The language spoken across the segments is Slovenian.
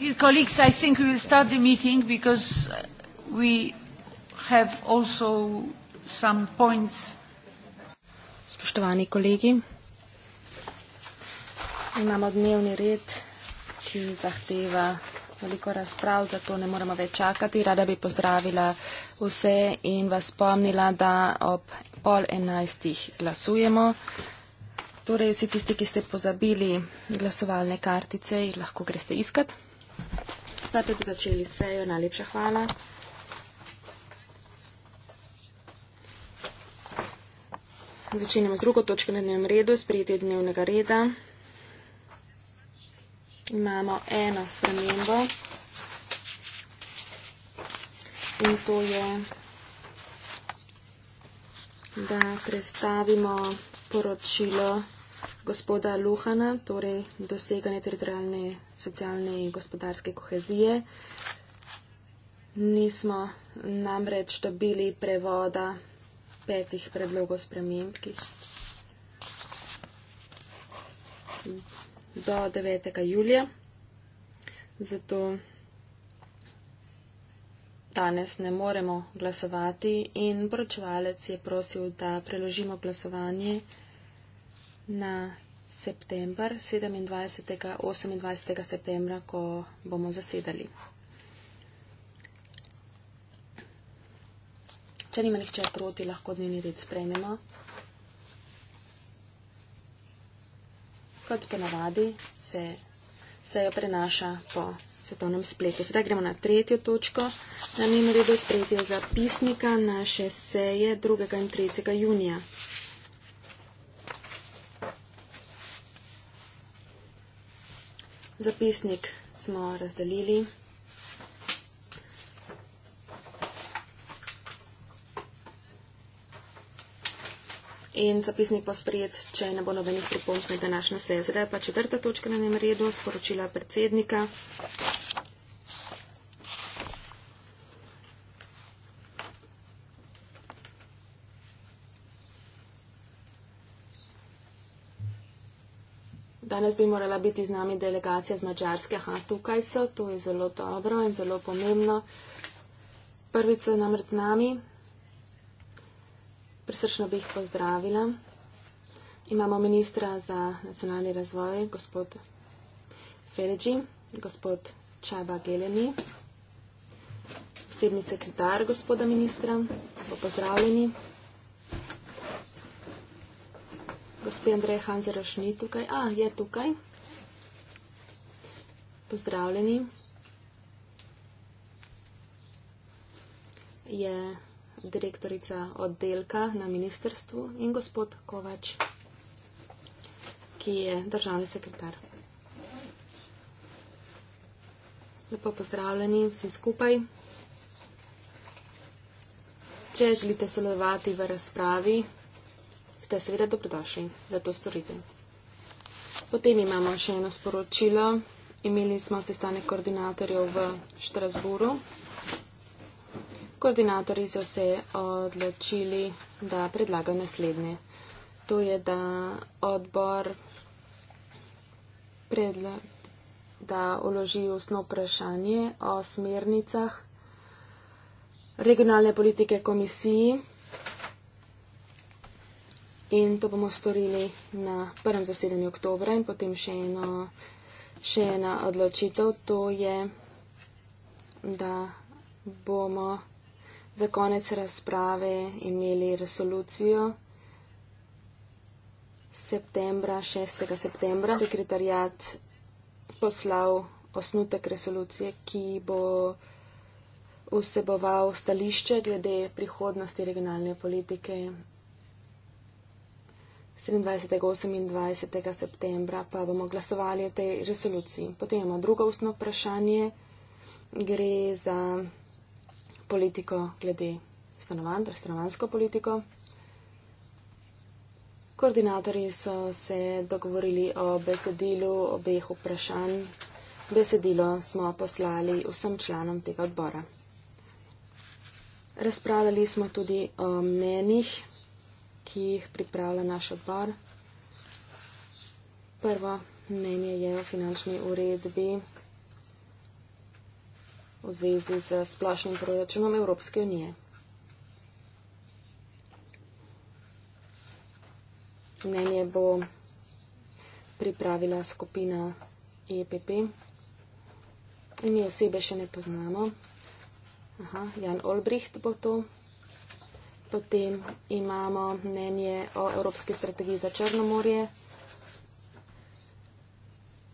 Dear colleagues, I think we will start the meeting because we have also some points. Spoštovani kolegi, imamo dnevni red, ki zahteva veliko razprav, zato ne moremo več čakati. Rada bi pozdravila vse in vas spomnila, da ob pol enajstih glasujemo. Torej, vsi tisti, ki ste pozabili glasovalne kartice, jih lahko greste iskati. Zdaj pa bi začeli sejo, najlepša hvala. Začenjamo z drugo točko na dnevnem redu, sprejetje dnevnega reda. Imamo eno spremembo in to je, da predstavimo poročilo gospoda Luhana, torej doseganje teritorijalne socialne in gospodarske kohezije. Nismo namreč dobili prevoda petih predlogov sprememb, ki do 9. julija. Zato danes ne moremo glasovati in poročevalec je prosil, da preložimo glasovanje na september, 27. 28. septembra, ko bomo zasedali. Če nima nihče proti, lahko dnevni red sprejmemo. Kot ponavadi se sejo prenaša po svetovnem spletu. Sedaj gremo na tretjo točko. Na njim redu sprejetje zapisnika naše seje 2. in 3. junija. Zapisnik smo razdelili. In zapisnik bo sprejet, če ne bo nobenih pripomb na današnjo sezre. Pa četrta točka na njem redu, sporočila predsednika. Danes bi morala biti z nami delegacija z Mačarske. Aha, tukaj so, to je zelo dobro in zelo pomembno. Prvič so namreč z nami. Prisrčno bi jih pozdravila. Imamo ministra za nacionalni razvoj, gospod Feredži, gospod Čaba Geleni, osebni sekretar gospoda ministra. Pozdravljeni. gospe Andreje Hanzeroš ni tukaj. A, je tukaj. Pozdravljeni. Je direktorica oddelka na ministerstvu in gospod Kovač, ki je državni sekretar. Lepo pozdravljeni vsi skupaj. Če želite sodelovati v razpravi, ste seveda dobrodošli, da to storite. Potem imamo še eno sporočilo. Imeli smo sestanek koordinatorjev v Štrasburu. Koordinatorji so se odločili, da predlagajo naslednje. To je, da odbor predla, da uloži ustno vprašanje o smernicah regionalne politike komisiji. In to bomo storili na prvem zasedanju oktobra in potem še, eno, še ena odločitev, to je, da bomo za konec razprave imeli resolucijo septembra, 6. septembra. Sekretarjat poslal osnutek resolucije, ki bo vseboval stališče glede prihodnosti regionalne politike 27. in 28. septembra, pa bomo glasovali o tej resoluciji. Potem imamo drugo ustno vprašanje, gre za politiko glede stanovanj, torej stanovansko politiko. Koordinatorji so se dogovorili o besedilu obeh vprašanj. Besedilo smo poslali vsem članom tega odbora. Razpravljali smo tudi o mnenjih ki jih pripravlja naš odbor. Prvo mnenje je o finančni uredbi v zvezi z splošnim proračunom Evropske unije. Mnenje bo pripravila skupina EPP in mi osebe še ne poznamo. Aha, Jan Olbricht bo to Potem imamo mnenje o Evropski strategiji za Črnomorje.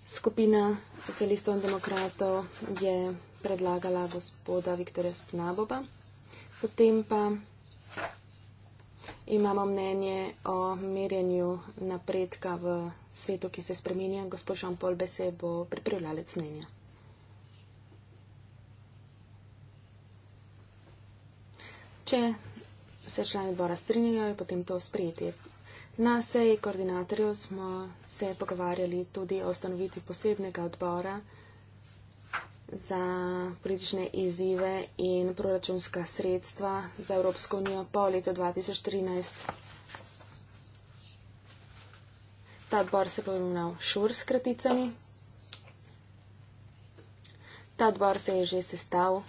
Skupina socialistov in demokratov je predlagala gospoda Viktorja Spnaboba. Potem pa imamo mnenje o merjenju napredka v svetu, ki se spremenja. Gospod Jean-Paul Bese bo pripravljalec mnenja. Če se člani odbora strinjajo in potem to sprejeti. Na seji koordinatorjev smo se pogovarjali tudi o ustanoviti posebnega odbora za politične izzive in proračunska sredstva za Evropsko unijo po letu 2013. Ta odbor se bo imenoval ŠUR s kraticami. Ta odbor se je že sestavil.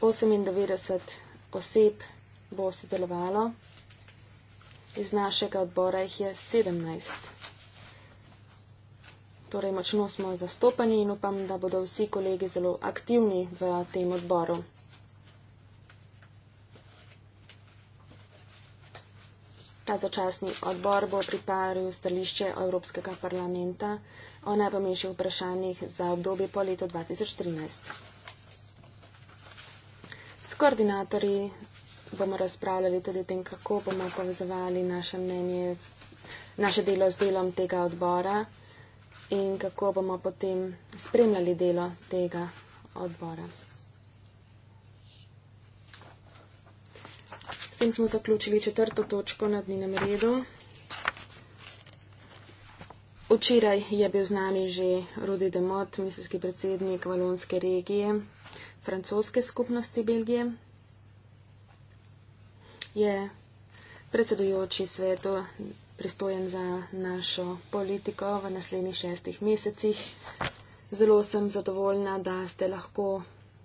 98 oseb bo sodelovalo, iz našega odbora jih je 17. Torej, močno smo zastopani in upam, da bodo vsi kolegi zelo aktivni v tem odboru. Ta začasni odbor bo pripravil stališče Evropskega parlamenta o najpomembnejših vprašanjih za obdobje po letu 2013 koordinatorji bomo razpravljali tudi o tem, kako bomo povezovali naše mnenje, z, naše delo z delom tega odbora in kako bomo potem spremljali delo tega odbora. S tem smo zaključili četrto točko na dnevnem redu. Včeraj je bil z nami že Rudi Demot, misijski predsednik Valonske regije francoske skupnosti Belgije, je predsedujoči svetu pristojen za našo politiko v naslednjih šestih mesecih. Zelo sem zadovoljna, da ste lahko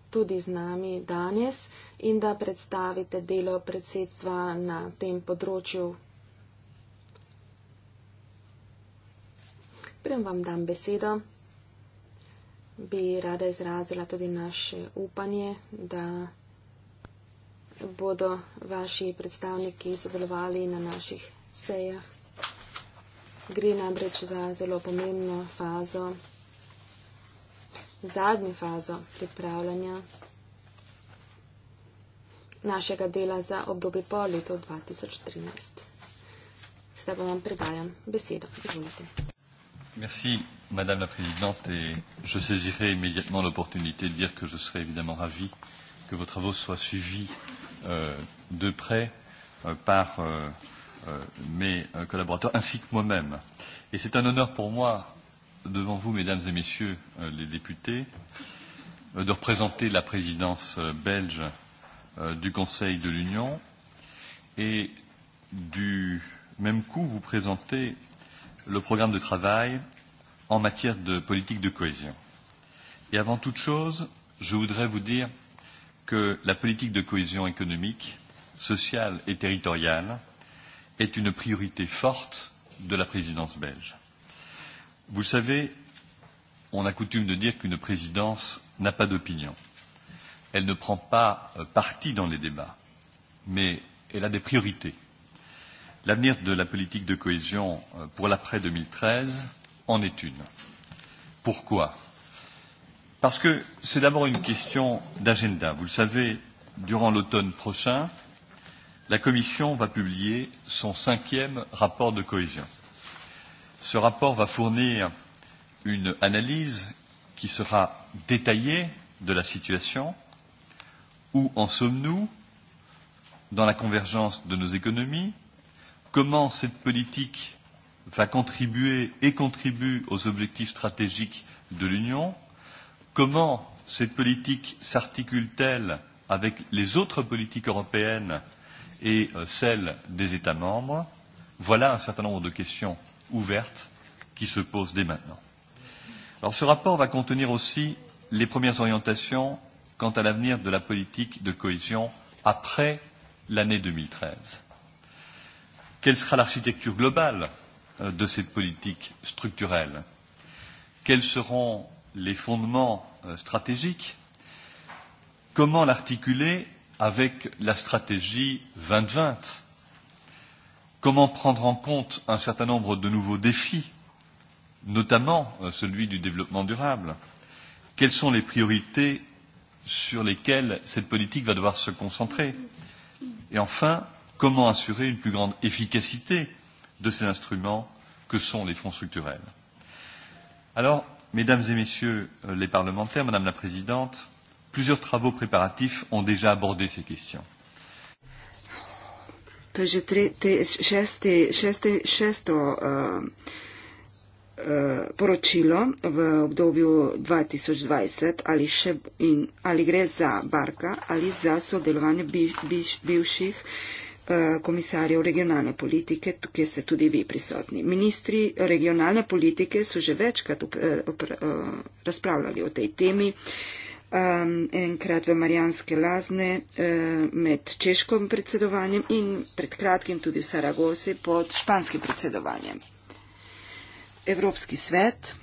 tudi z nami danes in da predstavite delo predsedstva na tem področju. Prem vam dam besedo bi rada izrazila tudi naše upanje, da bodo vaši predstavniki sodelovali na naših sejah. Gre namreč za zelo pomembno fazo, zadnjo fazo pripravljanja našega dela za obdobje po letu 2013. Sedaj vam predajam besedo. Izvolite. Merci, Madame la Présidente, et je saisirai immédiatement l'opportunité de dire que je serai évidemment ravi que vos travaux soient suivis euh, de près euh, par euh, euh, mes euh, collaborateurs ainsi que moi-même. Et c'est un honneur pour moi, devant vous, Mesdames et Messieurs euh, les députés, euh, de représenter la présidence euh, belge euh, du Conseil de l'Union et du même coup vous présenter le programme de travail en matière de politique de cohésion. Et avant toute chose, je voudrais vous dire que la politique de cohésion économique, sociale et territoriale est une priorité forte de la présidence belge. Vous savez, on a coutume de dire qu'une présidence n'a pas d'opinion. Elle ne prend pas euh, parti dans les débats, mais elle a des priorités. L'avenir de la politique de cohésion euh, pour l'après 2013 en étude. Pourquoi Parce que c'est d'abord une question d'agenda. Vous le savez, durant l'automne prochain, la Commission va publier son cinquième rapport de cohésion. Ce rapport va fournir une analyse qui sera détaillée de la situation, où en sommes-nous dans la convergence de nos économies, comment cette politique va contribuer et contribue aux objectifs stratégiques de l'Union Comment cette politique s'articule-t-elle avec les autres politiques européennes et euh, celles des États membres Voilà un certain nombre de questions ouvertes qui se posent dès maintenant. Alors, ce rapport va contenir aussi les premières orientations quant à l'avenir de la politique de cohésion après l'année 2013. Quelle sera l'architecture globale Euh, de cette politique structurelle Quels seront les fondements euh, stratégiques Comment l'articuler avec la stratégie 2020 Comment prendre en compte un certain nombre de nouveaux défis, notamment euh, celui du développement durable Quelles sont les priorités sur lesquelles cette politique va devoir se concentrer Et enfin, comment assurer une plus grande efficacité euh, de ces instruments que sont les fonds structurels. Alors, mesdames et messieurs euh, les parlementaires, madame la présidente, plusieurs travaux préparatifs ont déjà abordé ces questions. To je že tre, te, šesti, šesti, šesto uh, uh, poročilo v obdobju 2020 ali, še, in, ali gre za Barka ali za sodelovanje bi, bi, bivših uh, Eh, komisarjev regionalne politike, kjer ste tudi vi prisotni. Ministri regionalne politike so že večkrat eh, eh, razpravljali o tej temi. Um, enkrat v Marijanske lazne uh, med češkom predsedovanjem in pred kratkim tudi v Saragosi pod španskim predsedovanjem. Evropski svet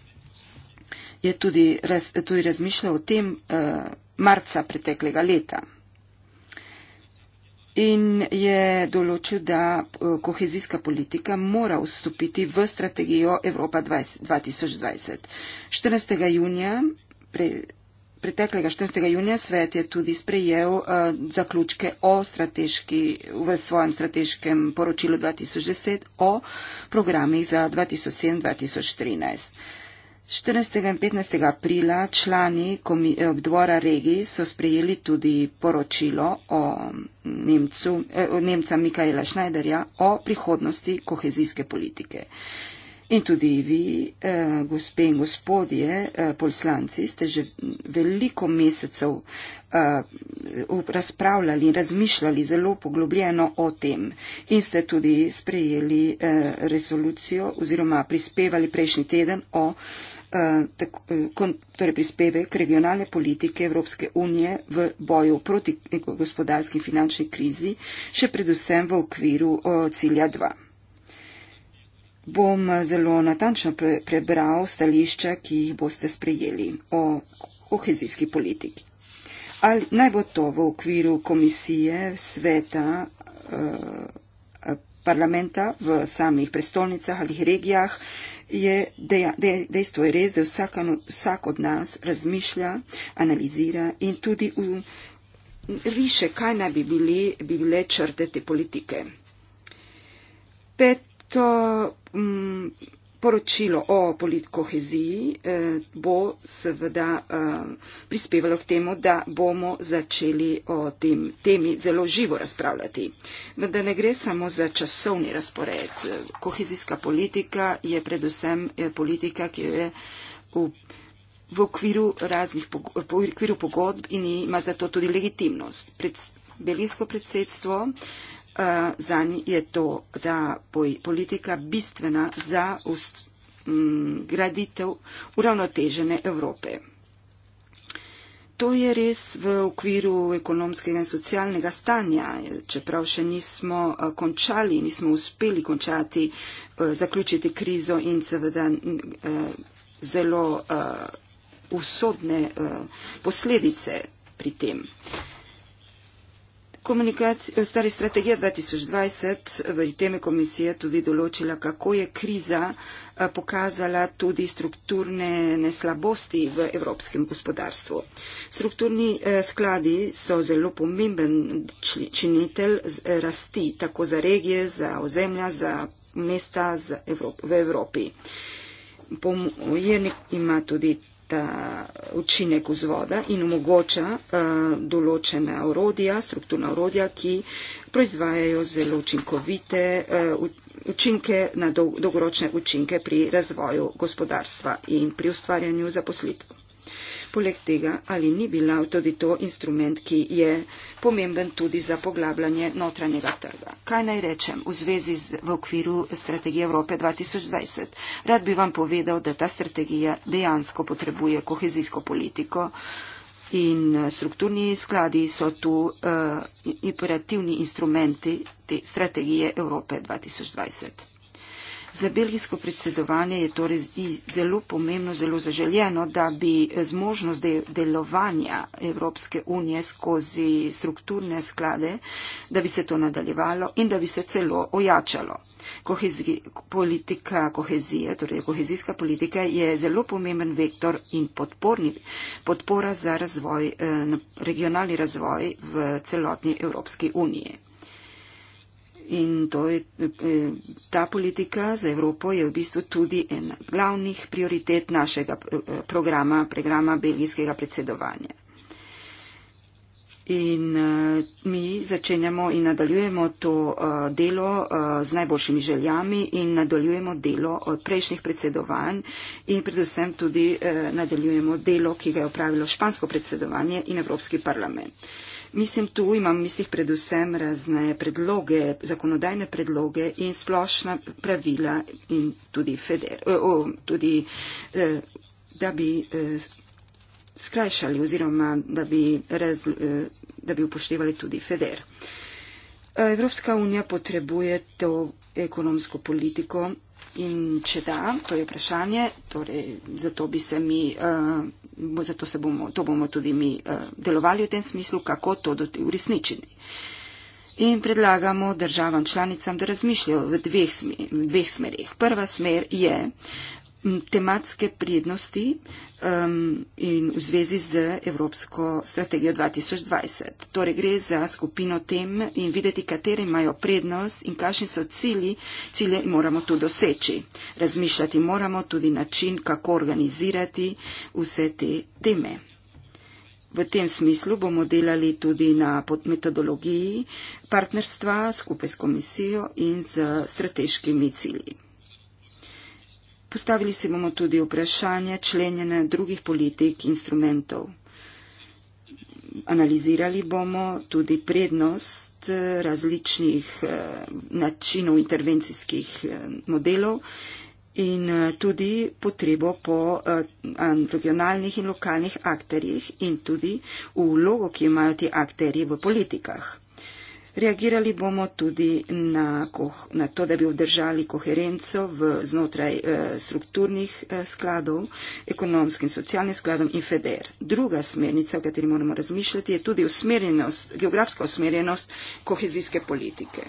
je tudi, raz, tudi razmišljal o tem uh, marca preteklega leta in je določil, da eh, kohezijska politika mora vstopiti v strategijo Evropa 2020. 14. junija, pre, preteklega 14. junija svet je tudi sprejel uh, zaključke o strateški, v svojem strateškem poročilu 2010 o programih za 2007-2013. 14. in 15. aprila člani eh, obdvora regiji so sprejeli tudi poročilo o Nemcu, eh, Nemca Mikaela Schneiderja o prihodnosti kohezijske politike. In tudi vi, eh, gospe in gospodje, eh, poslanci, ste že veliko mesecev eh, razpravljali in razmišljali zelo poglobljeno o tem. In ste tudi sprejeli eh, resolucijo oziroma prispevali prejšnji teden o eh, Eh, eh, torej prispevek regionalne politike Evropske unije v boju proti gospodarski in finančni krizi, še predvsem v okviru eh, cilja 2. Bom zelo natančno prebral stališča, ki jih boste sprejeli o kohezijski politiki. Ali naj bo to v okviru komisije, sveta, parlamenta v samih prestolnicah ali regijah, je deja, dejstvo je res, da vsak, no-, vsak od nas razmišlja, analizira in tudi v, riše, kaj naj bi, bili, bi bile črte te politike. Peto, m, poročilo o politkoheziji eh, bo seveda eh, prispevalo k temu, da bomo začeli o tem temi zelo živo razpravljati. Vendar ne gre samo za časovni razpored. Kohezijska politika je predvsem eh, politika, ki je v v okviru, raznih, v okviru pogodb in ima zato tudi legitimnost. Pred, belijsko predsedstvo uh, eh, za njih je to, da bo politika bistvena za ust, um, graditev uravnotežene Evrope. To je res v okviru ekonomskega in socialnega stanja, čeprav še nismo eh, končali, nismo uspeli končati, eh, zaključiti krizo in seveda mm, zelo usodne posledice pri tem stari eh, torej strategija 2020 v teme komisije tudi določila, kako je kriza eh, pokazala tudi strukturne neslabosti v evropskem gospodarstvu. Strukturni eh, skladi so zelo pomemben činitelj rasti, tako za regije, za ozemlja, za mesta v Evropi. Pomojenik ima tudi ta učinek vzvoda in omogoča uh, določena orodja, strukturna orodja, ki proizvajajo zelo učinkovite uh, učinke na dolg, dolgoročne učinke pri razvoju gospodarstva in pri ustvarjanju zaposlitev. Uh, Poleg tega, ali ni bila tudi to instrument, ki je pomemben tudi za poglabljanje notranjega trga. Kaj naj rečem v zvezi z, v okviru strategije Evrope 2020? Rad bi vam povedal, da ta strategija dejansko potrebuje kohezijsko politiko in eh, strukturni skladi so tu uh, imperativni instrumenti te strategije Evrope 2020. Za belgijsko predsedovanje je torej zelo pomembno, zelo zaželjeno, da bi eh, zmožnost delovanja Evropske unije skozi strukturne sklade, da bi se to nadaljevalo in da bi se celo ojačalo. Kohezi, politika kohezije, torej kohezijska politika je zelo pomemben vektor in podporni, podpora za razvoj, eh, regionalni razvoj v celotni Evropski uniji. In to je, e, ta politika za Evropo je v bistvu tudi ena glavnih prioritet našega e, programa, programa belgijskega predsedovanja. In e, mi začenjamo in nadaljujemo to delo z najboljšimi željami in nadaljujemo delo od prejšnjih predsedovanj in predvsem tudi nadaljujemo delo, ki ga je opravilo špansko predsedovanje in Evropski parlament. Mislim, tu imam v mislih predvsem razne predloge, zakonodajne predloge in splošna pravila in tudi, feder, o, o, tudi eh, da bi eh, skrajšali oziroma da bi, raz, eh, da bi upoštevali tudi FEDER. Evropska unija potrebuje to ekonomsko politiko in če da, to je vprašanje, torej zato bi se mi. Uh, zato bomo, to bomo tudi mi eh, delovali v tem smislu, kako to uresničiti. In predlagamo državam članicam, da razmišljajo v dveh, smer, dveh smerih. Prva smer je, tematske prednosti um, in v zvezi z Evropsko strategijo 2020. Torej gre za skupino tem in videti, kateri imajo prednost in kakšni so cilji, cilje moramo tu doseči. Razmišljati moramo tudi način, kako organizirati vse te teme. V tem smislu bomo delali tudi na podmetodologiji partnerstva skupaj s komisijo in z strateškimi cilji. Postavili si bomo tudi vprašanje členjene drugih politik instrumentov. Analizirali bomo tudi prednost eh, različnih eh, načinov intervencijskih eh, modelov in tudi potrebo po regionalnih in lokalnih akterjih in tudi vlogo, ki imajo ti akterji v politikah. Reagirali bomo tudi na, koh, na to, da bi obdržali koherenco v, znotraj eh, strukturnih eh, skladov, ekonomskim in socialnim skladom in FEDER. Druga smernica, o kateri moramo razmišljati, je tudi usmerjenost, geografska usmerjenost kohezijske politike.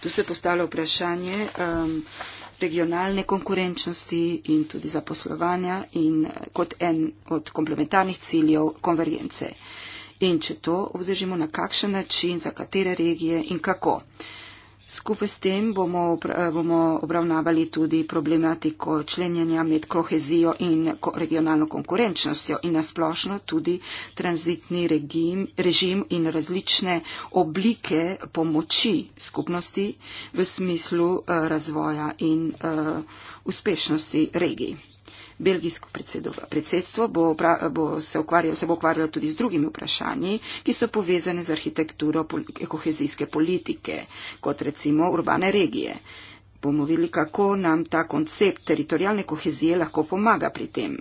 Tu se postavlja vprašanje eh, regionalne konkurenčnosti in tudi zaposlovanja in eh, kot en od komplementarnih ciljev konvergence. Eh, in če to obdržimo, na kakšen način, za katere regije in kako. Skupaj s tem bomo, bomo obravnavali tudi problematiko členjenja med kohezijo in regionalno konkurenčnostjo in nasplošno tudi tranzitni regim, režim in različne oblike pomoči skupnosti v smislu eh, razvoja in uh, uspešnosti regij. Belgijsko predsedstvo bo, bo se, ukvarjalo, se bo ukvarjalo tudi z drugimi vprašanji, ki so povezane z arhitekturo kohezijske politike, kot recimo urbane regije. Bomo videli, kako nam ta koncept teritorijalne kohezije lahko pomaga pri tem.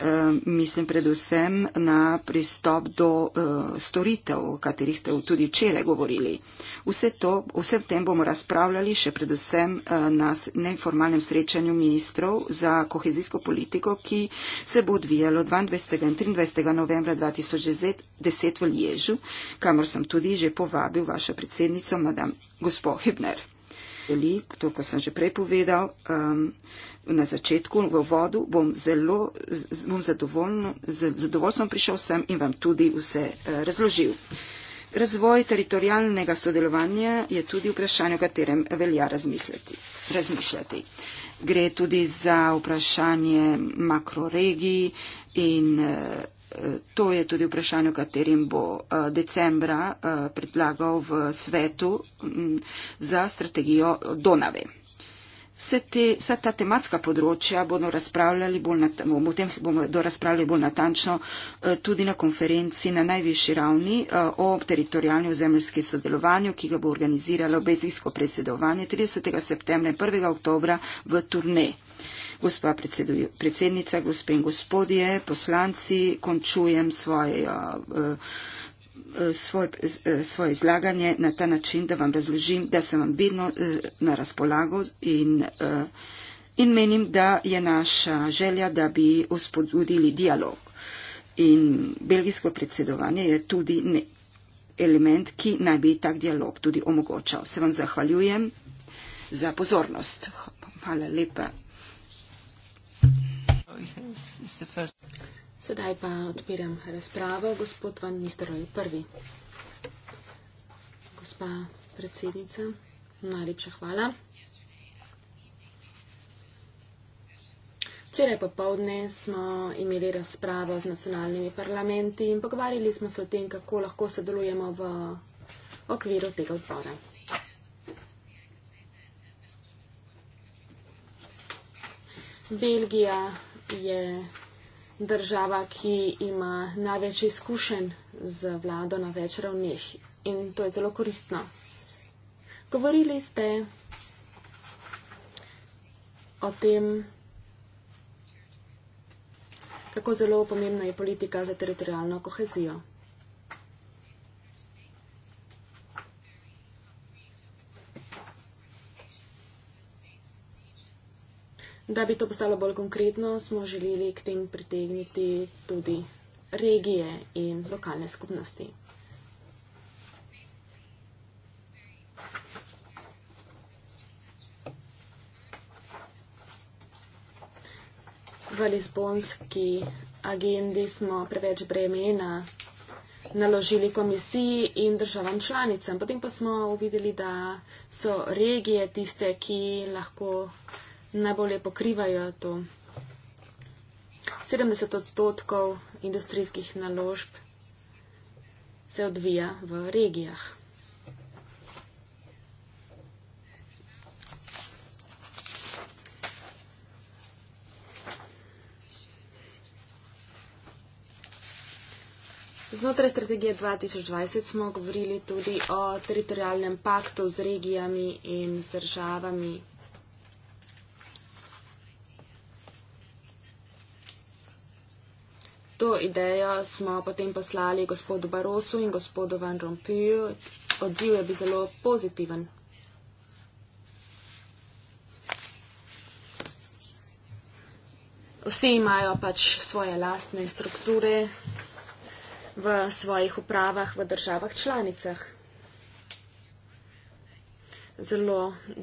Eh, mislim predvsem na pristop do eh, storitev, o katerih ste tudi včeraj govorili. Vse to, vse v tem bomo razpravljali še predvsem eh, na neformalnem srečanju ministrov za kohezijsko politiko, ki se bo odvijalo 22. in 23. novembra 2010 v Liježu, kamor sem tudi že povabil vašo predsednico, madam gospod Hibner. Veliko, to, ko sem že prej povedal, um, na začetku, v vodu, bom zelo bom zadovoljstvom prišel sem in vam tudi vse eh, razložil. Razvoj teritorijalnega sodelovanja je tudi vprašanje, o katerem velja razmišljati. Gre tudi za vprašanje makroregij in eh, to je tudi vprašanje, o katerim bo eh, decembra predlagal v svetu za strategijo Donave. Vse te, vsa ta tematska področja bomo, bolj natančno, tem eh, bomo razpravljali bolj natančno tudi na konferenci na najvišji ravni eh, o teritorijalni ozemljski sodelovanju, ki ga bo organiziralo Bezijsko predsedovanje 30. septembra in 1. oktobra v turne. Gospa predsednica, gospe in gospodje, poslanci, končujem svoje. Uh, uh, Eh, svoj, eh, svoje izlaganje na ta način, da vam razložim, da sem vam vedno eh, na razpolago in, in menim, da je naša želja, da bi uspodbudili dialog. In belgijsko predsedovanje je tudi ne, element, ki naj bi tak dialog tudi omogočal. Se vam zahvaljujem za pozornost. Hvala lepa. Oh, yes. Sedaj pa odpiram razpravo. Gospod Van Nistelrooy, prvi. Gospa predsednica, najlepša hvala. Včeraj popovdne smo imeli razpravo z nacionalnimi parlamenti in pogovarjali smo se o tem, kako lahko sodelujemo v okviru tega odbora. Belgija je država, ki ima največ izkušenj z vlado na več ravneh in to je zelo koristno. Govorili ste o tem, kako zelo pomembna je politika za teritorijalno kohezijo. Da bi to postalo bolj konkretno, smo želeli k tem pritegniti tudi regije in lokalne skupnosti. V Lizbonski agendi smo preveč bremena naložili komisiji in državam članicam. Potem pa smo uvideli, da so regije tiste, ki lahko najbolje pokrivajo to. 70 odstotkov industrijskih naložb se odvija v regijah. Znotraj strategije 2020 smo govorili tudi o teritorijalnem paktu z regijami in z državami To idejo smo potem poslali gospodu Barosu in gospodu Van Rompuyju. Odziv je bil zelo pozitiven. Vsi imajo pač svoje lastne strukture v svojih upravah, v državah članicah. Zelo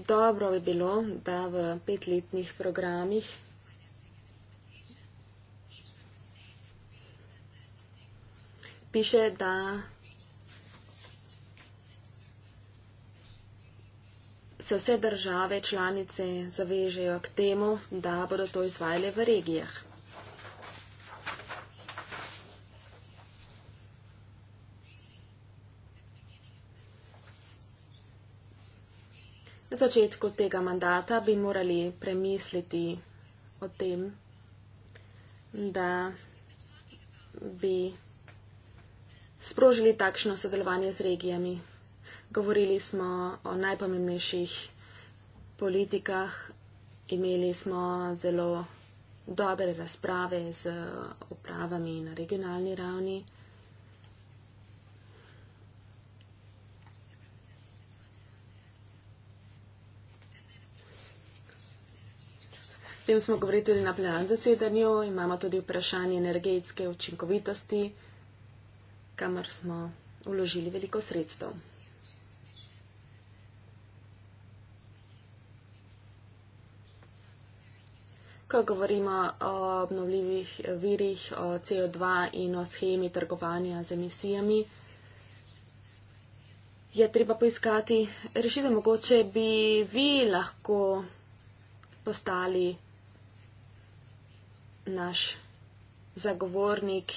dobro bi bilo, da v petletnih programih piše, da se vse države članice zavežejo k temu, da bodo to izvajali v regijah. Na začetku tega mandata bi morali premisliti o tem, da bi sprožili takšno sodelovanje z regijami. Govorili smo o najpomembnejših politikah, imeli smo zelo dobre razprave z upravami na regionalni ravni. S tem smo govorili tudi na plenarnem zasedanju, imamo tudi vprašanje energetske učinkovitosti kamor smo uložili veliko sredstev. Ko govorimo o obnovljivih virih, o CO2 in o schemi trgovanja z emisijami, je treba poiskati rešitev. Mogoče bi vi lahko postali naš zagovornik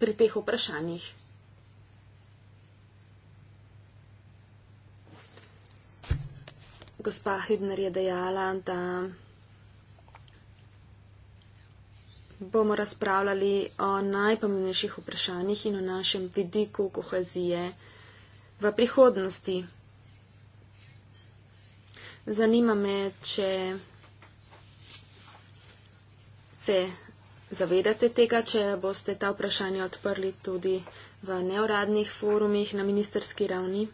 pri teh vprašanjih. Gospa Hibner je dejala, da bomo razpravljali o najpomembnejših vprašanjih in o našem vidiku kohezije v prihodnosti. Zanima me, če se zavedate tega, če boste ta vprašanja odprli tudi v neuradnih forumih na ministerski ravni?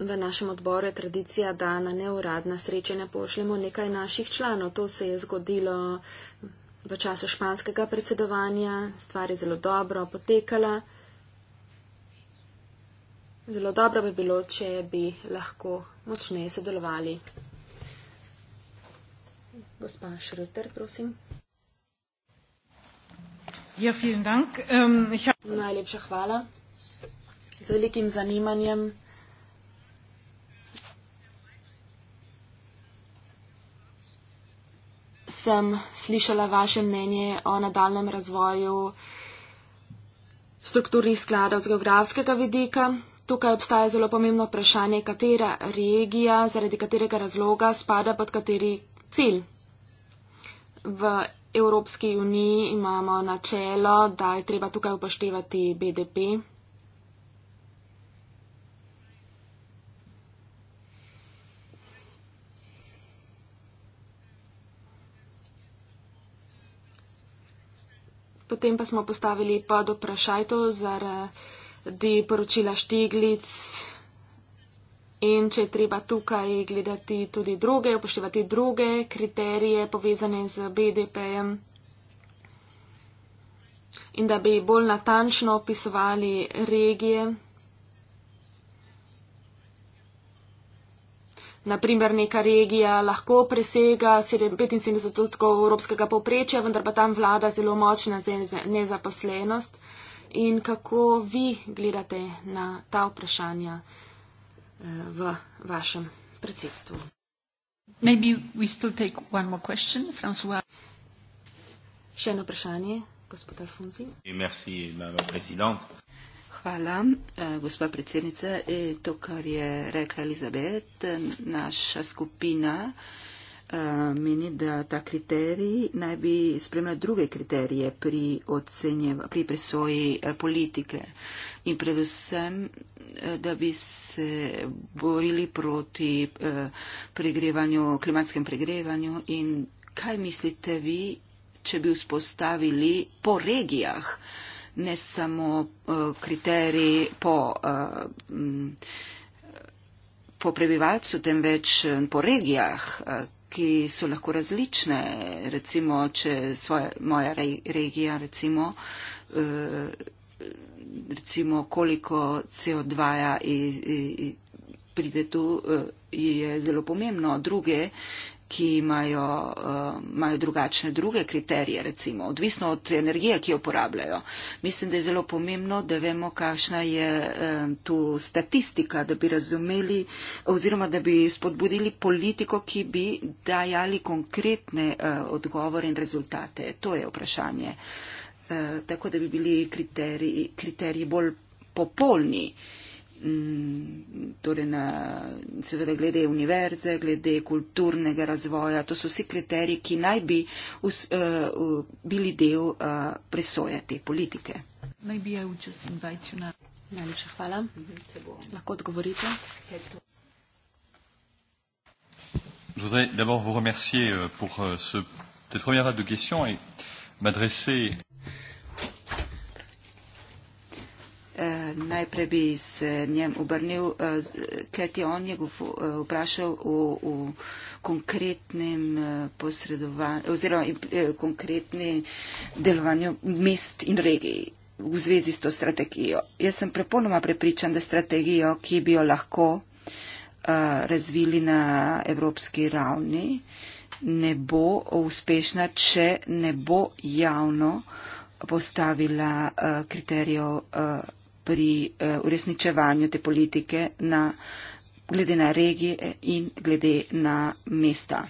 V našem odboru je tradicija, da na neuradna srečanja pošljemo nekaj naših članov. To se je zgodilo v času španskega predsedovanja, stvar je zelo dobro potekala. Zelo dobro bi bilo, če bi lahko močneje sodelovali. Gospa Šrter, prosim. Ja, dank. Um, ich... Najlepša hvala. Z velikim zanimanjem. sem slišala vaše mnenje o nadaljem razvoju strukturnih skladov z geografskega vidika. Tukaj obstaja zelo pomembno vprašanje, katera regija, zaradi katerega razloga spada pod kateri cilj. V Evropski uniji imamo načelo, da je treba tukaj upoštevati BDP, Potem pa smo postavili pod vprašaj to zaradi poročila Štiglic in če je treba tukaj gledati tudi druge, upoštevati druge kriterije povezane z BDP-jem in da bi bolj natančno opisovali regije. naprimer neka regija lahko presega 75 odstotkov evropskega povprečja, vendar pa tam vlada zelo močna nezaposlenost. In kako vi gledate na ta vprašanja eh, v vašem predsedstvu? Še eno vprašanje, gospod Alfonsi. Hvala, eh, gospa predsednica. E, to, kar je rekla Elizabet, naša skupina eh, meni, da ta kriterij naj bi spremljal druge kriterije pri, ocenjev, pri presoji eh, politike in predvsem, da bi se borili proti pregrevanju, klimatskem pregrevanju in kaj mislite vi, če bi vzpostavili po regijah? ne samo eh, kriteriji po, eh, po prebivalcu, temveč eh, po regijah, ki so lahko različne. Recimo, če svoja, moja regija, recimo, recimo koliko CO2 -ja pride tu, je zelo pomembno. Druge ki imajo, uh, imajo drugačne druge kriterije, recimo, odvisno od energije, ki jo uporabljajo. Mislim, da je zelo pomembno, da vemo, kakšna je um, tu statistika, da bi razumeli oziroma da bi spodbudili politiko, ki bi dajali konkretne uh, odgovore in rezultate. To je vprašanje. Uh, tako da bi bili kriteriji, kriteriji bolj popolni. Uh, Mm, torej na, seveda glede univerze, glede kulturnega razvoja. To so vsi kriteriji, ki naj bi us, uh, uh, bili del uh, presoje te politike. Najlepša hvala. Lahko odgovorite. Je voudrais d'abord vous remercier euh, pour euh, ce, cette première vague de questions et m'adresser. najprej bi se njem obrnil, eh, kajti on je eh, vprašal o, o konkretnem eh, posredovanju oziroma konkretnem delovanju mest in regij v zvezi s to strategijo. Jaz sem prepolnoma prepričan, da strategijo, ki bi jo lahko razvili na evropski ravni, ne bo uspešna, če ne bo javno postavila uh, kriterijev uh, pri eh, uresničevanju te politike na, glede na regije eh, in glede na mesta.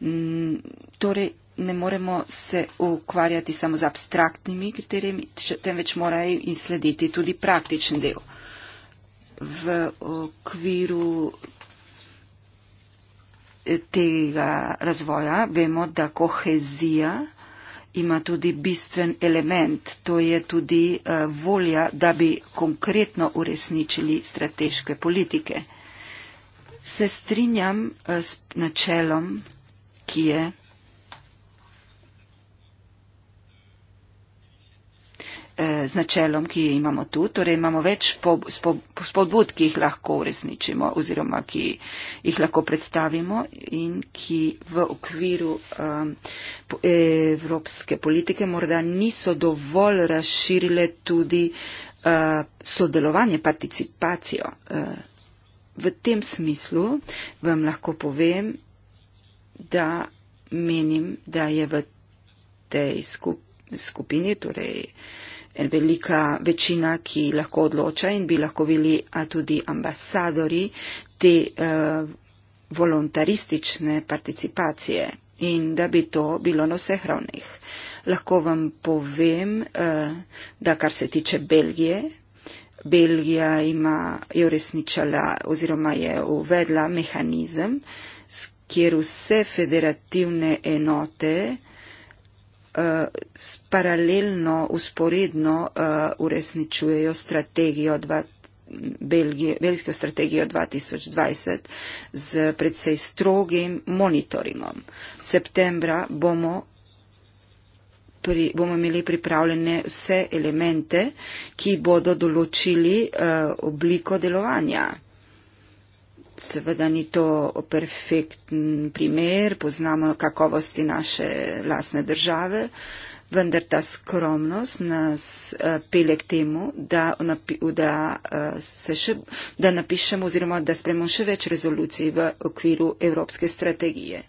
Mm, torej, ne moremo se ukvarjati samo z abstraktnimi kriterijami, temveč morajo in slediti tudi praktični del. V okviru eh, tega razvoja vemo, da kohezija ima tudi bistven element, to je tudi uh, volja, da bi konkretno uresničili strateške politike. Se strinjam uh, s načelom, ki je Eh, z načelom, ki imamo tu. Torej imamo več spodbud, ki jih lahko uresničimo oziroma ki jih lahko predstavimo in ki v okviru um, evropske politike morda niso dovolj razširile tudi uh, sodelovanje, participacijo. Uh, v tem smislu vam lahko povem, da menim, da je v tej skupini, torej velika večina, ki lahko odloča in bi lahko bili tudi ambasadori te eh, voluntaristične participacije in da bi to bilo na vseh ravneh. Lahko vam povem, eh, da kar se tiče Belgije, Belgija ima, je uresničala oziroma je uvedla mehanizem, kjer vse federativne enote eh, uh, paralelno, usporedno uh, eh, uresničujejo strategijo dva, Belgije, belgijsko strategijo 2020 z predvsej strogim monitoringom. Septembra bomo, pri, bomo imeli pripravljene vse elemente, ki bodo določili uh, obliko delovanja. Seveda ni to perfektn primer, poznamo kakovosti naše lasne države, vendar ta skromnost nas eh, pele k temu, da, da, eh, se še, da napišemo oziroma da sprememo še več rezolucij v okviru evropske strategije.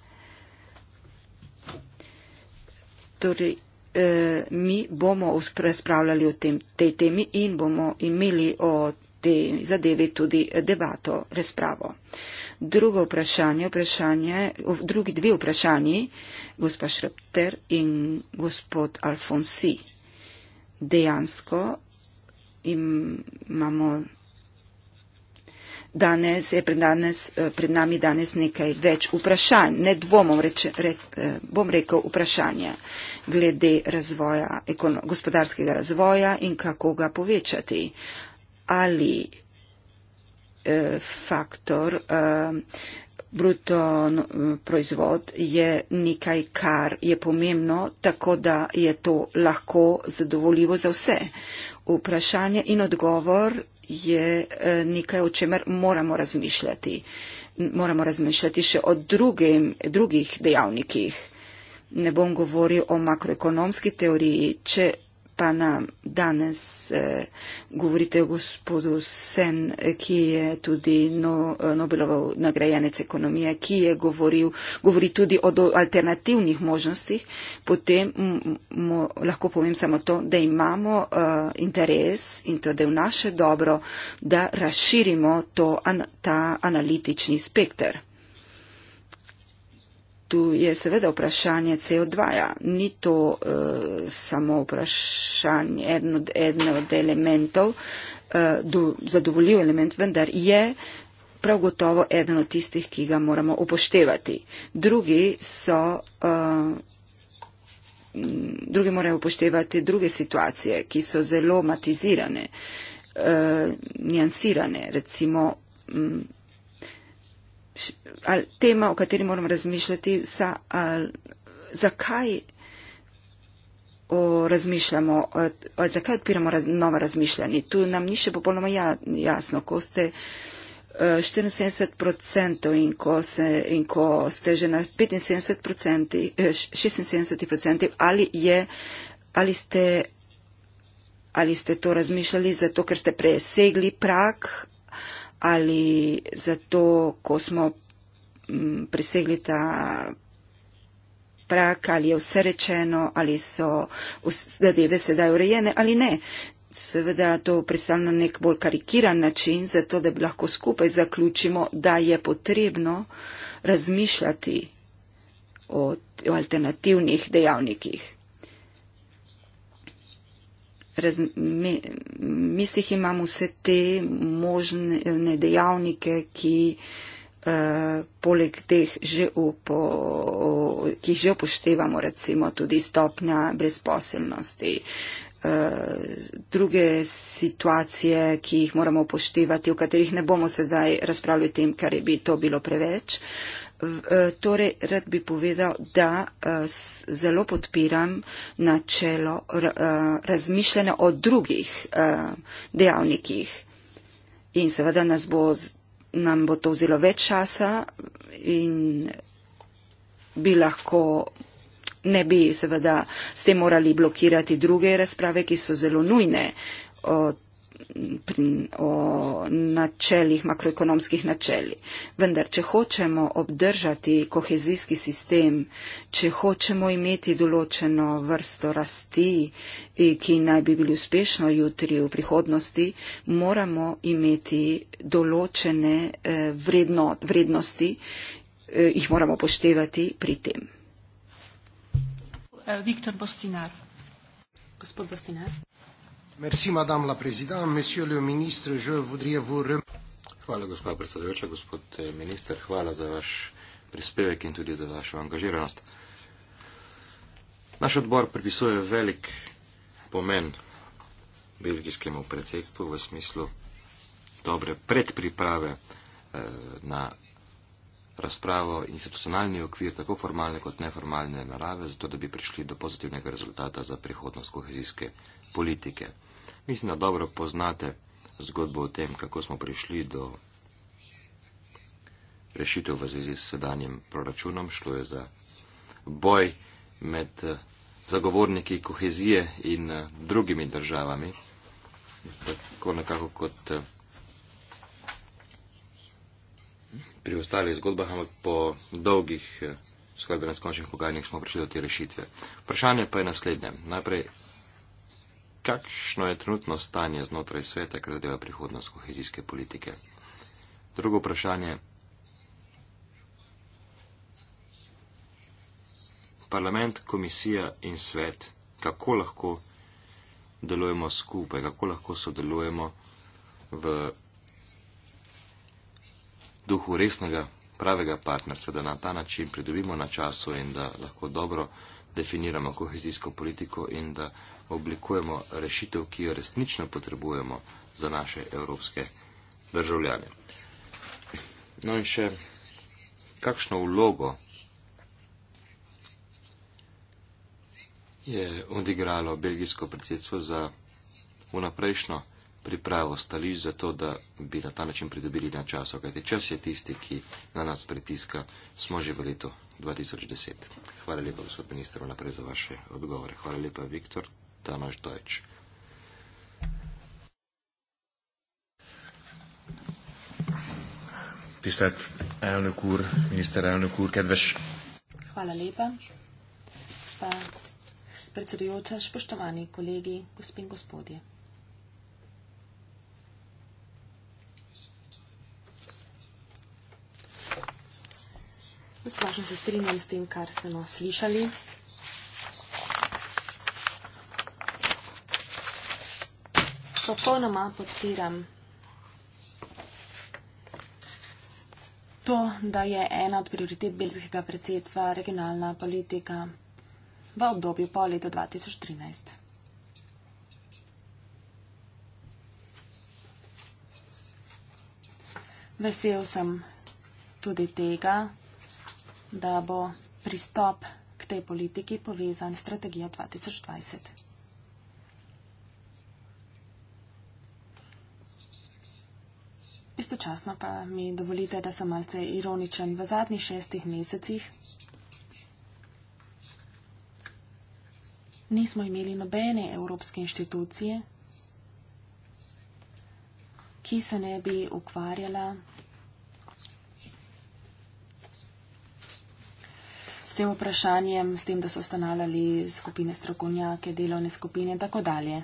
Torej, eh, mi bomo razpravljali o tem, tej temi in bomo imeli od te zadevi tudi debato, razpravo. Drugo vprašanje, vprašanje, drugi dve vprašanji, gospa Šrepter in gospod Alfonsi. Dejansko imamo danes, je pred, danes, pred nami danes nekaj več vprašanj, ne dvomom reče, re, eh, bom rekel vprašanje glede razvoja, ekono, gospodarskega razvoja in kako ga povečati ali eh, faktor eh, bruto proizvod je nekaj, kar je pomembno, tako da je to lahko zadovoljivo za vse. Vprašanje in odgovor je eh, nekaj, o čemer moramo razmišljati. Moramo razmišljati še o drugim, drugih dejavnikih. Ne bom govoril o makroekonomski teoriji. Če pa nam danes eh, govorite o gospodu Sen, ki je tudi no, Nobelov nagrajenec ekonomije, ki je govoril, govori tudi o alternativnih možnostih, potem mo, lahko povem samo to, da imamo eh, interes in to, da je v naše dobro, da razširimo to, an, ta analitični spektr tu je seveda vprašanje CO2. -ja. Ni to e, samo vprašanje eno od, eno od elementov, e, do, zadovoljiv element, vendar je prav gotovo eden od tistih, ki ga moramo upoštevati. Drugi so. E, Drugi morajo upoštevati druge situacije, ki so zelo matizirane, uh, njansirane, recimo um, ali tema, o kateri moramo razmišljati, vsa, ali, zakaj o, razmišljamo, o, o, zakaj odpiramo raz, nova razmišljanja. Tu nam ni še popolnoma ja, jasno, ko ste e, o, 74% in ko, se, in ko ste že na 75%, eh, 76% ali, je, ali, ste, ali ste to razmišljali zato, ker ste presegli prak ali zato, ko smo mm, presegli ta prak, ali je vse rečeno, ali so zadeve sedaj urejene ali ne. Seveda to predstavlja nek bolj karikiran način, zato da bi lahko skupaj zaključimo, da je potrebno razmišljati o alternativnih dejavnikih. Raz, mi, mislih imam vse te možne dejavnike, ki uh, poleg teh že, upo, ki že upoštevamo, recimo tudi stopnja brezposelnosti, uh, druge situacije, ki jih moramo upoštevati, o katerih ne bomo sedaj razpravljali tem, ker bi to bilo preveč. Uh, Eh, torej, rad bi povedal, da eh, zelo podpiram načelo eh, razmišljanja o drugih dejavnikih in seveda nas bo, nam bo to vzelo več časa in bi lahko, ne bi seveda s tem morali blokirati druge razprave, ki so zelo nujne o načelih, makroekonomskih načelih. Vendar, če hočemo obdržati kohezijski sistem, če hočemo imeti določeno vrsto rasti, eh, ki naj bi bili uspešno jutri v prihodnosti, moramo imeti določene eh, vredno, vrednosti, eh, jih moramo poštevati pri tem. Viktor Bostinar. Gospod Bostinar. Merci, madame la présidente. Monsieur le ministre, je voudrais vous rem... Hvala, gospa predsedujoča, gospod eh, minister. Hvala za vaš prispevek in tudi za vašo angažiranost. Naš odbor pripisuje velik pomen belgijskemu predsedstvu v smislu dobre predpriprave eh, na razpravo institucionalni okvir, tako formalne kot neformalne narave, zato da bi prišli do pozitivnega rezultata za prihodnost kohezijske politike. Mislim, da dobro poznate zgodbo o tem, kako smo prišli do rešitev v zvezi s sedanjem proračunom. Šlo je za boj med eh, zagovorniki kohezije in eh, drugimi državami, tako nekako kot eh, pri ostalih zgodbah, ampak po dolgih, skoraj da neskončnih pogajanjih smo prišli do te rešitve. Vprašanje pa je naslednje. Najprej kakšno je trenutno stanje znotraj sveta, kar zadeva prihodnost kohezijske politike. Drugo vprašanje. Parlament, komisija in svet, kako lahko delujemo skupaj, kako lahko sodelujemo v duhu resnega, pravega partnerstva, da na ta način pridobimo na času in da lahko dobro definiramo kohezijsko politiko in da oblikujemo rešitev, ki jo resnično potrebujemo za naše evropske državljane. No in še kakšno vlogo je odigralo belgijsko predsedstvo za vnaprejšnjo pripravo stališč za to, da bi na ta način pridobili na času, kajti čas je tisti, ki na nas pritiska, smo že v letu 2010. Hvala lepa, gospod minister, naprej za vaše odgovore. Hvala lepa, Viktor. Tamas Deutsch. Tisztelt elnök úr, miniszterelnök úr, kedves... Hvala lepa. Gospa predsedujoča, spoštovani kolegi, gospin gospodje. Splošno se strinjam s tem, kar ste no slišali. popolnoma podpiram to, da je ena od prioritet belskega predsedstva regionalna politika v obdobju po letu 2013. Vesel sem tudi tega, da bo pristop k tej politiki povezan s strategijo 2020. Istočasno pa mi dovolite, da sem malce ironičen v zadnjih šestih mesecih. Nismo imeli nobene evropske inštitucije, ki se ne bi ukvarjala s tem vprašanjem, s tem, da so ustanavljali skupine strokovnjake, delovne skupine in tako dalje.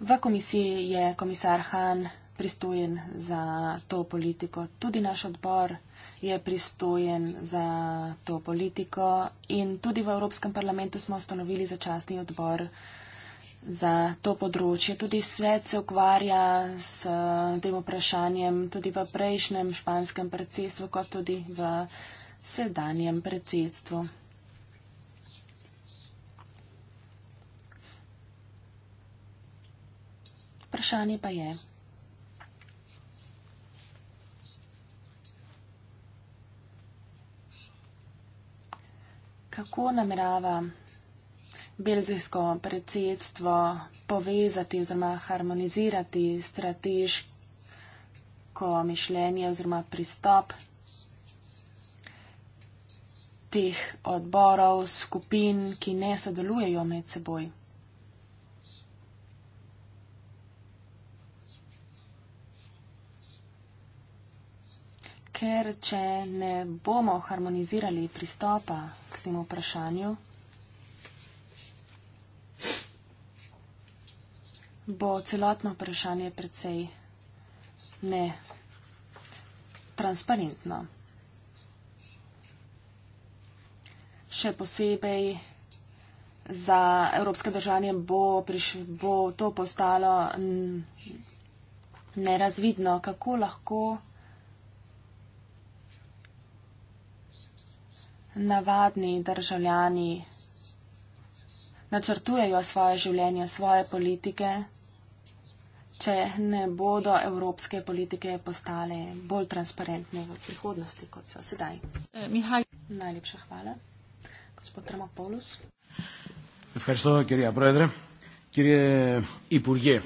V komisiji je komisar Han pristojen za to politiko, tudi naš odbor je pristojen za to politiko in tudi v Evropskem parlamentu smo ustanovili začasni odbor za to področje. Tudi svet se ukvarja s tem vprašanjem tudi v prejšnjem španskem predsedstvu, kot tudi v sedanjem predsedstvu. vprašanje pa je. Kako namerava belgijsko predsedstvo povezati oziroma harmonizirati strateško mišljenje oziroma pristop teh odborov, skupin, ki ne sodelujejo med seboj? ker če ne bomo harmonizirali pristopa k temu vprašanju, bo celotno vprašanje predvsej netransparentno. Še posebej za evropske države bo, bo to postalo nerazvidno, kako lahko navadni državljani načrtujejo svoje življenje, svoje politike, če ne bodo evropske politike postale bolj transparentne v prihodnosti, kot so sedaj. Eh, Mihaj. Najlepša hvala. Gospod Tramopoulos. Vprašanje, ker je apredre, ker je ipurje.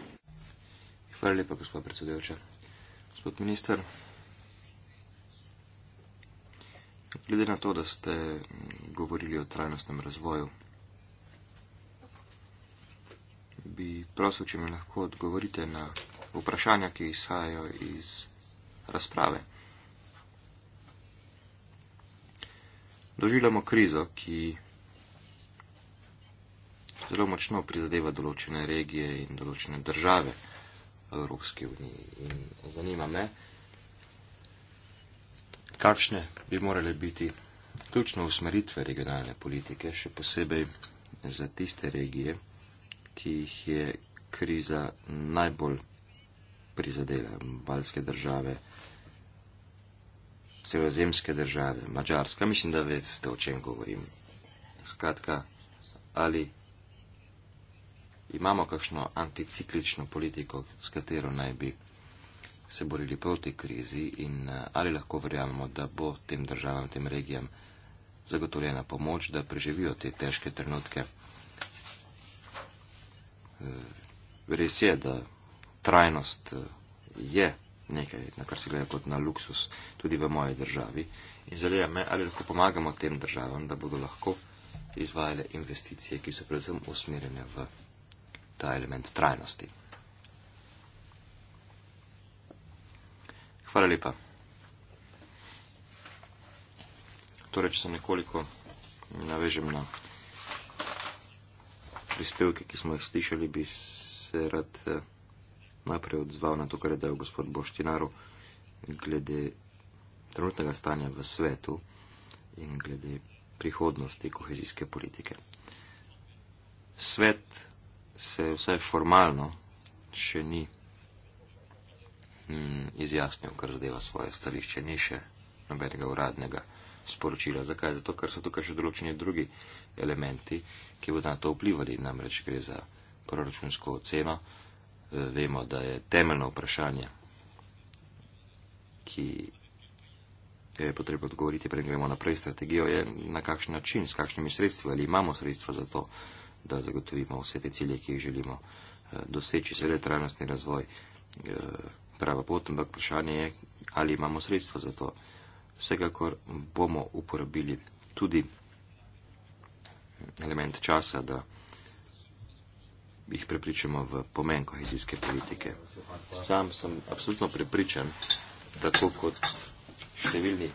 Hvala lepa, gospod predsedujoča. Gospod minister, Glede na to, da ste govorili o trajnostnem razvoju, bi prosil, če mi lahko odgovorite na vprašanja, ki izhajajo iz razprave. Doživljamo krizo, ki zelo močno prizadeva določene regije in določene države Evropske unije. In zanima me, kakšne bi morale biti ključne usmeritve regionalne politike, še posebej za tiste regije, ki jih je kriza najbolj prizadela. Balske države, celozemske države, Mačarska, mislim, da veste, o čem govorim. Skratka, ali imamo kakšno anticiklično politiko, s katero naj bi se borili proti krizi in eh, ali lahko verjamemo, da bo tem državam, tem regijam zagotovljena pomoč, da preživijo te težke trenutke. Eh, res je, da trajnost eh, je nekaj, na kar se gleda kot na luksus, tudi v moji državi. In zanima me, ali lahko pomagamo tem državam, da bodo lahko izvajale investicije, ki so predvsem usmerjene v ta element trajnosti. Hvala lepa. Torej, če se nekoliko navežem na prispevke, ki smo jih slišali, bi se rad eh, najprej odzval na to, kar je dejal gospod Boštinaru glede trenutnega stanja v svetu in glede prihodnosti kohezijske politike. Svet se vsaj formalno še ni mm, izjasnil, kar zadeva svoje stališče, ni še nobenega uradnega sporočila. Zakaj? Zato, ker so tukaj še določeni drugi elementi, ki bodo na to vplivali. Namreč gre za proračunsko oceno. E, vemo, da je temeljno vprašanje, ki je potrebno odgovoriti, preden gremo naprej strategijo, je na kakšen način, s kakšnimi sredstvi ali imamo sredstva za to, da zagotovimo vse te cilje, ki jih želimo e, doseči, seveda trajnostni razvoj. E, prava pot, ampak vprašanje je, ali imamo sredstva za to. Vsekakor bomo uporabili tudi element časa, da jih prepričamo v pomen kohezijske politike. Sam sem absolutno prepričan, tako kot številni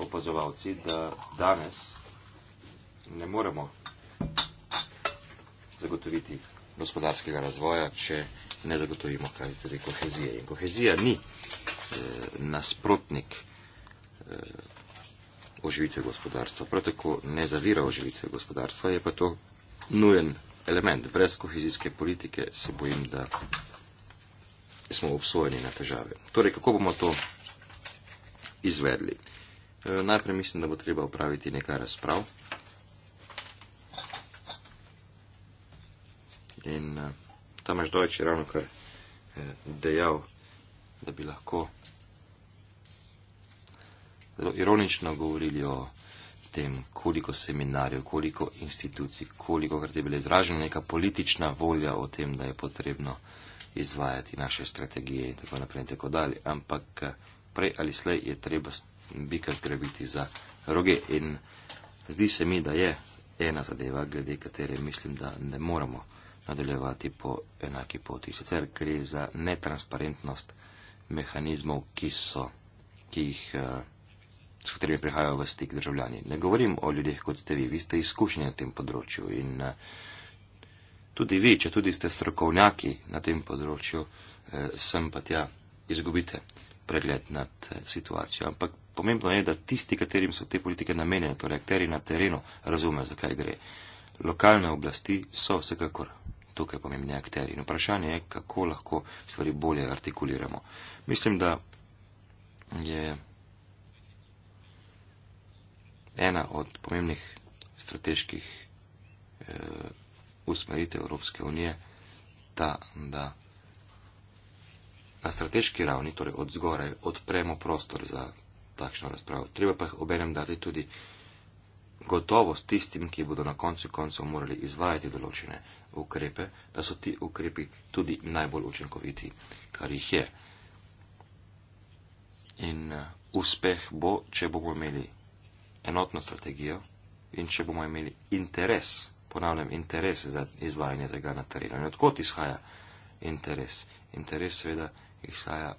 opazovalci, da danes ne moremo zagotoviti gospodarskega razvoja, če ne zagotovimo kaj, tudi kohezije. In kohezija ni eh, nasprotnik eh, oživitve gospodarstva, prav tako ne zavira oživitve gospodarstva, je pa to nujen element. Brez kohezijske politike se bojim, da smo obsojeni na težave. Torej, kako bomo to izvedli? Eh, najprej mislim, da bo treba upraviti nekaj razprav. In, eh, Tamaž Dojč je ravno kar eh, dejal, da bi lahko zelo ironično govorili o tem, koliko seminarjev, koliko institucij, koliko krat je bila izražena neka politična volja o tem, da je potrebno izvajati naše strategije in tako naprej in tako dalje, ampak eh, prej ali slej je treba bika zgrabiti za roge in zdi se mi, da je ena zadeva, glede katere mislim, da ne moramo nadaljevati po enaki poti. Sicer gre za netransparentnost mehanizmov, ki so, ki jih, eh, s katerimi prihajajo v stik državljani. Ne govorim o ljudeh, kot ste vi. Vi ste izkušeni na tem področju in eh, tudi vi, če tudi ste strokovnjaki na tem področju, eh, sem pa tja izgubite pregled nad situacijo. Ampak pomembno je, da tisti, katerim so te politike namenjene, torej akteri na terenu, razume, zakaj gre. Lokalne oblasti so vsekakor tukaj pomembni akteri. In vprašanje je, kako lahko stvari bolje artikuliramo. Mislim, da je ena od pomembnih strateških eh, usmeritev Evropske unije ta, da na strateški ravni, torej od zgoraj, odpremo prostor za takšno razpravo. Treba pa obenem dati tudi eh, gotovost tistim, ki bodo na koncu koncev morali izvajati določene ukrepe, da so ti ukrepi tudi najbolj učinkoviti, kar jih je. In eh, uspeh bo, če bomo imeli enotno strategijo in če bomo imeli interes, ponavljam, interes za izvajanje tega na terenu. In odkot izhaja interes? Interes seveda izhaja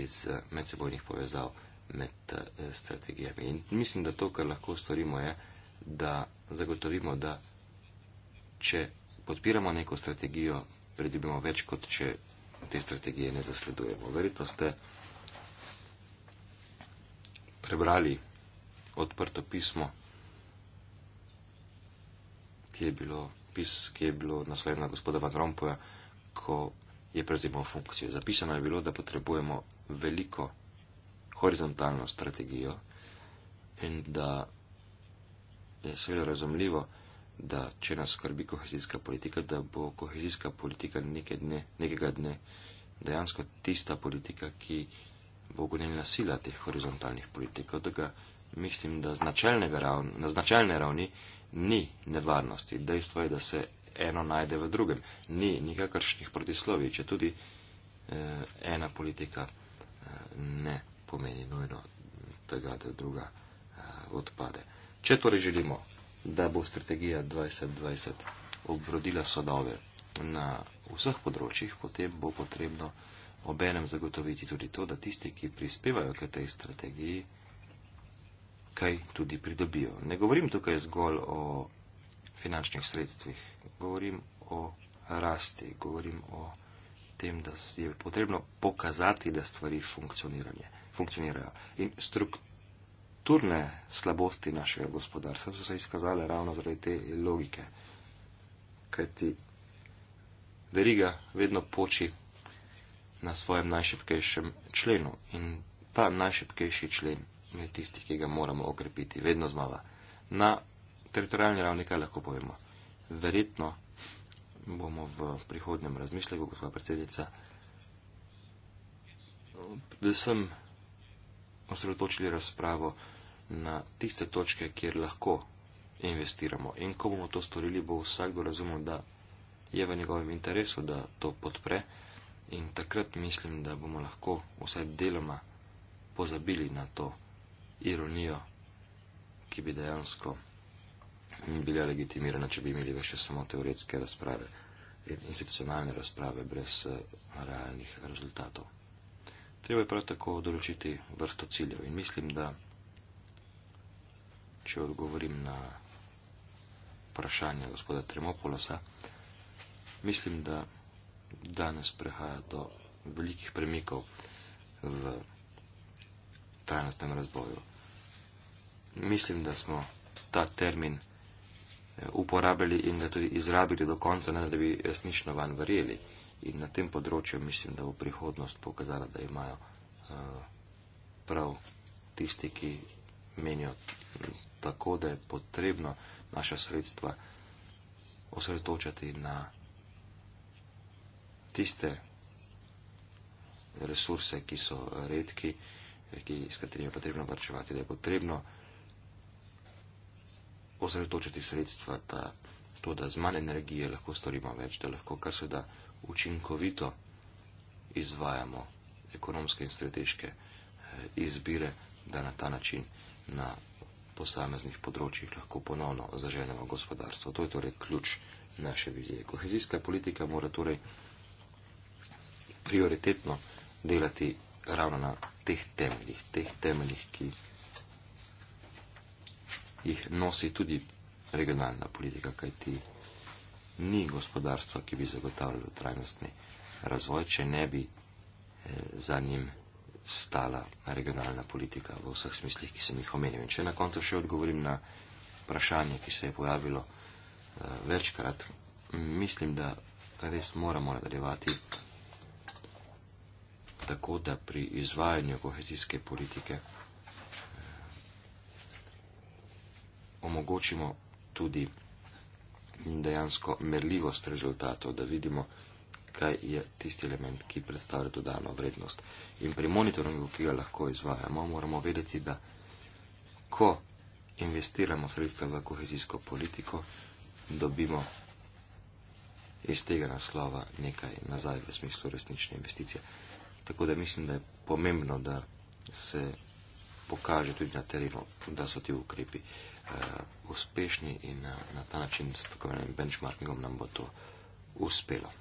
iz eh, medsebojnih povezav med eh, strategijami. In mislim, da to, kar lahko storimo, je, da zagotovimo, da če podpiramo neko strategijo, pridobimo več, kot če te strategije ne zasledujemo. Verjetno ste prebrali odprto pismo, ki je bilo, pis, ki je bilo naslovljeno gospoda Van Rompuja, ko je prezimal funkcijo. Zapisano je bilo, da potrebujemo veliko horizontalno strategijo in da je seveda razumljivo, da če nas skrbi kohezijska politika, da bo kohezijska politika neke dne, nekega dne dejansko tista politika, ki bo gonilna sila teh horizontalnih politik. Od tega mislim, da ravn, na značajne ravni ni nevarnosti. Dejstvo je, da se eno najde v drugem. Ni nikakršnih protislovi, če tudi eh, ena politika eh, ne pomeni nujno tega, da druga eh, odpade. Če torej želimo, da bo strategija 2020 obrodila sodove na vseh področjih, potem bo potrebno obenem zagotoviti tudi to, da tisti, ki prispevajo k tej strategiji, kaj tudi pridobijo. Ne govorim tukaj zgolj o finančnih sredstvih, govorim o rasti, govorim o tem, da je potrebno pokazati, da stvari funkcionirajo. In struktura strukturne slabosti našega gospodarstva so se izkazale ravno zaradi te logike. Kajti veriga vedno poči na svojem najšipkejšem členu in ta najšipkejši člen je tisti, ki ga moramo okrepiti, vedno znova. Na teritorijalni ravni kaj lahko povemo? Verjetno bomo v prihodnem razmisleku, gospod predsednica, predvsem osredotočili razpravo na tiste točke, kjer lahko investiramo. In ko bomo to storili, bo vsakdo razumel, da je v njegovem interesu, da to podpre. In takrat mislim, da bomo lahko vsaj deloma pozabili na to ironijo, ki bi dejansko bila legitimirana, če bi imeli več samo teoretske razprave in institucionalne razprave brez eh, realnih rezultatov. Treba je prav tako določiti vrsto ciljev in mislim, da če odgovorim na vprašanje gospoda Tremopolosa, mislim, da danes prehaja do velikih premikov v trajnostnem razvoju. Mislim, da smo ta termin eh, uporabili in ga tudi izrabili do konca, ne da bi resnično van verjeli in na tem področju mislim, da bo prihodnost pokazala, da imajo eh, prav tisti, ki menijo tako, da je potrebno naša sredstva osredotočati na tiste resurse, ki so redki, ki, s katerimi je potrebno vrčevati, da je potrebno osredotočiti sredstva, da to, da z manj energije lahko storimo več, da lahko kar se da učinkovito izvajamo ekonomske in strateške eh, izbire, da na ta način na posameznih področjih lahko ponovno zaženemo gospodarstvo. To je torej ključ naše vizije. Kohezijska politika mora torej prioritetno delati ravno na teh temeljih, teh temeljih, ki jih nosi tudi regionalna politika, kajti ni gospodarstva, ki bi zagotavljalo trajnostni razvoj, če ne bi eh, za njim stala regionalna politika v vseh smislih, ki sem jih omenil. In če na koncu še odgovorim na vprašanje, ki se je pojavilo eh, večkrat, mislim, da res moramo nadaljevati tako, da pri izvajanju kohezijske politike eh, omogočimo tudi in dejansko merljivost rezultatov, da vidimo, kaj je tisti element, ki predstavlja dodano vrednost. In pri monitoringu, ki ga lahko izvajamo, moramo vedeti, da ko investiramo sredstva v kohezijsko politiko, dobimo iz tega naslova nekaj nazaj v smislu resnične investicije. Tako da mislim, da je pomembno, da se pokaže tudi na terenu, da so ti ukrepi uh, uspešni in uh, na ta način s tako imenim benchmarkingom nam bo to uspelo.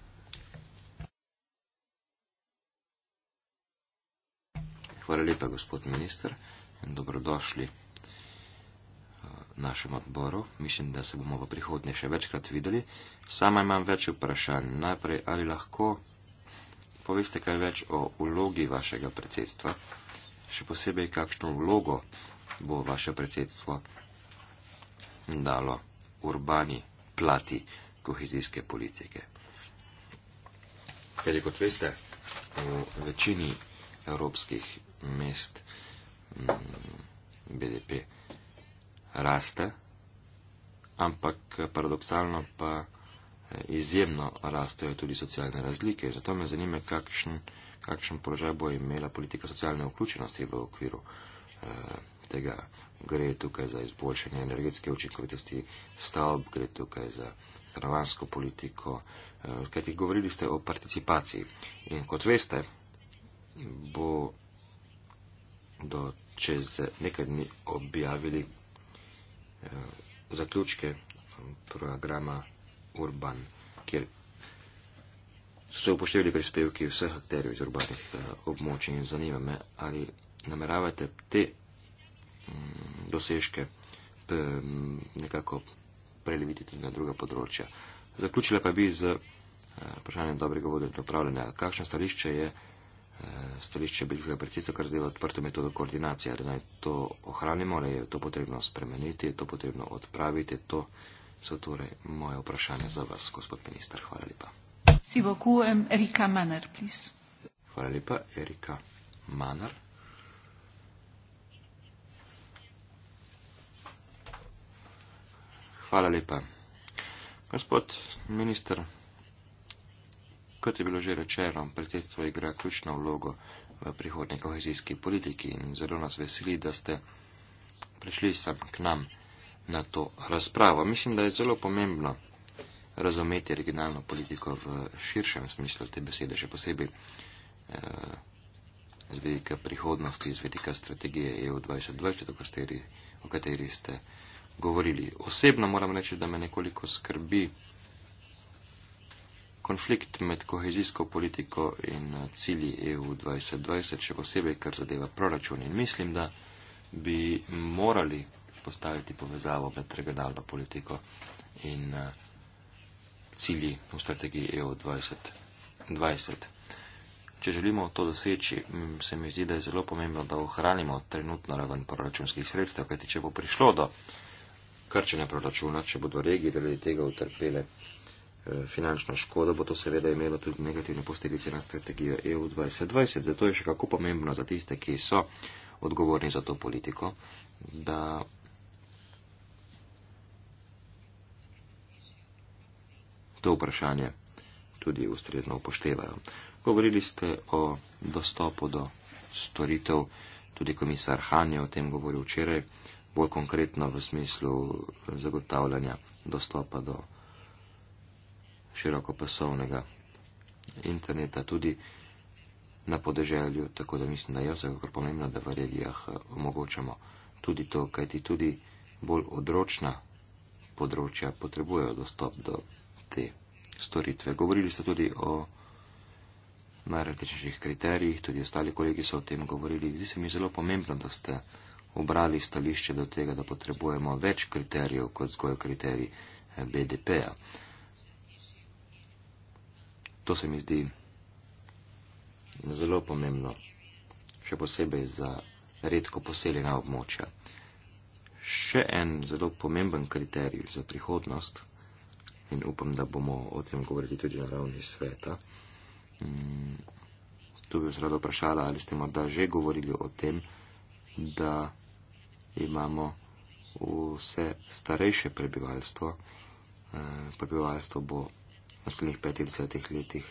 Hvala lepa, gospod minister, in dobrodošli eh, našem odboru. Mislim, da se bomo v prihodnje še večkrat videli. Sama imam več vprašanj. Najprej, ali lahko poveste kaj več o ulogi vašega predsedstva? še posebej kakšno vlogo bo vaše predsedstvo dalo urbani plati kohezijske politike. Ker je, kot veste, v večini evropskih mest mm, BDP raste, ampak paradoksalno pa eh, izjemno rastejo tudi socialne razlike. Zato me zanima, kakšen kakšen položaj bo imela politika socialne vključenosti v okviru eh, tega. Gre tukaj za izboljšanje energetske učinkovitosti stavb, gre tukaj za stanovansko politiko, eh, kajti govorili ste o participaciji. In kot veste, bo do čez nekaj dni objavili eh, zaključke programa Urban, kjer so se upoštevili prispevki vseh akterjev iz urbanih uh, območij in zanima me, ali nameravate te um, dosežke p, um, nekako preleviti tudi na druga področja. Zaključila pa bi z uh, vprašanjem dobrega vodenja upravljanja. Kakšno stališče je uh, stališče belgijskega predsedstva, kar zdaj odprto metodo koordinacije? Ali naj to ohranimo, ali je to potrebno spremeniti, je to potrebno odpraviti? To so torej moje vprašanje za vas, gospod minister. Hvala lepa. Si vokujem Erika Manner, please. Hvala lepa, Erika Manner. Hvala lepa. Gospod minister, kot je bilo že rečeno, predsedstvo igra ključno vlogo v prihodnji kohezijski politiki in zelo nas veseli, da ste prišli sem k nam na to razpravo. Mislim, da je zelo pomembno razumeti regionalno politiko v širšem smislu te besede, še posebej eh, z vidika prihodnosti, z vidika strategije EU 2020, o kateri ste govorili. Osebno moram reči, da me nekoliko skrbi konflikt med kohezijsko politiko in eh, cilji EU 2020, še posebej, kar zadeva proračun. In mislim, da bi morali postaviti povezavo med regionalno politiko in uh, cilji v strategiji EU 2020. Če želimo to doseči, se mi zdi, da je zelo pomembno, da ohranimo trenutno raven proračunskih sredstev, kajti če bo prišlo do krčenja proračuna, če bodo regije zaradi tega utrpele e, finančno škodo, bo to seveda imelo tudi negativne posledice na strategijo EU 2020. Zato je še kako pomembno za tiste, ki so odgovorni za to politiko, da to vprašanje tudi ustrezno upoštevajo. Govorili ste o dostopu do storitev, tudi komisar Han je o tem govoril včeraj, bolj konkretno v smislu zagotavljanja dostopa do širokopasovnega interneta tudi na podeželju, tako da mislim, da je vsekakor pomembno, da v regijah eh, omogočamo tudi to, kajti tudi bolj odročna področja potrebujejo dostop do te storitve. Govorili ste tudi o najrečnejših kriterijih, tudi ostali kolegi so o tem govorili. Zdi se mi zelo pomembno, da ste obrali stališče do tega, da potrebujemo več kriterijev kot zgolj kriterij eh, BDP-a. To se mi zdi zelo pomembno, še posebej za redko poseljena območja. Še en zelo pomemben kriterij za prihodnost in upam, da bomo o tem govorili tudi na ravni sveta. Mm, tu bi vas rada vprašala, ali ste morda že govorili o tem, da imamo vse starejše prebivalstvo. Eh, prebivalstvo bo v naslednjih 50 letih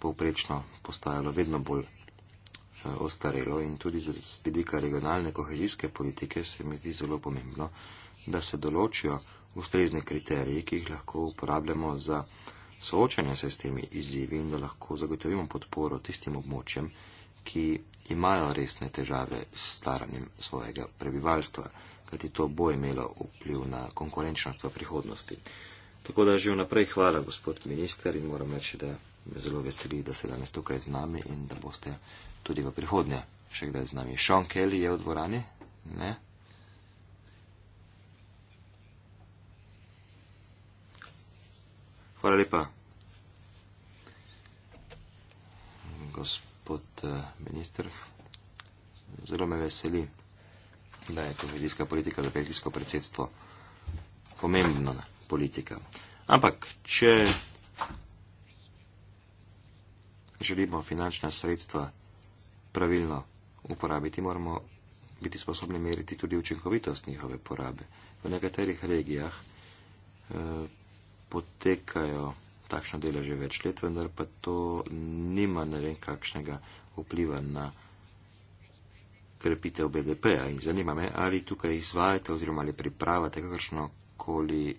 povprečno postajalo vedno bolj eh, ostarelo in tudi z vidika regionalne kohezijske politike se mi zdi zelo pomembno, da se določijo ustrezne kriterije, ki jih lahko uporabljamo za soočanje se s temi izzivi in da lahko zagotovimo podporo tistim območjem, ki imajo resne težave s staranjem svojega prebivalstva, kajti to bo imelo vpliv na konkurenčnost v prihodnosti. Tako da že vnaprej hvala, gospod minister, in moram reči, da me zelo veseli, da ste danes tukaj z nami in da boste tudi v prihodnje še kdaj z nami. Sean Kelly je v dvorani? Ne. Hvala lepa. Gospod eh, minister, zelo me veseli, da je kohezijska politika za belgijsko predsedstvo pomembna politika. Ampak, če želimo finančna sredstva pravilno uporabiti, moramo biti sposobni meriti tudi učinkovitost njihove porabe. V nekaterih regijah eh, potekajo takšna dela že več let, vendar pa to nima ne vem kakšnega vpliva na krepitev BDP-ja. In zanima me, ali tukaj izvajate oziroma ali pripravate kakršno koli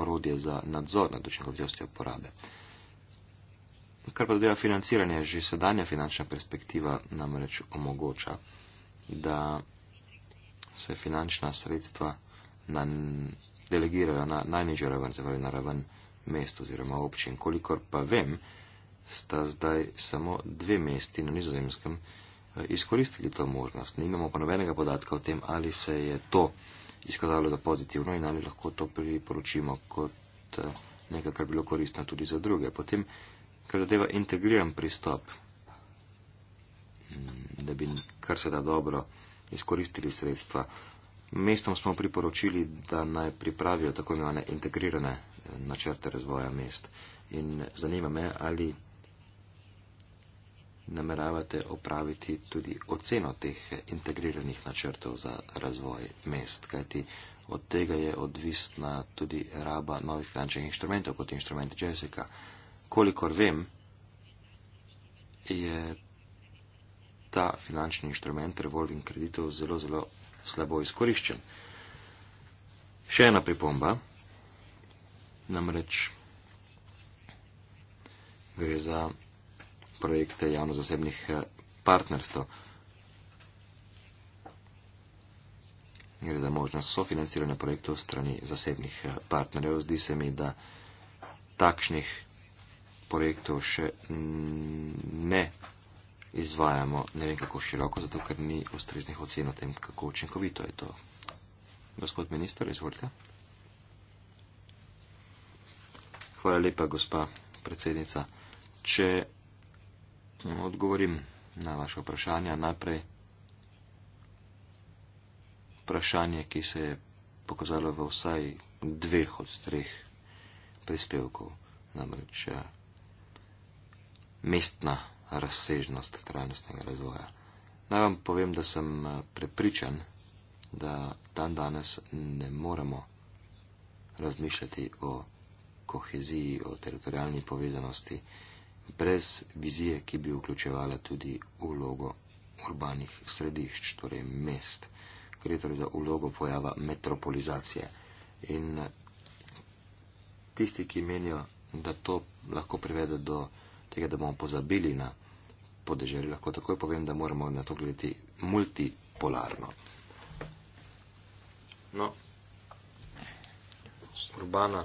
orodje za nadzor nad učinkovitostjo porabe. Kar pa zdaj financiranje, že sedanja finančna perspektiva namreč omogoča, da se finančna sredstva na delegirajo na najnižjo raven, zelo na raven mest oziroma občin. Kolikor pa vem, sta zdaj samo dve mesti na nizozemskem eh, izkoristili to možnost. Nimamo pa nobenega podatka o tem, ali se je to izkazalo za pozitivno in ali lahko to priporočimo kot eh, nekaj, kar bi bilo koristno tudi za druge. Potem, kar zadeva integriran pristop, mm, da bi kar se da dobro izkoristili sredstva. Mestom smo priporočili, da naj pripravijo tako imenovane integrirane eh, načrte razvoja mest. In zanima me, ali nameravate opraviti tudi oceno teh integriranih načrtov za razvoj mest, kajti od tega je odvisna tudi raba novih finančnih inštrumentov kot inštrument Jessica. Kolikor vem, je ta finančni inštrument revolving kreditov zelo, zelo slabo izkoriščen. Še ena pripomba, namreč gre za projekte javno-zasebnih eh, partnerstv. Gre za možnost sofinanciranja projektov strani zasebnih eh, partnerjev. Zdi se mi, da takšnih projektov še ne izvajamo, ne vem kako široko, zato ker ni ustreznih ocen o tem, kako učinkovito je to. Gospod minister, izvolite. Hvala lepa, gospa predsednica. Če mm, odgovorim na vaše vprašanje, najprej vprašanje, ki se je pokazalo v vsaj dveh od treh prispevkov, namreč eh, mestna razsežnost trajnostnega razvoja. Naj vam povem, da sem eh, prepričan, da dan danes ne moremo razmišljati o koheziji, o teritorijalni povezanosti, brez vizije, ki bi vključevala tudi ulogo urbanih središč, torej mest. Gre torej za ulogo pojava metropolizacije. In eh, tisti, ki menijo, da to lahko privede do tega, da bomo pozabili na podeželju, lahko takoj povem, da moramo na to gledati multipolarno. No, urbana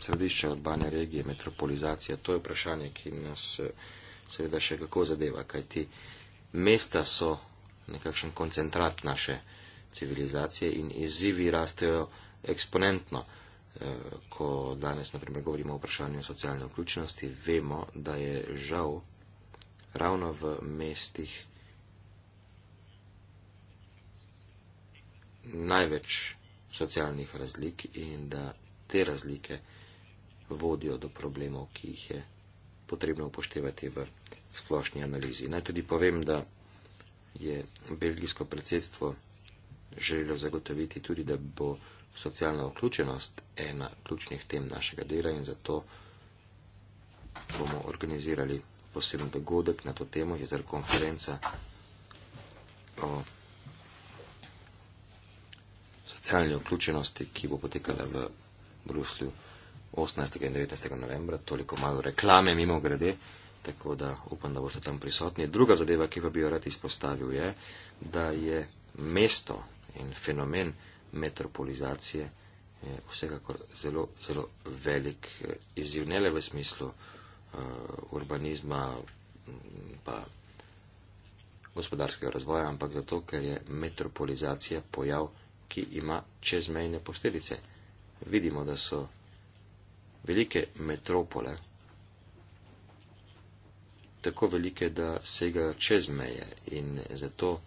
središča, urbane regije, metropolizacija, to je vprašanje, ki nas eh, seveda še kako zadeva, kajti mesta so nekakšen koncentrat naše civilizacije in izzivi rastejo eksponentno ko danes, naprimer, govorimo o vprašanju socialne vključnosti, vemo, da je žal ravno v mestih največ socialnih razlik in da te razlike vodijo do problemov, ki jih je potrebno upoštevati v splošni analizi. Naj tudi povem, da je belgijsko predsedstvo želelo zagotoviti tudi, da bo socialna vključenost ena ključnih tem našega dela in zato bomo organizirali poseben dogodek na to temo, je zar konferenca o socialni vključenosti, ki bo potekala v Bruslju 18. in 19. novembra, toliko malo reklame mimo grede, tako da upam, da boste tam prisotni. Druga zadeva, ki pa bi jo rad izpostavil, je, da je mesto in fenomen, metropolizacije je vsekakor zelo, zelo velik eh, izziv, ne le v smislu uh, urbanizma pa gospodarskega razvoja, ampak zato, ker je metropolizacija pojav, ki ima čezmejne posledice. Vidimo, da so velike metropole tako velike, da segajo čez meje in zato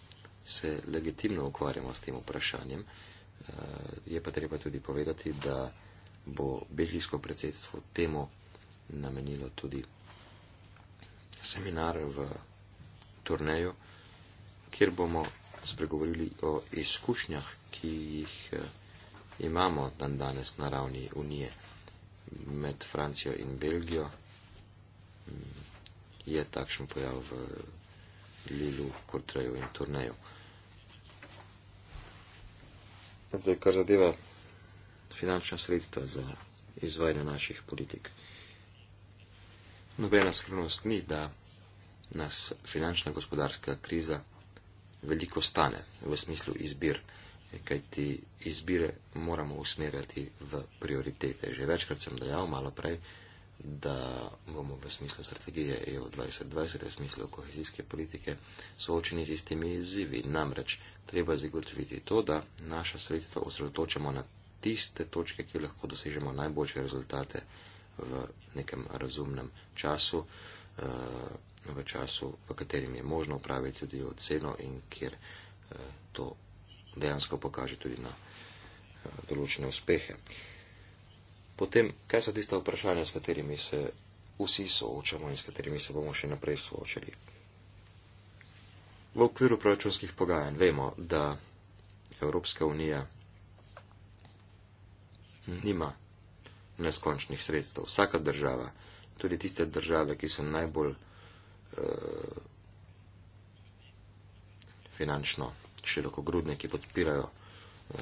se legitimno ukvarjamo s tem vprašanjem. Uh, Je pa treba tudi povedati, da bo belgijsko predsedstvo temu namenilo tudi seminar v turnaju, kjer bomo spregovorili o izkušnjah, ki jih eh, imamo dan danes na ravni Unije med Francijo in Belgijo. Mm, je takšen pojav v Lilu, Kortreju in turnaju. Zdaj, kar zadeva finančna sredstva za izvajanje naših politik. Nobena skrivnost ni, da nas finančna gospodarska kriza veliko stane v smislu izbir, kaj ti izbire moramo usmerjati v prioritete. Že večkrat sem dejal, malo prej, da bomo v smislu strategije EU 2020, v smislu kohezijske politike, soočeni z istimi izzivi. Namreč treba zagotoviti to, da naša sredstva osredotočamo na tiste točke, ki lahko dosežemo najboljše rezultate v nekem razumnem času, eh, v času, v katerem je možno upraviti tudi oceno in kjer eh, to dejansko pokaže tudi na eh, določene uspehe. Potem, kaj so tista vprašanja, s katerimi se vsi soočamo in s katerimi se bomo še naprej soočali? V okviru proračunskih pogajanj vemo, da Evropska unija nima neskončnih sredstev. Vsaka država, tudi tiste države, ki so najbolj eh, finančno širokogrudne, ki podpirajo eh,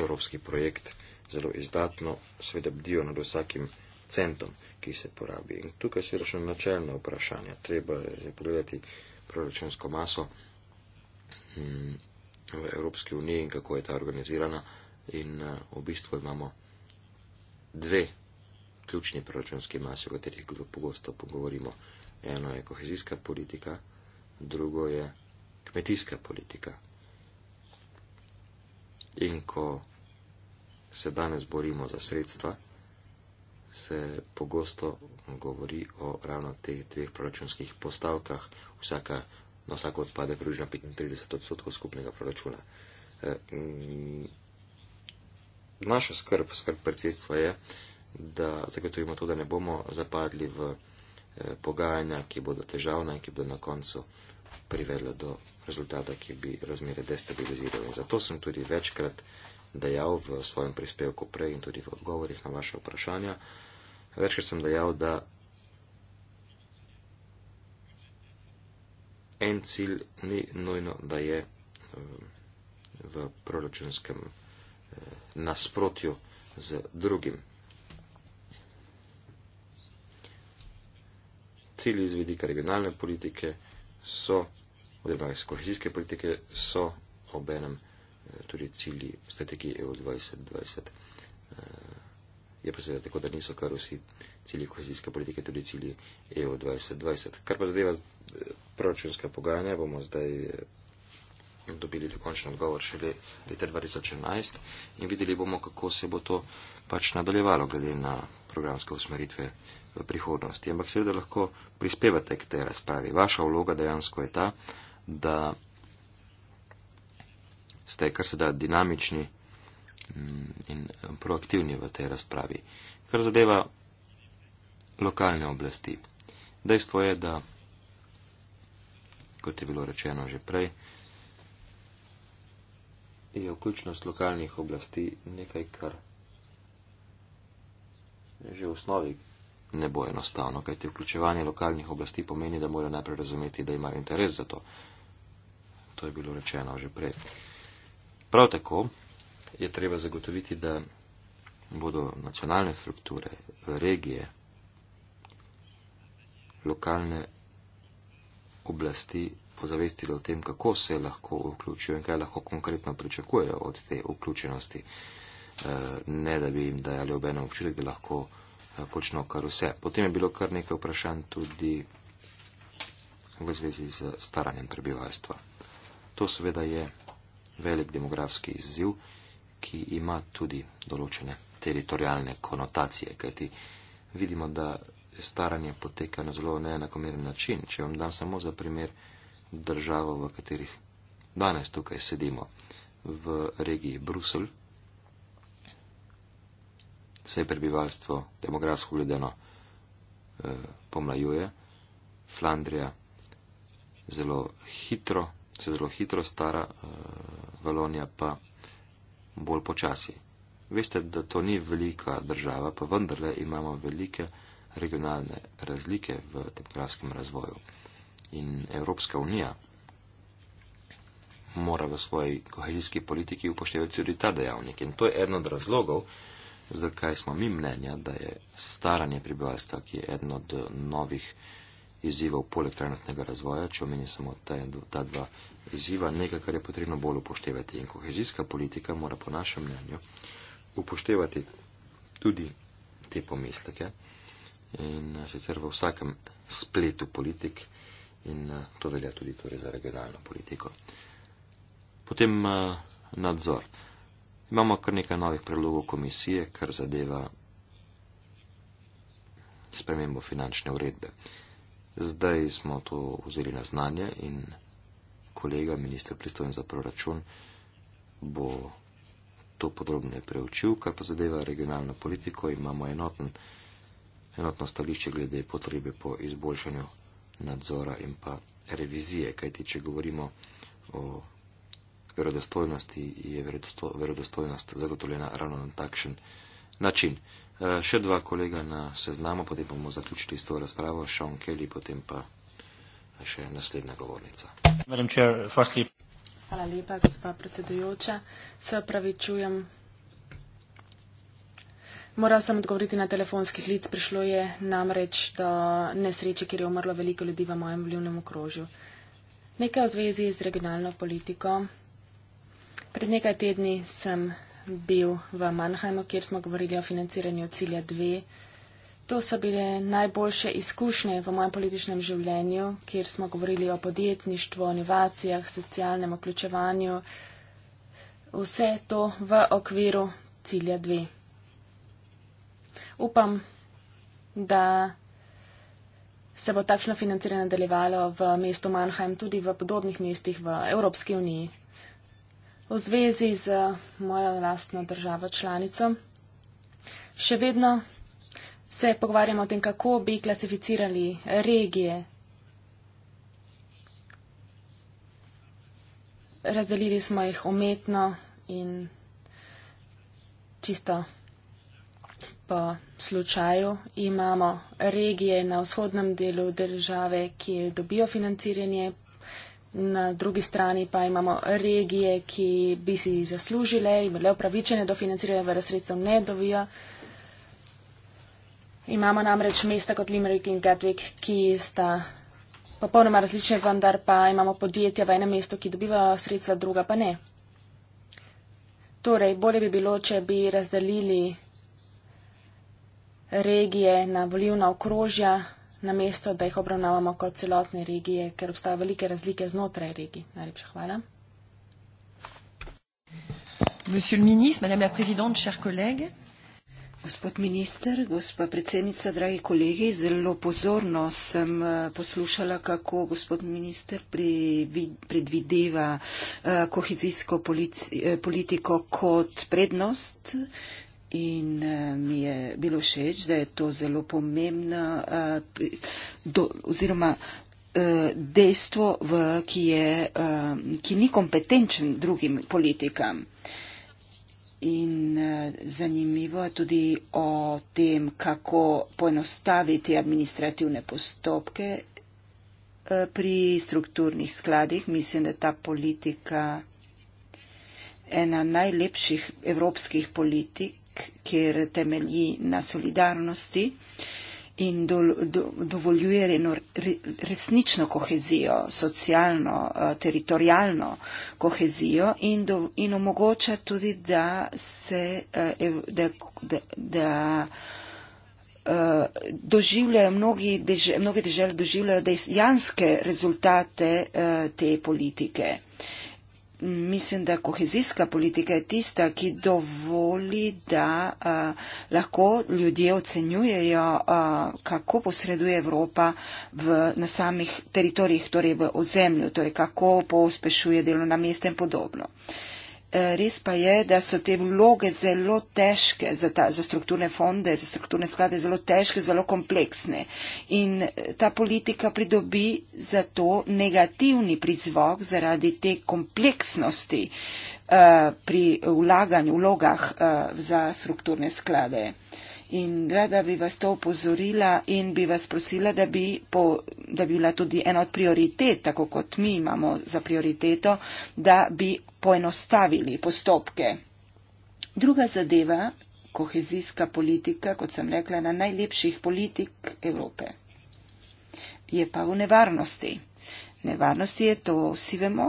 evropski projekt, zelo izdatno, seveda bdijo nad vsakim centom, ki se porabi. In tukaj se rešijo načeljne vprašanja. Treba je pogledati proračunsko maso mm, v Evropski uniji in kako je ta organizirana. In eh, v bistvu imamo dve ključni proračunski masi, o katerih pogosto pogovorimo. Eno je kohezijska politika, drugo je kmetijska politika. In ko se danes borimo za sredstva, se pogosto govori o ravno teh dveh proračunskih postavkah, vsaka na vsako odpade približno 35 odstotkov skupnega proračuna. E, mm, naša skrb, skrb predsedstva je, da zagotovimo to, da ne bomo zapadli v e, pogajanja, ki bodo težavna in ki bodo na koncu privedla do rezultata, ki bi razmere destabiliziral. In zato sem tudi večkrat dejal v svojem prispevku prej in tudi v odgovorih na vaše vprašanja. Večkrat sem dejal, da en cilj ni nujno, da je eh, v proračunskem eh, nasprotju z drugim. Cilji iz vidika regionalne politike so, oziroma iz kohezijske politike, so obenem enem Eh, torej cilji strategije EU 2020. Eh, je pa seveda tako, da niso kar vsi cilji kohezijske politike tudi cilji EU 2020. Kar pa zadeva eh, proračunska pogajanja, bomo zdaj dobili dokončen odgovor šele leta 2011 in videli bomo, kako se bo to pač nadaljevalo glede na programske usmeritve v prihodnosti. Ampak seveda lahko prispevate k tej razpravi. Vaša vloga dejansko je ta, da ste kar se da dinamični mm, in proaktivni v tej razpravi. Kar zadeva lokalne oblasti. Dejstvo je, da, kot je bilo rečeno že prej, je vključnost lokalnih oblasti nekaj, kar že v osnovi ne bo enostavno, kajti vključevanje lokalnih oblasti pomeni, da morajo najprej razumeti, da imajo interes za to. To je bilo rečeno že prej. Uh, Prav tako je treba zagotoviti, da bodo nacionalne strukture, regije, lokalne oblasti pozavestile o tem, kako se lahko vključijo in kaj lahko konkretno pričakujejo od te vključenosti, eh, ne da bi jim dajali obeno občutek, da lahko eh, počno kar vse. Potem je bilo kar nekaj vprašanj tudi v zvezi z staranjem prebivalstva. To seveda je velik demografski izziv, ki ima tudi določene teritorijalne konotacije, kajti vidimo, da staranje poteka na zelo neenakomeren način. Če vam dam samo za primer državo, v katerih danes tukaj sedimo, v regiji Brusel, se je prebivalstvo demografsko gledano eh, pomlajuje, Flandrija zelo hitro, se zelo hitro stara, eh, Valonija pa bolj počasi. Veste, da to ni velika država, pa vendarle imamo velike regionalne razlike v demografskem razvoju. In Evropska unija mora v svoji kohezijski politiki upoštevati tudi ta dejavnik. In to je eden od razlogov, zakaj smo mi mnenja, da je staranje prebivalstva, ki je eden od novih izzivov poleg trenutnega razvoja, če omenim samo ta dva izziva nekaj, kar je potrebno bolj upoštevati. In kohezijska politika mora po našem mnenju upoštevati tudi te pomisleke in eh, sicer v vsakem spletu politik in eh, to velja tudi torej za regionalno politiko. Potem eh, nadzor. Imamo kar nekaj novih predlogov komisije, kar zadeva spremembo finančne uredbe. Zdaj smo to vzeli na znanje in kolega, ministr pristojen za proračun, bo to podrobno preučil, kar pa zadeva regionalno politiko. Imamo enoten, enotno stališče glede potrebe po izboljšanju nadzora in pa revizije, kajti če govorimo o verodostojnosti, je verodostojnost zagotovljena ravno na takšen način. Eh, še dva kolega na seznamu, potem bomo zaključili s to razpravo, Sean Kelly, potem pa in še naslednja govornica. Hvala lepa, gospa predsedujoča. Se opravičujem. Moral sem odgovoriti na telefonski klic, prišlo je namreč do nesreče, kjer je umrlo veliko ljudi v mojem vljivnem okrožju. Nekaj v zvezi z regionalno politiko. Pred nekaj tedni sem bil v Mannheimu, kjer smo govorili o financiranju cilja 2. To so bile najboljše izkušnje v mojem političnem življenju, kjer smo govorili o podjetništvu, inovacijah, socialnem vključevanju. Vse to v okviru cilja dve. Upam, da se bo takšno financiranje nadaljevalo v mestu Mannheim, tudi v podobnih mestih v Evropski uniji. V zvezi z mojo lastno državo članico, še vedno se pogovarjamo o tem, kako bi klasificirali regije. Razdelili smo jih umetno in čisto po slučaju. Imamo regije na vzhodnem delu države, ki dobijo financiranje, na drugi strani pa imamo regije, ki bi si zaslužile, imele upravičene do financiranja, v razredstvu ne dobijo. Imamo namreč mesta kot Limerick in Gatwick, ki sta popolnoma različne, vendar pa imamo podjetja v enem mestu, ki dobivajo sredstva, druga pa ne. Torej, bolje bi bilo, če bi razdelili regije na volivna okrožja, na mesto, da jih obravnavamo kot celotne regije, ker obstajajo velike razlike znotraj regij. Najlepša hvala. Monsieur le ministre, madame la présidente, chers collègues. Gospod minister, gospa predsednica, dragi kolegi, zelo pozorno sem eh, poslušala, kako gospod minister predvideva eh, kohezijsko eh, politiko kot prednost in mi je bilo všeč, da je to zelo pomembno oziroma dejstvo, v, ki, je, ki ni kompetenčen drugim politikam in eh, zanimivo tudi o tem, kako poenostaviti administrativne postopke eh, pri strukturnih skladih. Mislim, da ta politika ena najlepših evropskih politik, kjer temelji na solidarnosti. Uh, in do, do, dovoljuje eno re, resnično kohezijo, socialno, eh, teritorijalno kohezijo in, do, in omogoča tudi, da se eh, da, da, da, eh, doživljajo mnogi, mnoge države doživljajo dejanske rezultate te politike mislim, da kohezijska politika je tista, ki dovoli, da uh, lahko ljudje ocenjujejo, uh, kako posreduje Evropa v, na samih teritorijih, torej v ozemlju, torej kako pospešuje delo na mesta in podobno. Uh, Eh, res pa je, da so te vloge zelo težke za, ta, za strukturne fonde, za strukturne sklade, zelo težke, zelo kompleksne. In eh, ta politika pridobi za to negativni prizvok zaradi te kompleksnosti uh, pri vlaganju, vlogah uh, za strukturne sklade. In rada bi vas to upozorila in bi vas prosila, da bi, po, da bi bila tudi ena od prioritet, tako kot mi imamo za prioriteto, da bi poenostavili postopke. Druga zadeva, kohezijska politika, kot sem rekla, na najlepših politik Evrope, je pa v nevarnosti. Nevarnosti je to, vsi vemo,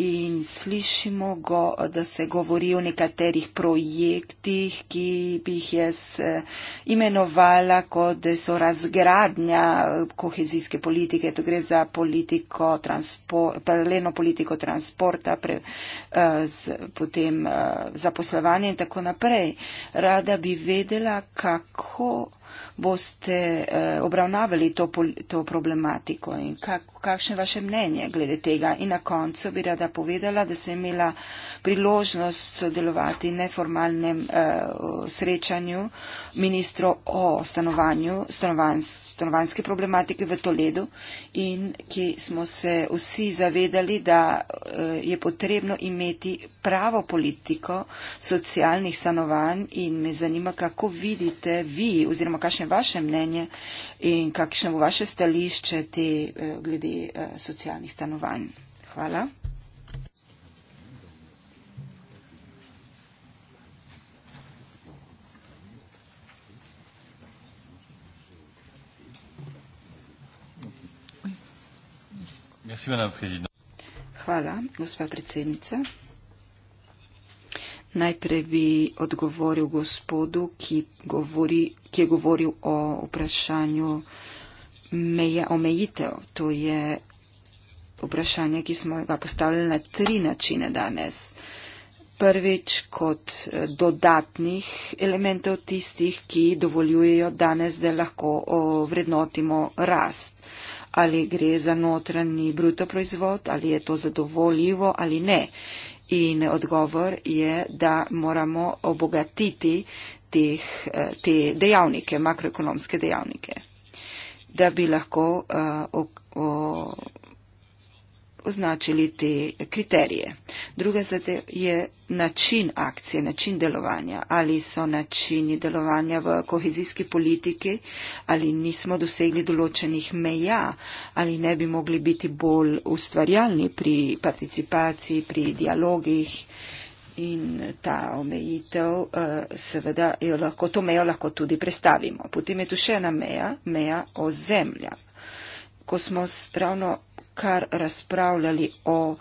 in slišimo, go, da se govori o nekaterih projektih, ki bi jih jaz eh, imenovala, kot da so razgradnja eh, kohezijske politike. To gre za politiko paralelno politiko transporta, pre, eh, z, potem zaposlovanje in tako naprej. Rada bi vedela, kako boste eh, obravnavali to, to problematiko in kak, kakšno je vaše mnenje glede tega. In na koncu bi rada povedala, da sem imela priložnost sodelovati v neformalnem eh, srečanju ministro o stanovanju, stanovanj, stanovanjske problematike v Toledu in ki smo se vsi zavedali, da eh, je potrebno imeti pravo politiko socialnih stanovanj in me zanima, kako vidite vi oziroma kakšno je vaše mnenje in kakšno bo vaše stališče te eh, glede eh, socialnih stanovanj. Hvala. Hvala, gospa predsednica. Najprej bi odgovoril gospodu, ki govori ki je govoril o vprašanju meja, omejitev. To je vprašanje, ki smo ga postavili na tri načine danes. Prvič kot eh, dodatnih elementov tistih, ki dovoljujejo danes, da lahko vrednotimo rast. Ali gre za notranji bruto proizvod, ali je to zadovoljivo ali ne. In odgovor je, da moramo obogatiti teh, eh, te dejavnike, makroekonomske dejavnike, da bi lahko eh, o, o, označili te kriterije. Druga zadev je način akcije, način delovanja. Ali so načini delovanja v kohezijski politiki, ali nismo dosegli določenih meja, ali ne bi mogli biti bolj ustvarjalni pri participaciji, pri dialogih. Uh, In ta omejitev eh, seveda jo lahko, to mejo lahko tudi prestavimo. Potem je tu še ena meja, meja ozemlja. Ko smo ravno kar razpravljali o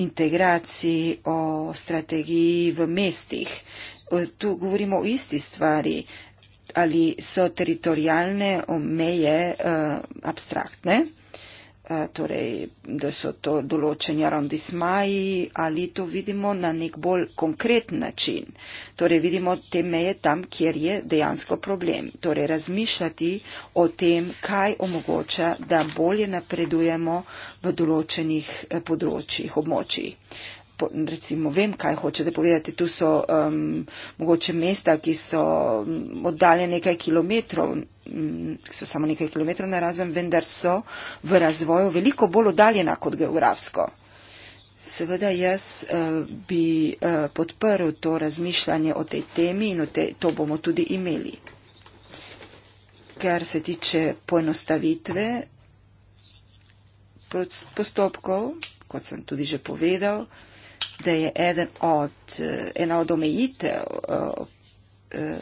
integraciji, o strategiji v mestih, eh, tu govorimo o isti stvari, ali so teritorijalne omeje eh, abstraktne. Eh, torej, da so to določeni arondismaji ali to vidimo na nek bolj konkreten način. Torej, vidimo te meje tam, kjer je dejansko problem. Torej, razmišljati o tem, kaj omogoča, da bolje napredujemo v določenih eh, področjih, območjih recimo vem, kaj hočete povedati. Tu so um, mogoče mesta, ki so mm, oddaljene nekaj kilometrov, mm, so samo nekaj kilometrov narazen, vendar so v razvoju veliko bolj oddaljena kot geografsko. Seveda jaz uh, bi uh, podprl to razmišljanje o tej temi in te, to bomo tudi imeli. Kar se tiče poenostavitve postopkov, kot sem tudi že povedal, da je eden od, eh, ena od omejitev eh, eh,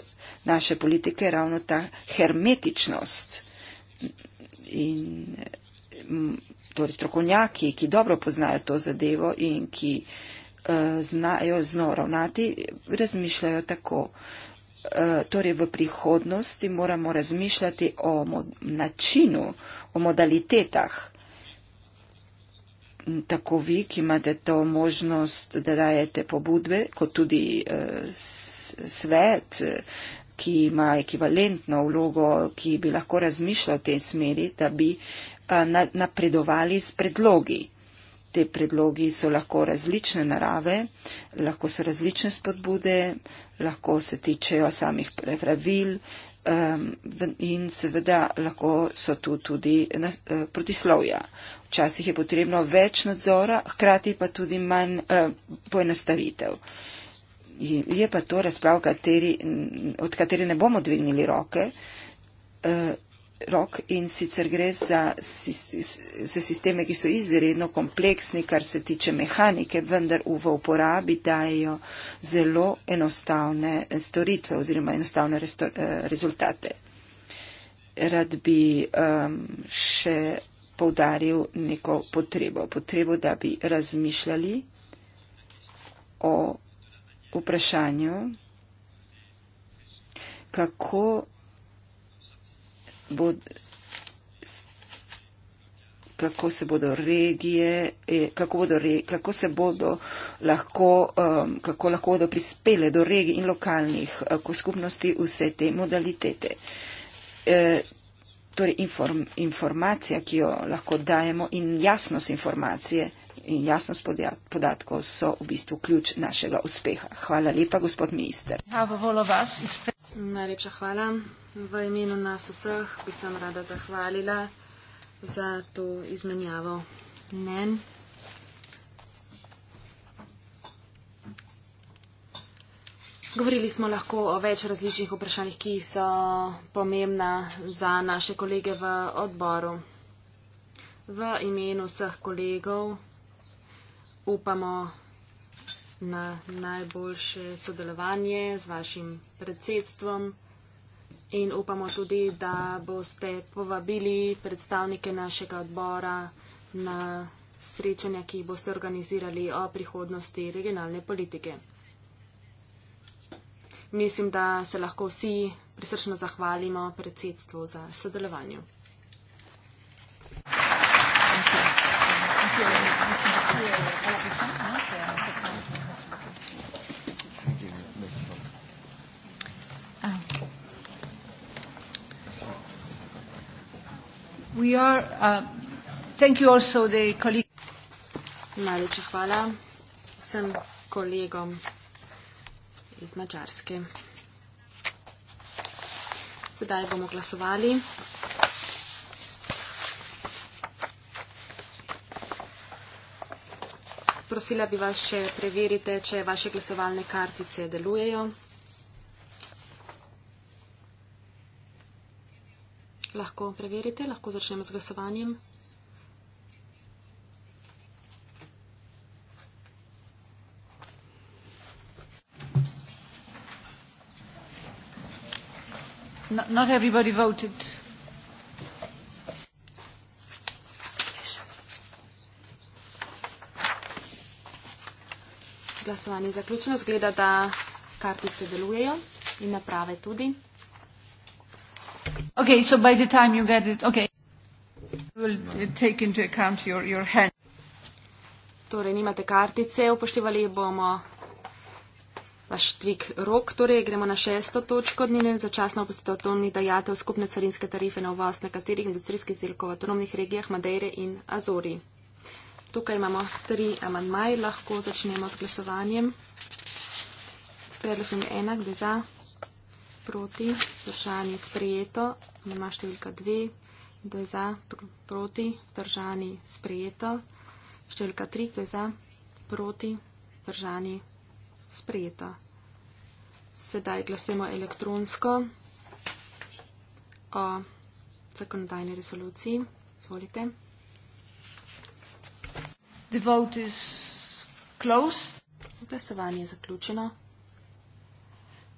naše politike ravno ta hermetičnost. In torej strokovnjaki, ki dobro poznajo to zadevo in ki znajo z njo ravnati, razmišljajo tako. Torej v prihodnosti moramo razmišljati o načinu, o modalitetah tako vi, ki imate to možnost, da dajete pobudbe, kot tudi eh, svet, ki ima ekvivalentno vlogo, ki bi lahko razmišljal v tej smeri, da bi eh, na, napredovali s predlogi. Te predlogi so lahko različne narave, lahko so različne spodbude, lahko se tičejo samih pravil eh, in seveda lahko so tu tudi eh, protislovja. Včasih je potrebno več nadzora, hkrati pa tudi manj uh, poenostavitev. Je pa to razprav, kateri, od kateri ne bomo dvignili roke. Uh, rok in sicer gre za, za sisteme, ki so izredno kompleksni, kar se tiče mehanike, vendar v uporabi dajo zelo enostavne eh, storitve oziroma enostavne rezultate. Rad bi um, še poudaril neko potrebo, potrebo, da bi razmišljali o vprašanju, kako bo kako se bodo regije, e, kako, bodo, kako se bodo lahko, um, kako lahko bodo prispele do regij in lokalnih uh, skupnosti vse te modalitete. E, Torej inform, informacija, ki jo lahko dajemo in jasnost informacije in jasnost podatkov so v bistvu ključ našega uspeha. Hvala lepa, gospod minister. Najlepša hvala. V imenu nas vseh bi sem rada zahvalila za to izmenjavo mnen. Govorili smo lahko o več različnih vprašanjih, ki so pomembna za naše kolege v odboru. V imenu vseh kolegov upamo na najboljše sodelovanje z vašim predsedstvom in upamo tudi, da boste povabili predstavnike našega odbora na srečanja, ki boste organizirali o prihodnosti regionalne politike mislim, da se lahko vsi prisrčno zahvalimo predsedstvu za sodelovanje. Uh, Najlepša hvala vsem kolegom iz Mačarske. Sedaj bomo glasovali. Prosila bi vas še preverite, če vaše glasovalne kartice delujejo. Lahko preverite, lahko začnemo z glasovanjem. Not everybody voted. Glasovanje je zaključeno. Zgleda, da kartice delujejo in naprave tudi. Okay, so by the time you get it, okay. Will take into account your, your hand. Torej, nimate kartice, upoštevali bomo Vaštvik Rok. Torej, gremo na šesto točko dnevne začasno opustitev tonni dajatev skupne carinske tarife na uvoz nekaterih industrijskih izdelkov v avtonomnih regijah Madeire in Azori. Tukaj imamo tri amandmaje, lahko začnemo s glasovanjem. Predlog je enak, da za, proti, vzdržani sprejeto, amandma številka dve, da za, proti, vzdržani sprejeto, številka tri, da za, proti, vzdržani sprejeto sprejeta. Sedaj glasujemo elektronsko o zakonodajni resoluciji. Zvolite. The vote is closed. Glasovanje je zaključeno.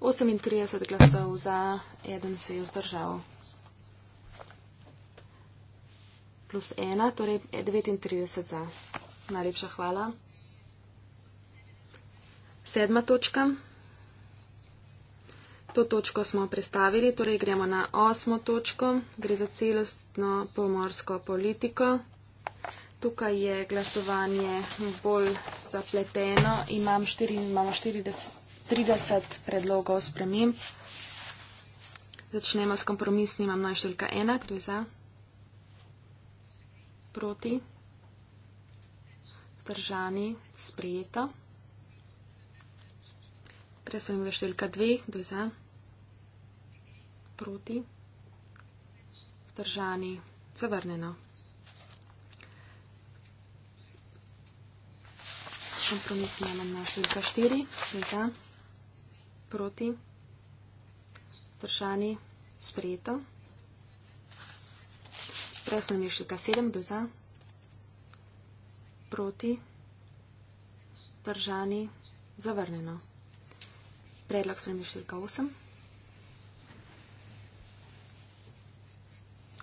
38 glasov za, eden se je vzdržal. Plus ena, torej 39 za. Najlepša hvala. Sedma točka. To točko smo predstavili, torej gremo na osmo točko. Gre za celostno pomorsko politiko. Tukaj je glasovanje bolj zapleteno. Imam štiri, imamo 30 predlogov sprememb. Začnemo s kompromisnim. Imam naj številka ena. Kdo je za? Proti. Zdržani. Sprejeto. Presujem veštelka 2, 2 za, proti, vzdržani, zavrneno. Kompromisni amandma številka 4, 2 za, proti, vzdržani, sprejeto. Presujem veštelka 7, 2 za, proti, vzdržani, zavrneno. Zavrneno predlog spremlja številka 8.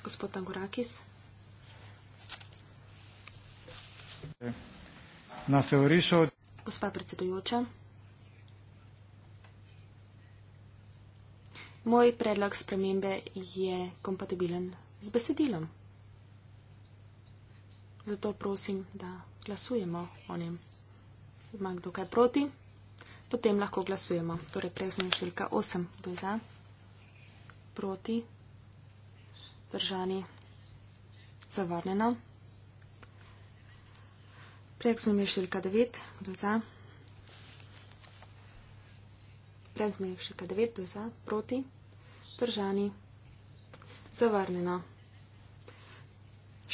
Gospod Angorakis. Na Feorišo. Gospa predsedujoča. Moj predlog spremembe je kompatibilen z besedilom. Zato prosim, da glasujemo o njem. Ima kdo kaj proti? potem lahko glasujemo. Torej, prej smo imeli številka 8, kdo je za, proti, držani, zavarnjeno. Prej smo imeli številka 9, kdo je za, prej smo imeli številka 9, kdo je za, proti, držani, zavarnjeno.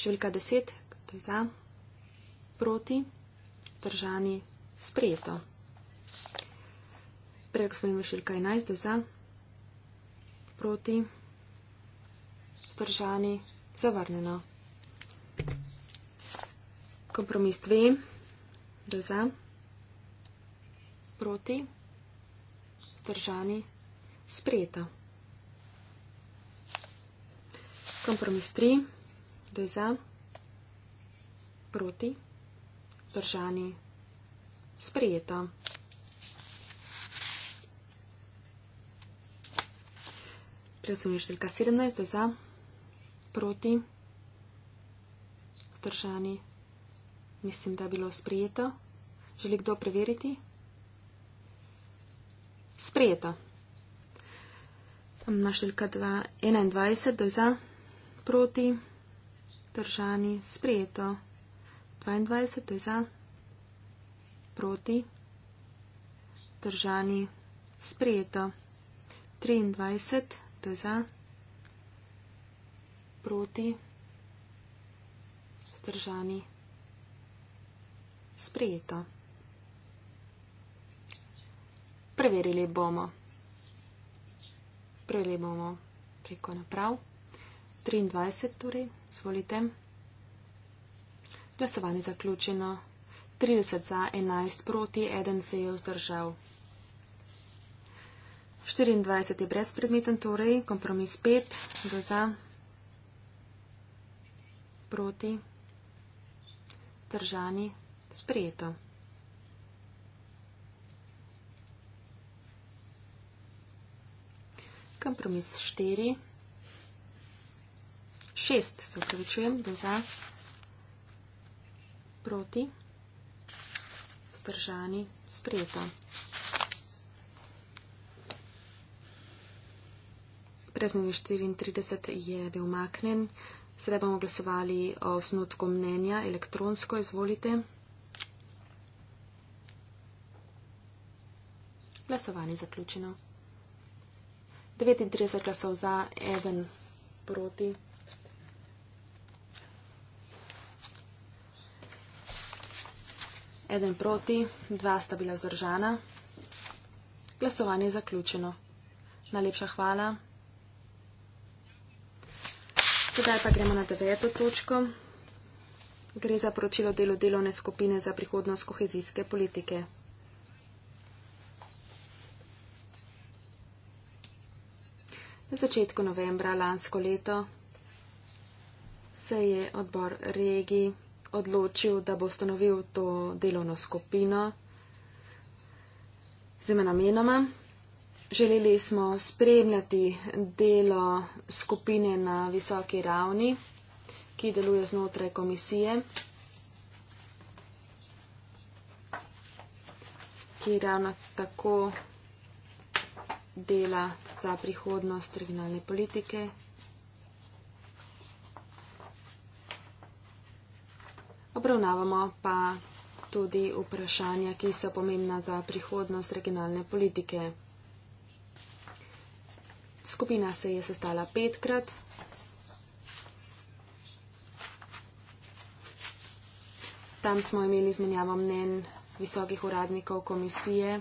Številka 10, kdo je za, proti, držani, sprejeto. Prej, ko smo imeli širka 11, da za, proti, stržani, zavrnjeno. Kompromis 2, da za, proti, stržani, sprejeto. Kompromis 3, da za, proti, stržani, sprejeto. Presumi številka 17, da za, proti, vzdržani, mislim, da je bilo sprejeto. Želi kdo preveriti? Sprejeto. Tam ima številka 21, da za, proti, vzdržani, sprejeto. 22, da za, proti, vzdržani, sprejeto. 23 to je za, proti, zdržani, sprejeta. Preverili bomo. Preverili bomo preko naprav. 23, torej, zvolite. Glasovanje zaključeno. 30 za, 11 proti, 1 se je vzdržal. 24 je brezpredmeten, torej kompromis 5, kdo za, proti, držani, sprejeto. Kompromis 4, 6 se upravičujem, kdo za, proti, vzdržani, sprejeto. Preznanje 34 je bil maknen. Sedaj bomo glasovali o osnutku mnenja elektronsko. Izvolite. Glasovanje zaključeno. 39 glasov za, 1 proti. Eden proti, dva sta bila vzdržana. Glasovanje je zaključeno. Najlepša hvala. Sedaj pa gremo na deveto točko. Gre za poročilo delo delovne skupine za prihodnost kohezijske politike. Na začetku novembra lansko leto se je odbor regij odločil, da bo ustanovil to delovno skupino z imenom Menoma. Želeli smo spremljati delo skupine na visoki ravni, ki deluje znotraj komisije, ki ravno tako dela za prihodnost regionalne politike. Obravnavamo pa tudi vprašanja, ki so pomembna za prihodnost regionalne politike. Skupina se je sestala petkrat. Tam smo imeli izmenjavo mnen visokih uradnikov komisije.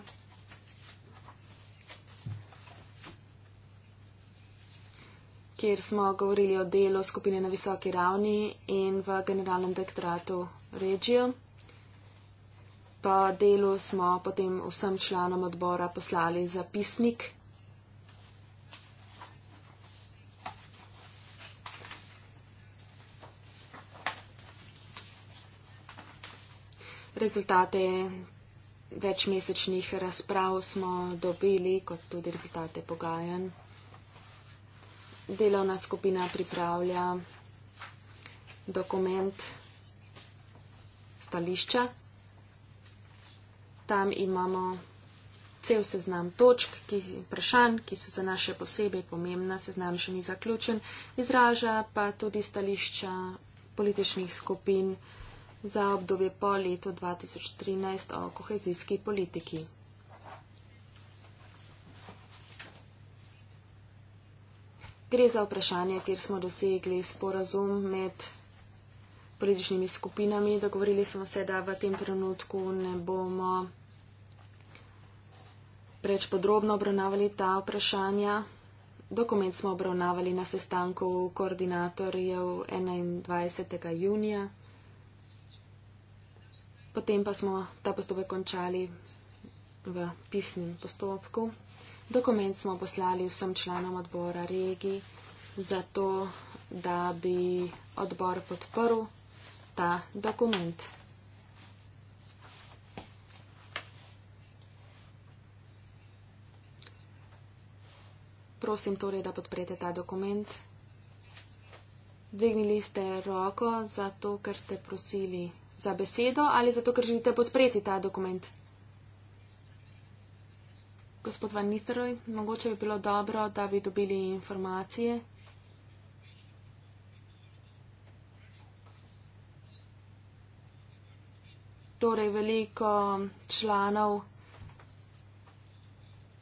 kjer smo govorili o delu skupine na visoki ravni in v generalnem dektoratu Regio. Po delu smo potem vsem članom odbora poslali zapisnik rezultate večmesečnih razprav smo dobili, kot tudi rezultate pogajanj. Delovna skupina pripravlja dokument stališča. Tam imamo cel seznam točk, ki, vprašanj, ki so za naše posebej pomembna, seznam še ni zaključen, izraža pa tudi stališča političnih skupin za obdobje po letu 2013 o kohezijski politiki. Gre za vprašanje, kjer smo dosegli sporazum med političnimi skupinami. Dogovorili smo se, da v tem trenutku ne bomo preč podrobno obravnavali ta vprašanja. Dokument smo obravnavali na sestanku koordinatorjev 21. junija. Potem pa smo ta postopek končali v pisnem postopku. Dokument smo poslali vsem članom odbora regi, zato da bi odbor podprl ta dokument. Prosim torej, da podprete ta dokument. Dvignili ste roko, zato ker ste prosili za besedo ali zato, ker želite podpreti ta dokument. Gospod Van Nitroj, mogoče bi bilo dobro, da bi dobili informacije. Torej, veliko članov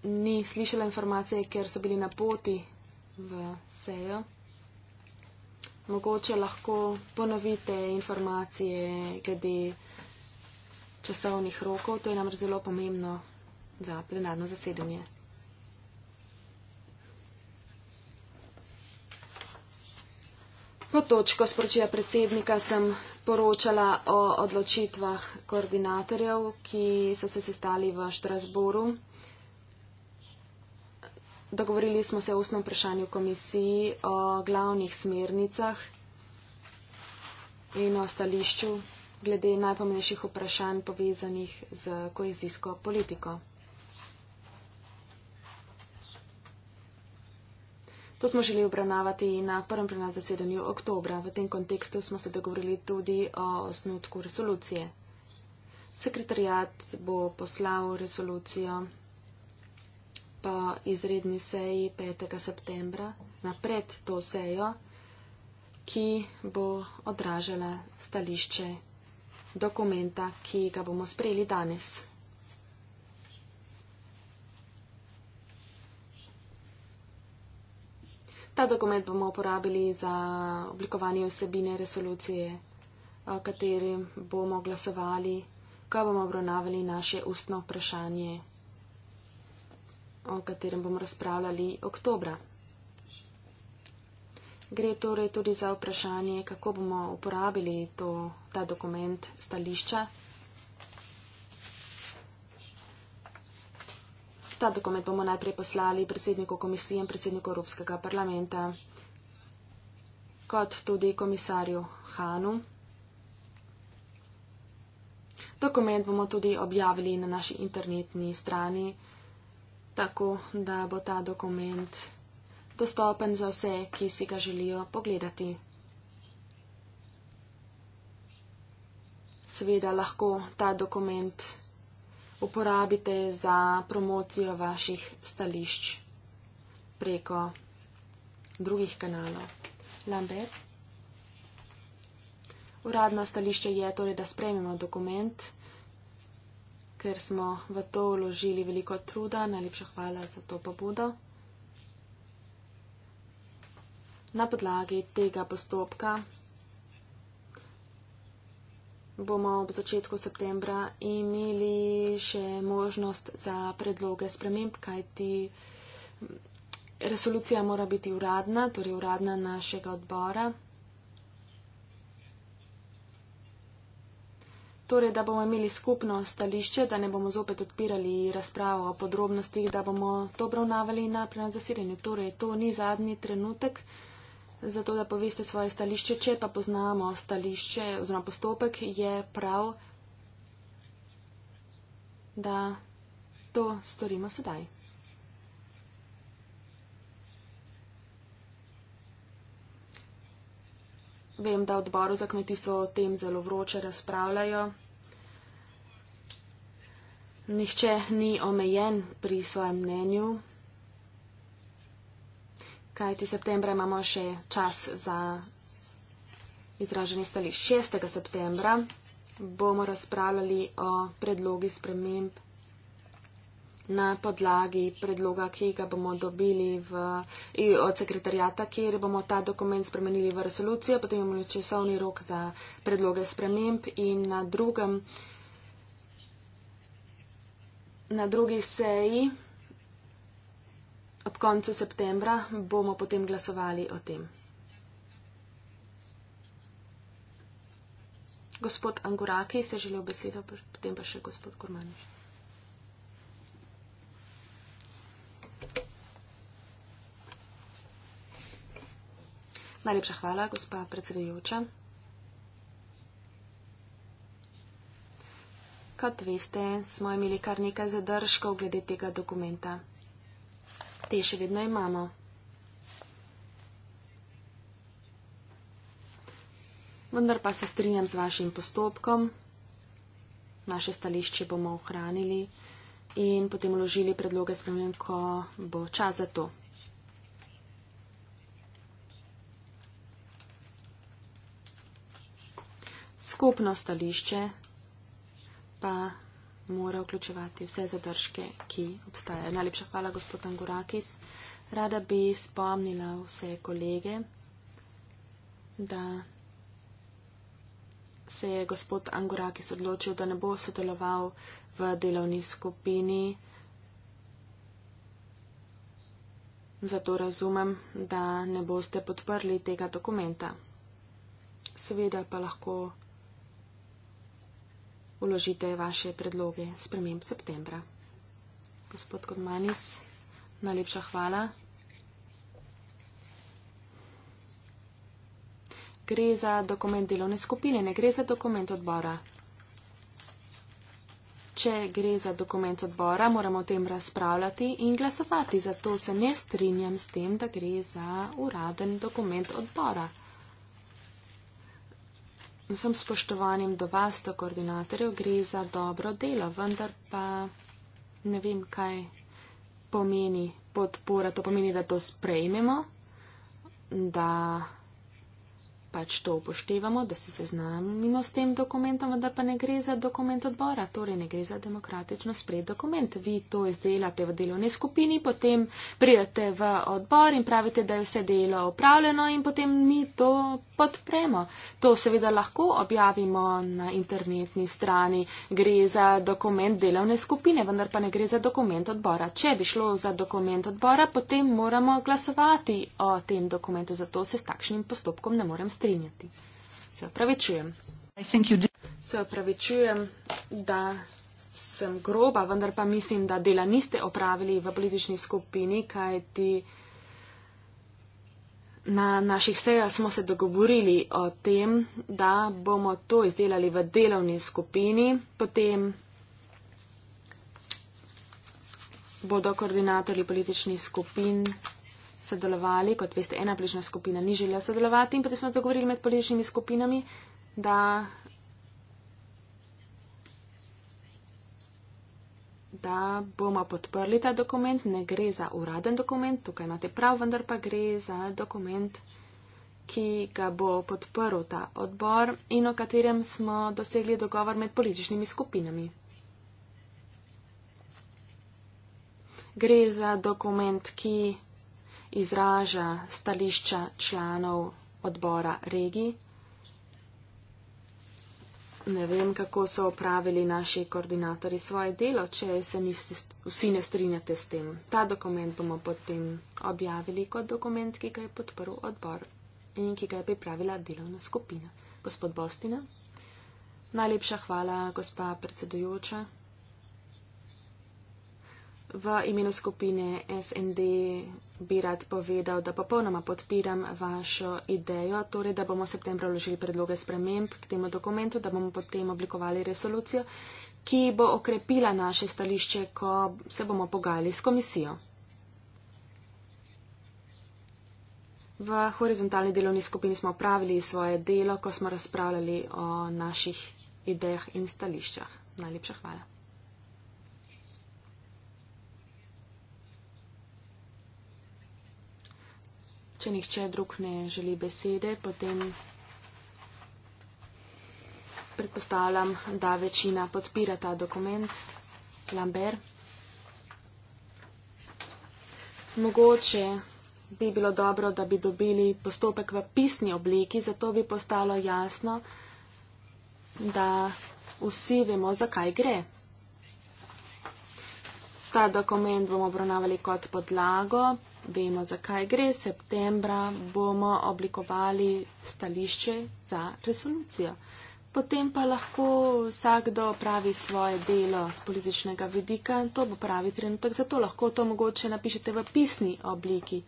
ni slišalo informacije, ker so bili na poti v sejo mogoče lahko ponovite informacije glede časovnih rokov. To je namreč zelo pomembno za plenarno zasedanje. Po točko sporočila predsednika sem poročala o odločitvah koordinatorjev, ki so se sestali v Štrasboru dogovorili smo se v osnovnem vprašanju komisiji o glavnih smernicah in o stališču glede najpomembnejših vprašanj povezanih z koizijsko politiko. To smo želeli obravnavati na prvem plenarnem zasedanju oktobra. V tem kontekstu smo se dogovorili tudi o osnutku resolucije. Sekretarjat bo poslal resolucijo pa izredni seji 5. septembra napred to sejo, ki bo odražala stališče dokumenta, ki ga bomo sprejeli danes. Ta dokument bomo uporabili za oblikovanje vsebine resolucije, o kateri bomo glasovali, ko bomo obravnavali naše ustno vprašanje o katerem bomo razpravljali oktobra. Gre torej tudi za vprašanje, kako bomo uporabili to, ta dokument stališča. Ta dokument bomo najprej poslali predsedniku komisije in predsedniku Evropskega parlamenta, kot tudi komisarju Hanu. Dokument bomo tudi objavili na naši internetni strani, tako, da bo ta dokument dostopen za vse, ki si ga želijo pogledati. Seveda lahko ta dokument uporabite za promocijo vaših stališč preko drugih kanalov. Lambert. Uradno stališče je torej, da sprejmemo dokument ker smo v to vložili veliko truda. Najlepša hvala za to pobudo. Na podlagi tega postopka bomo ob začetku septembra imeli še možnost za predloge sprememb, kajti resolucija mora biti uradna, torej uradna našega odbora. Torej, da bomo imeli skupno stališče, da ne bomo zopet odpirali razpravo o podrobnostih, da bomo to obravnavali na plenarnem zasedanju. Torej, to ni zadnji trenutek za to, da poveste svoje stališče. Če pa poznamo stališče oziroma postopek, je prav, da to storimo sedaj. vem, da odboru za kmetijstvo o tem zelo vroče razpravljajo. Nihče ni omejen pri svojem mnenju, kajti septembra imamo še čas za izražanje stališča. 6. septembra bomo razpravljali o predlogi sprememb na podlagi predloga, ki ga bomo dobili v, od sekretarjata, kjer bomo ta dokument spremenili v resolucijo, potem imamo časovni rok za predloge sprememb in na drugem. Na drugi seji ob koncu septembra bomo potem glasovali o tem. Gospod Angoraki se želi v besedo, potem pa še gospod Kormanič. Najlepša hvala, gospa predsedujoča. Kot veste, smo imeli kar nekaj zadržkov glede tega dokumenta. Te še vedno imamo. Vendar pa se strinjam z vašim postopkom. Naše stališče bomo ohranili in potem vložili predloge spremljen, ko bo čas za to. skupno stališče pa mora vključevati vse zadržke, ki obstajajo. Najlepša hvala, gospod Angurakis. Rada bi spomnila vse kolege, da se je gospod Angurakis odločil, da ne bo sodeloval v delovni skupini. Zato razumem, da ne boste podprli tega dokumenta. Seveda pa lahko vložite vaše predloge sprememb septembra. Gospod Kodmanis, najlepša hvala. Gre za dokument delovne skupine, ne gre za dokument odbora. Če gre za dokument odbora, moramo o tem razpravljati in glasovati. Zato se ne strinjam s tem, da gre za uraden dokument odbora z vsem spoštovanjem do vas, do koordinatorjev, gre za dobro delo, vendar pa ne vem, kaj pomeni podpora. To pomeni, da to sprejmemo, da pač to upoštevamo, da se seznanimo s tem dokumentom, vendar pa ne gre za dokument odbora, torej ne gre za demokratično spred dokument. Vi to izdelate v delovni skupini, potem prijete v odbor in pravite, da je vse delo upravljeno in potem mi to podpremo. To seveda lahko objavimo na internetni strani, gre za dokument delovne skupine, vendar pa ne gre za dokument odbora. Če bi šlo za dokument odbora, potem moramo glasovati o tem dokumentu, zato se s takšnim postopkom ne morem strinjati strinjati. Se opravičujem. Se opravičujem, da sem groba, vendar pa mislim, da dela niste opravili v politični skupini, kajti na naših sejah smo se dogovorili o tem, da bomo to izdelali v delovni skupini, potem bodo koordinatorji političnih skupin sodelovali, kot veste, ena bližna skupina ni želela sodelovati in potem smo dogovorili med političnimi skupinami, da, da bomo podprli ta dokument. Ne gre za uraden dokument, tukaj imate prav, vendar pa gre za dokument, ki ga bo podprl ta odbor in o katerem smo dosegli dogovor med političnimi skupinami. Gre za dokument, ki izraža stališča članov odbora regij. Ne vem, kako so opravili naši koordinatori svoje delo, če se niste, vsi ne strinjate s tem. Ta dokument bomo potem objavili kot dokument, ki ga je podprl odbor in ki ga je pripravila delovna skupina. Gospod Bostina, najlepša hvala, gospa predsedujoča v imenu skupine SND bi rad povedal, da popolnoma podpiram vašo idejo, torej da bomo v septembru vložili predloge sprememb k temu dokumentu, da bomo potem oblikovali resolucijo, ki bo okrepila naše stališče, ko se bomo pogajali s komisijo. V horizontalni delovni skupini smo opravili svoje delo, ko smo razpravljali o naših idejah in stališčah. Najlepša hvala. Če nihče drug ne želi besede, potem predpostavljam, da večina podpira ta dokument. Lambert. Mogoče bi bilo dobro, da bi dobili postopek v pisni obliki, zato bi postalo jasno, da vsi vemo, zakaj gre. Ta dokument bomo obravnavali kot podlago vemo, zakaj gre, septembra bomo oblikovali stališče za resolucijo. Potem pa lahko vsakdo pravi svoje delo z političnega vidika, to bo pravi trenutek, zato lahko to mogoče napišete v pisni obliki.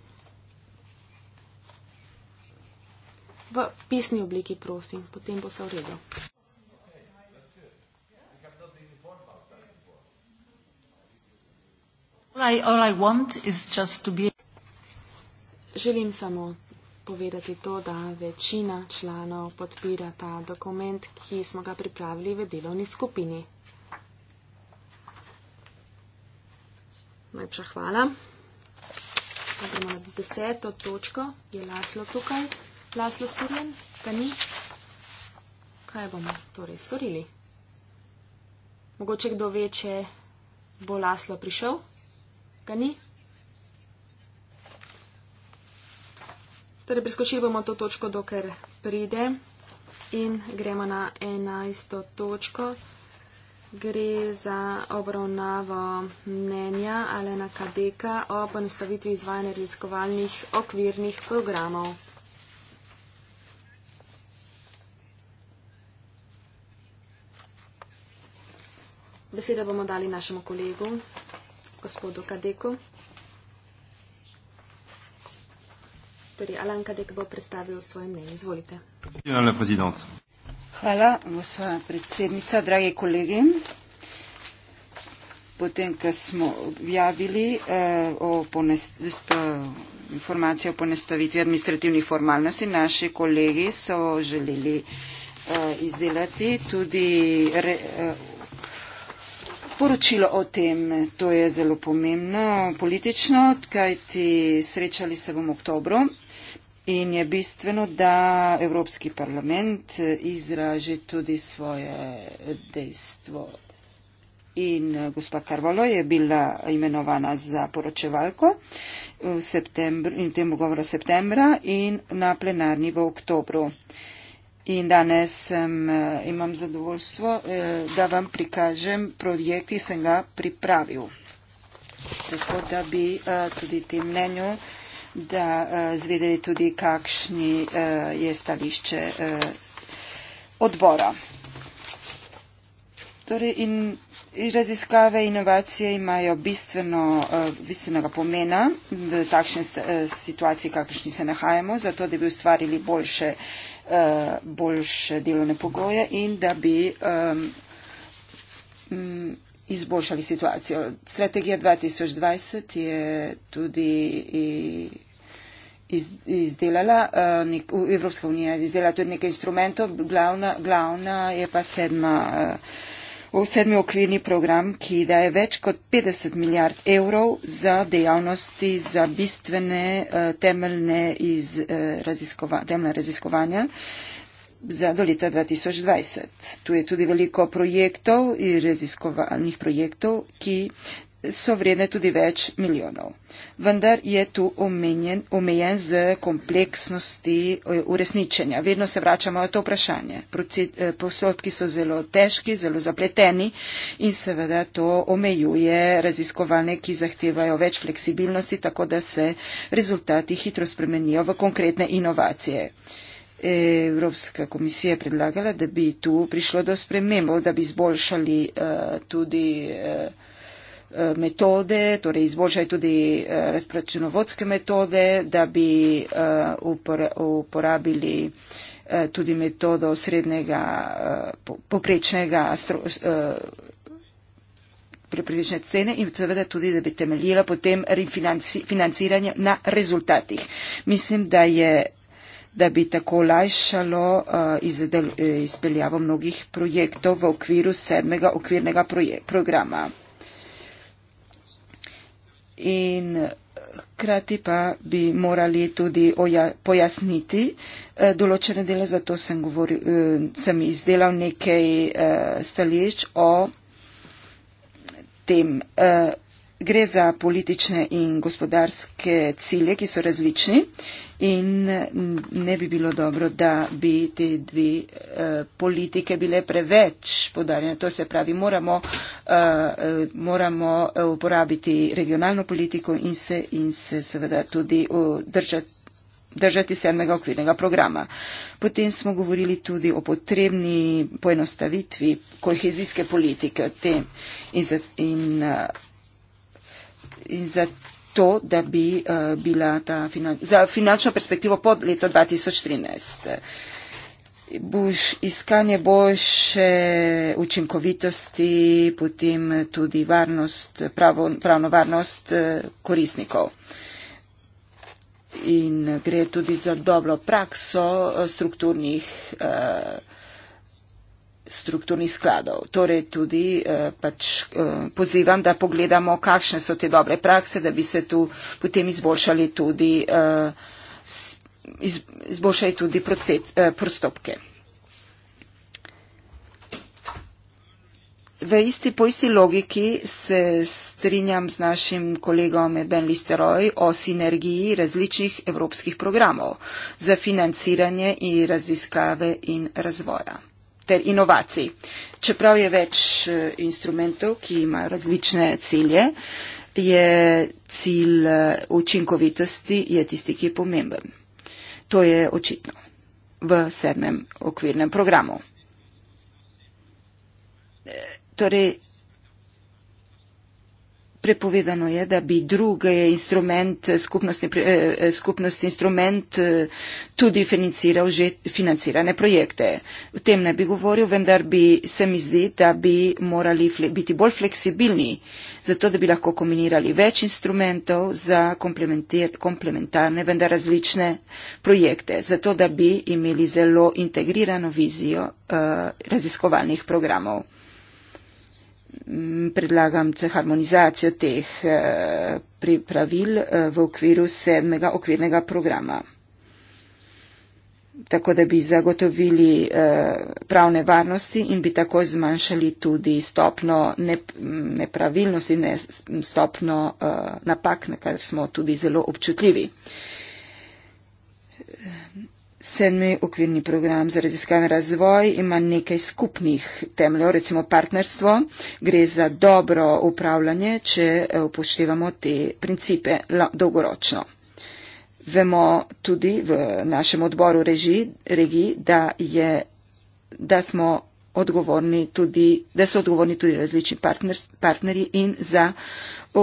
V pisni obliki, prosim, potem bo vse v redu. All I, all I want is just to be Želim samo povedati to, da večina članov podpira ta dokument, ki smo ga pripravili v delovni skupini. Najprej hvala. Gremo na deseto točko. Je Laslo tukaj? Laslo Surjen? Ga ni? Kaj bomo torej storili? Mogoče kdo ve, če bo Laslo prišel? Ga ni? Torej, preskočili bomo to točko, dokler pride in gremo na enajsto točko. Gre za obravnavo mnenja Alena Kadeka o ponestavitvi izvajanja raziskovalnih okvirnih programov. Besedo bomo dali našemu kolegu, gospodu Kadeku. Torej, Alan Kadek bo predstavil svoje mnenje. Izvolite. Hvala, gospa predsednica, dragi kolegi. Potem, ko smo objavili eh, o ponest, eh, informacije o ponestavitvi administrativnih formalnosti, naši kolegi so želeli eh, izdelati tudi re, eh, poročilo o tem. To je zelo pomembno politično, kajti srečali se bomo v oktobru In je bistveno, da Evropski parlament eh, izraži tudi svoje eh, dejstvo. In eh, gospa Karvalo je bila imenovana za poročevalko v, v tem govoru septembra in na plenarni v oktobru. In danes sem, imam zadovoljstvo, da vam prikažem projekt, ki sem ga pripravil. Tako da bi tudi tem mnenju da eh, zvedeli tudi, kakšni eh, je stališče eh, odbora. Torej in raziskave inovacije imajo bistveno, bistvenega pomena v takšni situaciji, kakršni se nahajamo, zato da bi ustvarili boljše, boljše delovne pogoje in da bi um, izboljšali situacijo. Strategija 2020 je tudi. I, iz, izdelala, uh, nek, Evropska unija je izdelala tudi nekaj instrumentov, glavna, glavna je pa sedma, uh, sedmi okvirni program, ki daje več kot 50 milijard evrov za dejavnosti, za bistvene uh, temeljne iz, uh, raziskova, temelj raziskovanja za do leta 2020. Tu je tudi veliko projektov in raziskovalnih projektov, ki so vredne tudi več milijonov. Vendar je tu omenjen, omejen z kompleksnosti eh, uresničenja. Vedno se vračamo na to vprašanje. Eh, Posodki so zelo težki, zelo zapleteni in seveda to omejuje raziskovalne, ki zahtevajo več fleksibilnosti, tako da se rezultati hitro spremenijo v konkretne inovacije. Evropska komisija je predlagala, da bi tu prišlo do sprememb, da bi izboljšali uh, tudi. Uh, Eh, metode, torej izboljšajo tudi eh, računovodske metode, da bi eh, uporabili tudi metodo srednjega poprečnega preprečne cene in seveda tudi, da bi temeljila potem financiranje na rezultatih. Mislim, da, je, da bi tako lajšalo izpeljavo mnogih projektov v okviru sedmega okvirnega programa in hkrati pa bi morali tudi oja, pojasniti eh, določene dele, zato sem, govori, eh, sem izdelal nekaj eh, stališč o tem. Eh, Gre za politične in gospodarske cilje, ki so različni in ne bi bilo dobro, da bi te dve uh, politike bile preveč podarjene. To se pravi, moramo, uh, moramo uporabiti regionalno politiko in se, in se seveda tudi držati držati sedmega okvirnega programa. Potem smo govorili tudi o potrebni poenostavitvi kohezijske politike tem in, za, in uh, in za to, da bi uh, bila ta finan za finančno perspektivo pod leto 2013. Buš iskanje boljše učinkovitosti, potem tudi varnost, pravo, pravno varnost uh, eh, korisnikov. In gre tudi za dobro prakso eh, strukturnih uh, strukturnih skladov. Torej tudi eh, pač, eh, pozivam, da pogledamo, kakšne so te dobre prakse, da bi se tu potem izboljšali tudi, eh, iz, izboljšali tudi proces, eh, prostopke. Isti, po isti logiki se strinjam z našim kolegom Ben Listeroy o sinergiji različnih evropskih programov za financiranje in raziskave in razvoja ter inovacij. Čeprav je več eh, instrumentov, ki imajo različne cilje, je cilj eh, učinkovitosti je tisti, ki je pomemben. To je očitno v sedmem okvirnem programu. Eh, torej, prepovedano je, da bi drugi instrument, skupnostni, eh, eh, skupnostni instrument eh, tudi financiral že financirane projekte. O tem ne bi govoril, vendar bi se mi zdi, da bi morali biti bolj fleksibilni, zato da bi lahko kombinirali več instrumentov za komplementarne, vendar različne projekte, zato da bi imeli zelo integrirano vizijo uh, raziskovalnih programov. Mm, predlagam harmonizacijo teh eh, pravil eh, v okviru sedmega okvirnega programa. Tako da bi zagotovili eh, pravne varnosti in bi tako zmanjšali tudi stopno nepravilnosti, ne stopno napak, na kar smo tudi zelo občutljivi. Sedmi okvirni program za raziskave in razvoj ima nekaj skupnih temeljev, recimo partnerstvo, gre za dobro upravljanje, če eh, upoštevamo te principe dolgoročno. Vemo tudi v našem odboru reži, regiji, da, je, da, tudi, da so odgovorni tudi različni partner, partnerji in za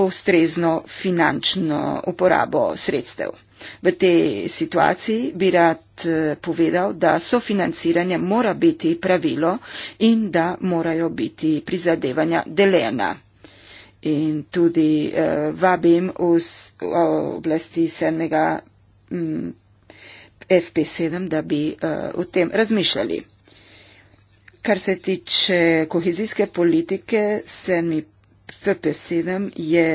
ustrezno finančno uporabo sredstev. V tej situaciji bi rad eh, povedal, da sofinanciranje mora biti pravilo in da morajo biti prizadevanja deljena. In tudi uh, vabim vs, uh, oblasti 7. Um, FP7, da bi uh, o tem razmišljali. Kar se tiče kohezijske politike, 7. FP7 je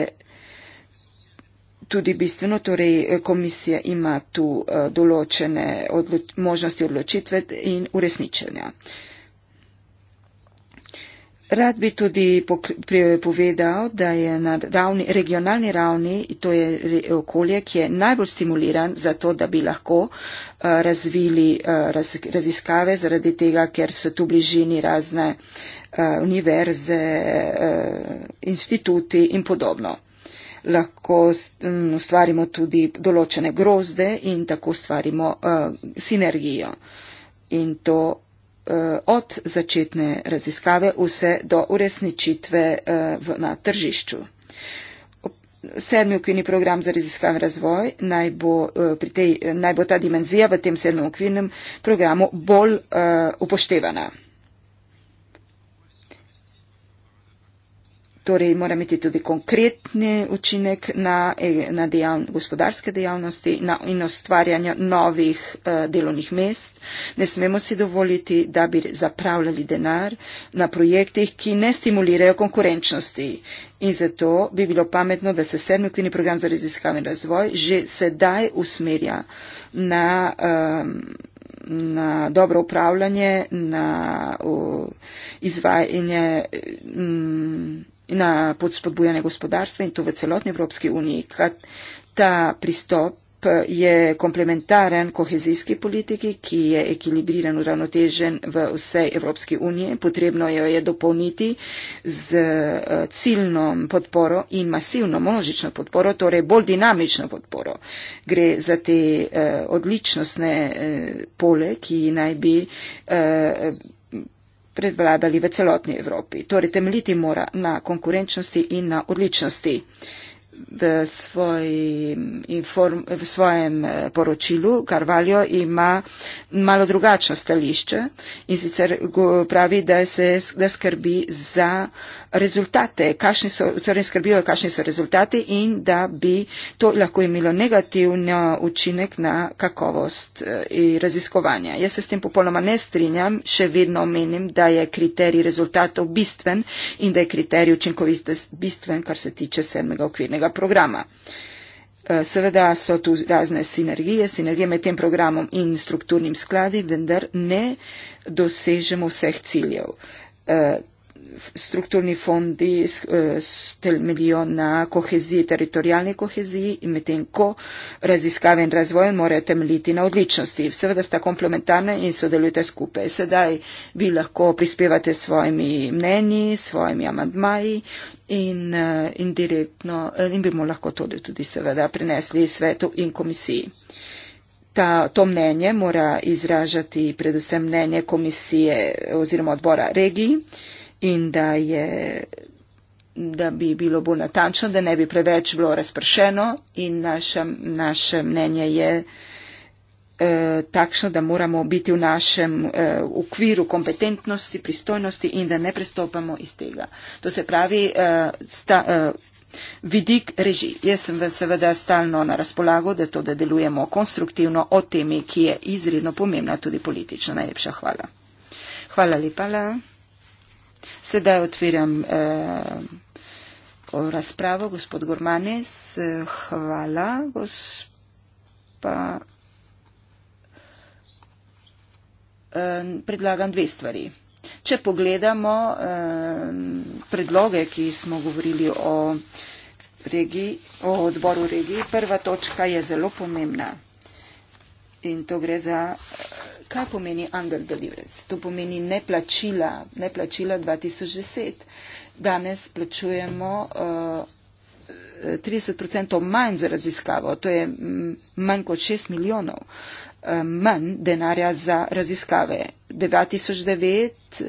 tudi bistveno, torej eh, komisija ima tu eh, določene odloč možnosti odločitve in uresničenja. Rad bi tudi povedal, da je na ravni, regionalni ravni, to je okolje, ki je najbolj stimuliran za to, da bi lahko eh, razvili raz, raziskave zaradi tega, ker so tu bližini razne univerze, instituti in podobno lahko ustvarimo tudi določene grozde in tako ustvarimo eh, sinergijo. In to eh, od začetne raziskave vse do uresničitve eh, na tržišču. Sedmi okvirni program za raziskave in razvoj naj bo, tej, naj bo ta dimenzija v tem sedmem okvirnem programu bolj upoštevana. torej mora imeti tudi konkretni učinek na, e, na dejav, gospodarske dejavnosti na, in ustvarjanje novih uh, delovnih mest. Ne smemo si dovoliti, da bi zapravljali denar na projektih, ki ne stimulirajo konkurenčnosti. In zato bi bilo pametno, da se sedmi okvirni program za raziskave in razvoj že sedaj usmerja na. Um, na dobro upravljanje, na izvajanje na podspodbujanje gospodarstva in to v celotni Evropski uniji. Ta pristop eh, je komplementaren kohezijski politiki, ki je ekilibriran, uravnotežen v vsej Evropski uniji. Potrebno jo je dopolniti z eh, ciljno podporo in masivno množično podporo, torej bolj dinamično podporo. Gre za te eh, odličnostne pole, ki naj bi predvladali v celotni Evropi. Torej temeljiti mora na konkurenčnosti in na odličnosti v, svoji, inform, v svojem eh, poročilu Karvaljo ima malo drugačno stališče in sicer pravi, da, se, da skrbi za rezultate, torej skrbijo, kakšni so rezultati in da bi to lahko imelo negativno učinek na kakovost eh, raziskovanja. Jaz se s tem popolnoma ne strinjam, še vedno menim, da je kriterij rezultatov bistven in da je kriterij učinkovitosti bistven, kar se tiče sedmega okvirnega tega programa. Eh, seveda so tu razne sinergije, sinergije med tem programom in strukturnim skladi, vendar ne dosežemo vseh ciljev. Eh, strukturni fondi eh, temeljijo na koheziji, teritorijalni koheziji in medtem ko raziskave in razvoj morajo temeljiti na odličnosti. Seveda sta komplementarna in sodelujte skupaj. Sedaj vi lahko prispevate svojimi mnenji, svojimi amadmaji in, eh, in direktno eh, in bi mu lahko tudi, tudi seveda prinesli svetu in komisiji. Ta, to mnenje mora izražati predvsem mnenje komisije oziroma odbora regiji in da, je, da bi bilo bolj natančno, da ne bi preveč bilo razpršeno in naše, naše mnenje je eh, takšno, da moramo biti v našem eh, okviru kompetentnosti, pristojnosti in da ne prestopamo iz tega. To se pravi, eh, sta, eh, Vidik reži. Jaz sem seveda stalno na razpolago, da to, da delujemo konstruktivno o temi, ki je izredno pomembna tudi politično. Najlepša hvala. Hvala lepa. Sedaj otviram eh, razpravo. Gospod Gormanes, eh, hvala. Gospa, eh, predlagam dve stvari. Če pogledamo eh, predloge, ki smo govorili o, regi, o odboru regiji, prva točka je zelo pomembna. In to gre za. Eh, kaj pomeni under deliverance? To pomeni neplačila, neplačila 2010. Danes plačujemo uh, eh, 30% manj za raziskavo, to je mm, manj kot 6 milijonov uh, manj denarja za raziskave. 2009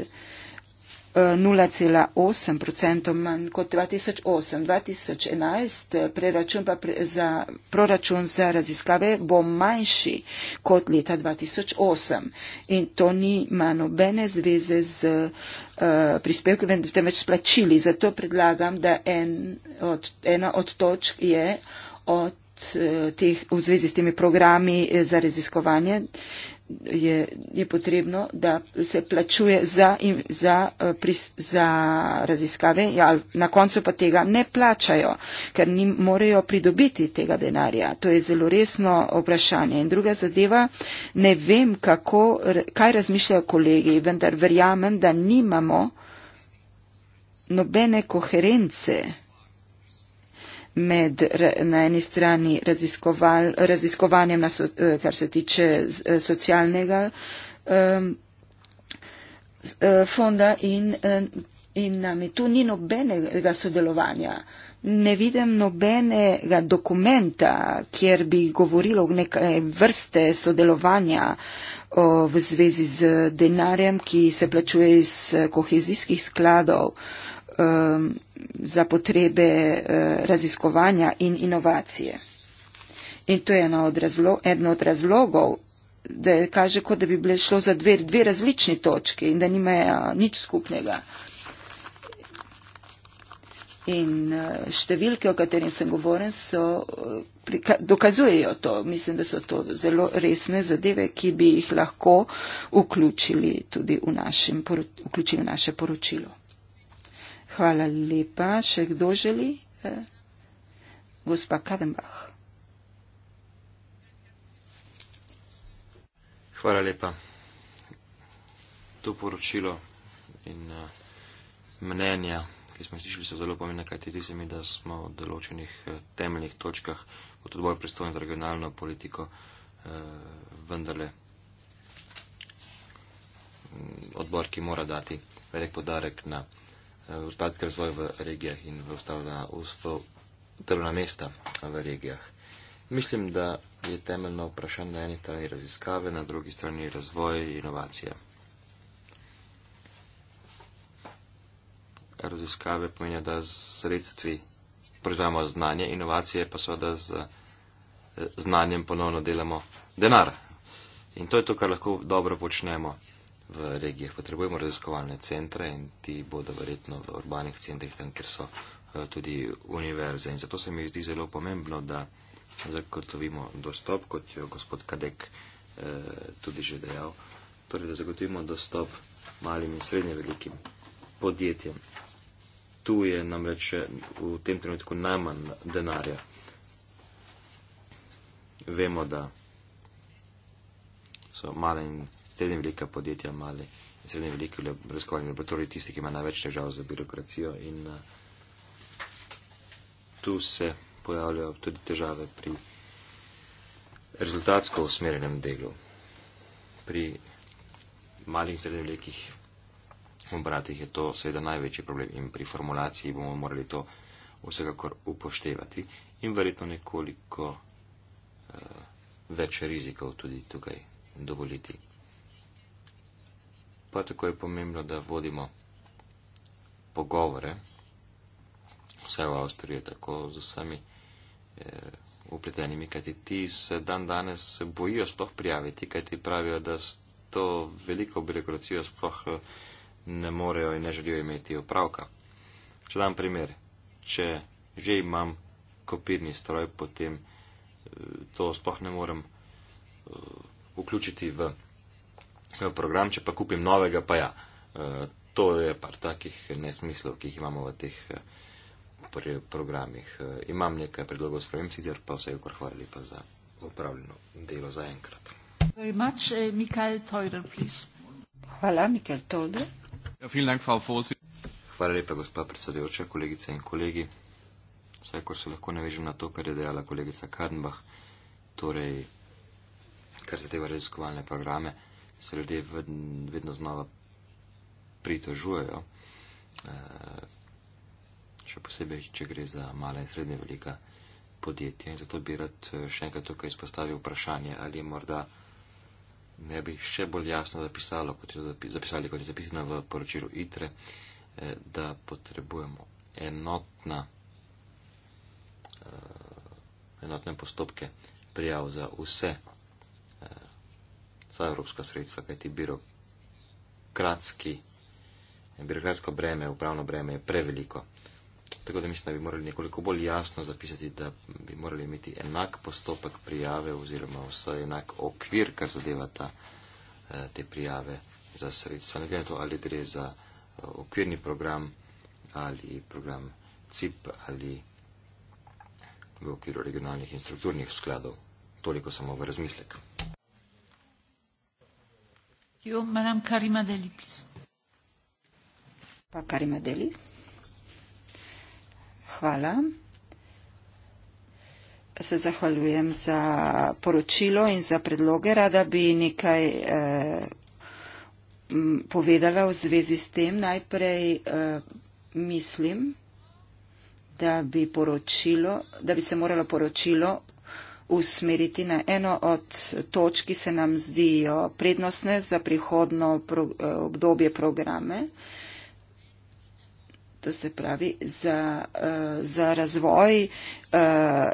0,8% manj kot 2008. 2011 eh, preračun pa pre, za proračun za raziskave bo manjši kot leta 2008. In to nima nobene zveze z uh, prispevki, vendar temveč splačili. Zato predlagam, da en od, ena od točk je od, uh, teh, v zvezi s temi programi za raziskovanje. Uh, je, je potrebno, da se plačuje za, in, za, eh, pris, za raziskave, ja, na koncu pa tega ne plačajo, ker ni morejo pridobiti tega denarja. To je zelo resno vprašanje. In druga zadeva, ne vem, kako, kaj razmišljajo kolegi, vendar verjamem, da nimamo nobene koherence med na eni strani raziskoval, raziskovanjem, na, eh, kar se tiče eh, socialnega um, fonda in, in nami. Tu ni nobenega sodelovanja. Ne vidim nobenega dokumenta, kjer bi govorilo o neke vrste sodelovanja o, v zvezi z denarjem, ki se plačuje iz kohezijskih skladov um, za potrebe uh, raziskovanja in inovacije. In to je eno od, razlo eno od razlogov, da kaže, kot da bi bile šlo za dve, dve različni točki in da nimajo nič skupnega. In uh, številke, o katerih sem govoren, so, uh, dokazujejo to. Mislim, da so to zelo resne zadeve, ki bi jih lahko vključili tudi v, našem, vključili v naše poročilo. Hvala lepa. Še kdo želi? Eh, gospa Kadenbach. Hvala lepa. To poročilo in eh, mnenja, ki smo slišali, so zelo pomembna, kajti zdi se mi, da smo v določenih eh, temeljnih točkah kot odbor predstavljen za regionalno politiko vendarle mm, odbor, ki mora dati velik podarek na gospodarski razvoj v regijah in v ostala trvna mesta v regijah. Mislim, da je temeljno vprašanje na eni strani raziskave, na drugi strani razvoj in inovacije. Raziskave pomenijo, da z sredstvi proizvajamo znanje, inovacije pa so, da z znanjem ponovno delamo denar. In to je to, kar lahko dobro počnemo v regijah. Potrebujemo raziskovalne centre in ti bodo verjetno v urbanih centrih, tam, kjer so eh, tudi univerze. In zato se mi zdi zelo pomembno, da zagotovimo dostop, kot je gospod Kadek eh, tudi že dejal, torej da zagotovimo dostop malim in srednje velikim podjetjem. Tu je namreč eh, v tem trenutku najmanj denarja. Vemo, da so male in srednje velika podjetja, male in srednje velike raziskovalne laboratorije, tisti, ki ima največ težav za birokracijo in uh, tu se pojavljajo tudi težave pri rezultatsko usmerjenem delu. Pri malih in srednje velikih obratih je to seveda največji problem in pri formulaciji bomo morali to vsekakor upoštevati in verjetno nekoliko uh, več rizikov tudi tukaj dovoliti pa tako je pomembno, da vodimo pogovore, vse v Avstriji, tako z vsemi eh, upletenimi, kajti ti se dan danes bojijo sploh prijaviti, kajti pravijo, da s to veliko birokracijo sploh eh, ne morejo in ne želijo imeti opravka. Če dam primer, če že imam kopirni stroj, potem eh, to sploh ne morem eh, vključiti v program, če pa kupim novega, pa ja. E, to je par takih nesmislov, ki jih imamo v teh e, programih. E, imam nekaj predlogov s pravim sicer, pa vse je kar hvala lepa za opravljeno delo za enkrat. Ja, hvala lepa, gospa predsedujoča, kolegice in kolegi. Vsaj, ko se lahko navežem na to, kar je dejala kolegica Karnbah, torej, kar zadeva raziskovalne programe se ljudje vedno znova pritožujejo, eh, še posebej, če gre za mala in srednje velika podjetja. In zato bi rad eh, še enkrat tukaj izpostavil vprašanje, ali morda ne bi še bolj jasno zapisalo, kot je zapisali, kot je zapisano v poročilu ITRE, eh, da potrebujemo enotna, enotne postopke prijav za vse vsa evropska sredstva, kaj ti birokratski, birokratsko breme, upravno breme je preveliko. Tako da mislim, da bi morali nekoliko bolj jasno zapisati, da bi morali imeti enak postopek prijave oziroma vsaj enak okvir, kar zadeva ta, eh, te prijave za sredstva. Ne glede na to, ali gre za eh, okvirni program ali program CIP ali v okviru regionalnih in strukturnih skladov. Toliko samo v razmislek. Yo, Madame Karima Deli, please. Pa Karima Deli. Hvala. Se zahvaljujem za poročilo in za predloge. Rada bi nekaj eh, povedala v zvezi s tem. Najprej eh, mislim, da bi, poročilo, da bi se moralo poročilo usmeriti na eno od toč, ki se nam zdijo prednostne za prihodno pro, eh, obdobje programe, to se pravi za, eh, za razvoj eh,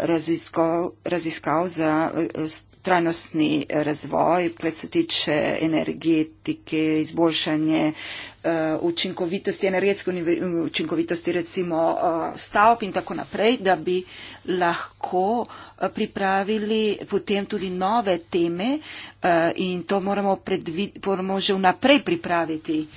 raziskav, raziskav za trajnostni razvoj, kaj se tiče energetike, izboljšanje uh, učinkovitosti, energetske učinkovitosti recimo uh, stavb in tako naprej, da bi lahko eh, pripravili potem tudi nove teme uh, in to moramo, predvi, moramo že vnaprej pripraviti. Uh,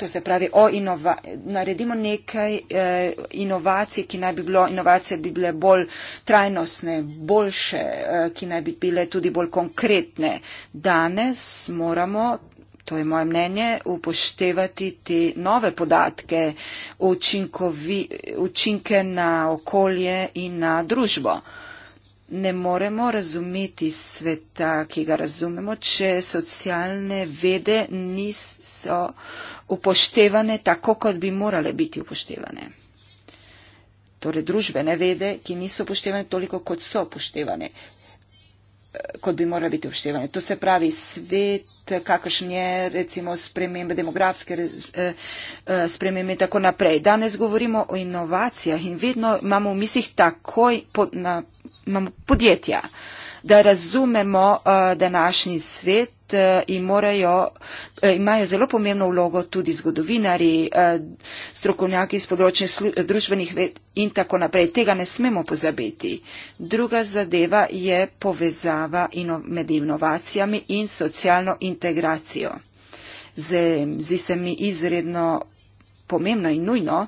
To se pravi, inova, naredimo nekaj eh, inovacij, ki naj bi bilo, inovacije bi bile bolj trajnostne, boljše, eh, ki naj bi bile tudi bolj konkretne. Danes moramo, to je moje mnenje, upoštevati te nove podatke, učinkovi, učinke na okolje in na družbo. Eh, ne moremo razumeti sveta, ki ga razumemo, če socialne vede niso upoštevane tako, kot bi morale biti upoštevane. Torej, družbene vede, ki niso upoštevane toliko, kot so upoštevane, kot bi morale biti upoštevane. To se pravi svet kakšen je recimo spremembe demografske, eh, eh, spremembe in tako naprej. Danes govorimo o inovacijah in vedno imamo v mislih takoj pod, na imamo podjetja, da razumemo eh, današnji svet eh, in morajo, eh, imajo zelo pomembno vlogo tudi zgodovinari, strokovnjaki iz področnih družbenih ved in tako naprej. Tega ne smemo pozabiti. Druga zadeva je povezava ino med inovacijami in socialno integracijo. Zdi se mi izredno pomembno in nujno,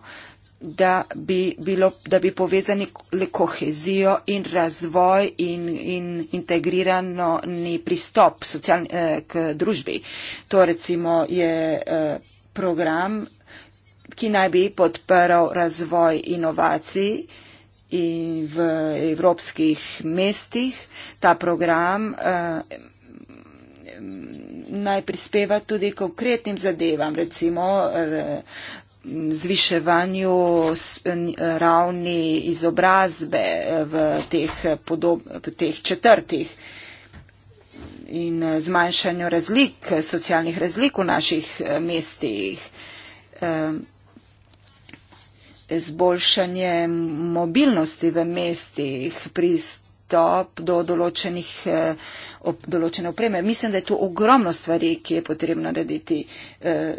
da bi, bilo, da bi povezani le kohezijo in razvoj in, in integrirani pristop socialni, eh, k družbi. To recimo je eh, program, ki naj bi podprl razvoj inovacij in v evropskih mestih. Ta program. Eh, naj prispeva tudi konkretnim zadevam, recimo eh, zviševanju ravni izobrazbe eh, v teh, podob, v teh četrtih in eh, zmanjšanju razlik, socialnih razlik v naših eh, mestih, zboljšanje mobilnosti v mestih, pristop dostop do določenih, eh, ob, določene opreme. Mislim, da je tu ogromno stvari, ki je potrebno narediti eh,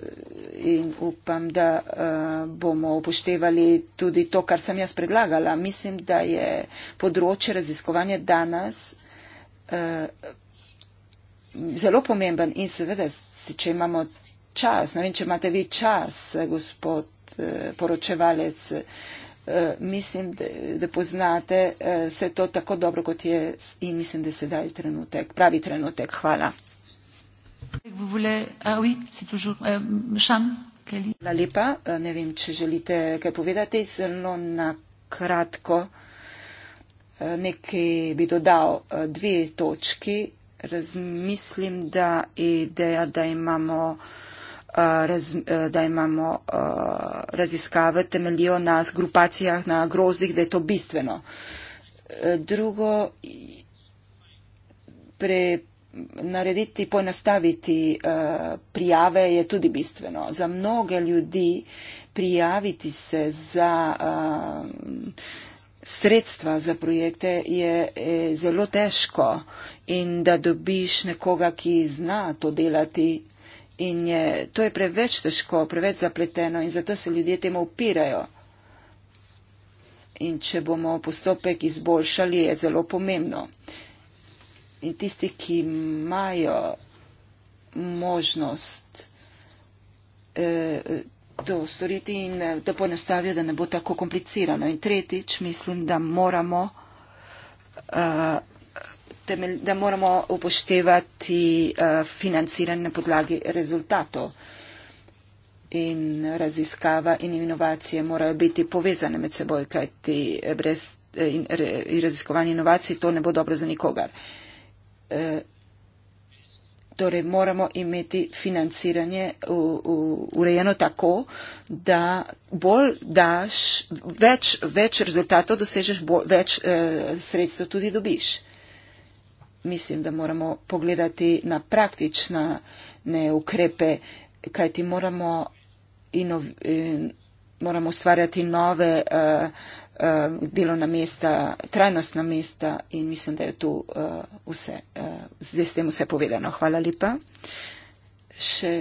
in upam, da eh, bomo upoštevali tudi to, kar sem jaz predlagala. Mislim, da je področje raziskovanja danes zelo pomemben in seveda, če imamo čas, ne vem, če imate vi čas, gospod poročevalec, Eh, mislim, da, da poznate eh, vse to tako dobro, kot je in mislim, da se daj trenutek, pravi trenutek. Hvala. Hvala lepa. Eh, ne vem, če želite kaj povedati. Zelo na kratko nekaj bi dodal dve točki. Razmislim, da ideja, da imamo raz, eh, da imamo eh, raziskave temeljijo na grupacijah, na grozdih, da je to bistveno. Eh, drugo, pre, narediti, poenostaviti prijave je tudi bistveno. Za mnoge ljudi prijaviti se za sredstva za projekte je zelo težko in da dobiš nekoga, ki zna to delati, in je, to je preveč težko, preveč zapleteno in zato se ljudje temu upirajo. In če bomo postopek izboljšali, je zelo pomembno. In tisti, ki imajo možnost eh, to storiti in eh, da ponestavijo, da ne bo tako komplicirano. In tretjič, mislim, da moramo. Eh, temelj, da moramo upoštevati uh, financiranje na podlagi rezultatov. In raziskava in inovacije morajo biti povezane med seboj, kajti brez eh, in, in raziskovanja inovacij to ne bo dobro za nikogar. E, torej moramo imeti financiranje u, u, urejeno tako, da bolj daš, več, več rezultatov dosežeš, bolj, več e, sredstev tudi dobiš. E, mislim, da moramo pogledati na praktične ne, ukrepe, kajti moramo, inov, in, eh, moramo stvarjati nove uh, uh, delovna mesta, trajnostna mesta in mislim, da je tu uh, vse, uh, zdaj s tem vse povedano. Hvala lepa. Še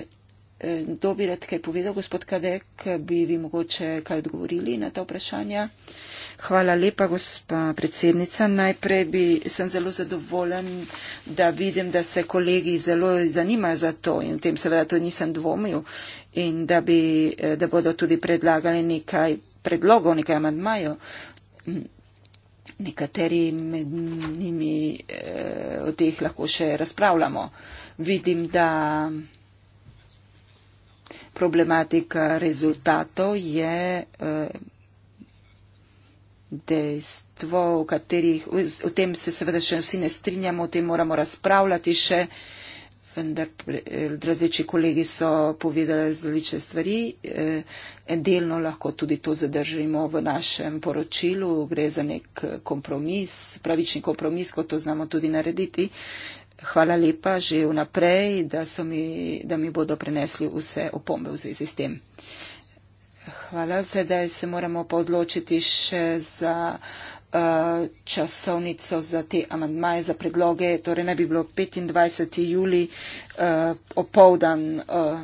kdo uh, bi rad kaj povedal, gospod Kadek, bi vi mogoče kaj odgovorili na ta vprašanja? Uh, Hvala lepa, gospa predsednica. Najprej bi sem zelo zadovoljen, da vidim, da se kolegi zelo zanimajo za to in v tem seveda to nisem dvomil in da, bi, eh, da bodo tudi predlagali nekaj predlogov, nekaj amadmajev. Nekateri med njimi eh, o teh lahko še razpravljamo. Vidim, da problematika rezultatov je. Eh, dejstvo, v katerih, o tem se seveda še vsi ne strinjamo, o tem moramo razpravljati še, vendar eh, različni kolegi so povedali različne stvari. Eh, delno lahko tudi to zadržimo v našem poročilu, gre za nek eh, kompromis, pravični kompromis, kot to znamo tudi narediti. Hvala lepa že vnaprej, da, mi, da mi bodo prenesli vse opombe v zvezi s tem hvala. Sedaj se moramo pa odločiti še za eh, časovnico za te amandmaje, za predloge. Torej ne bi bilo 25. juli uh, opovdan uh,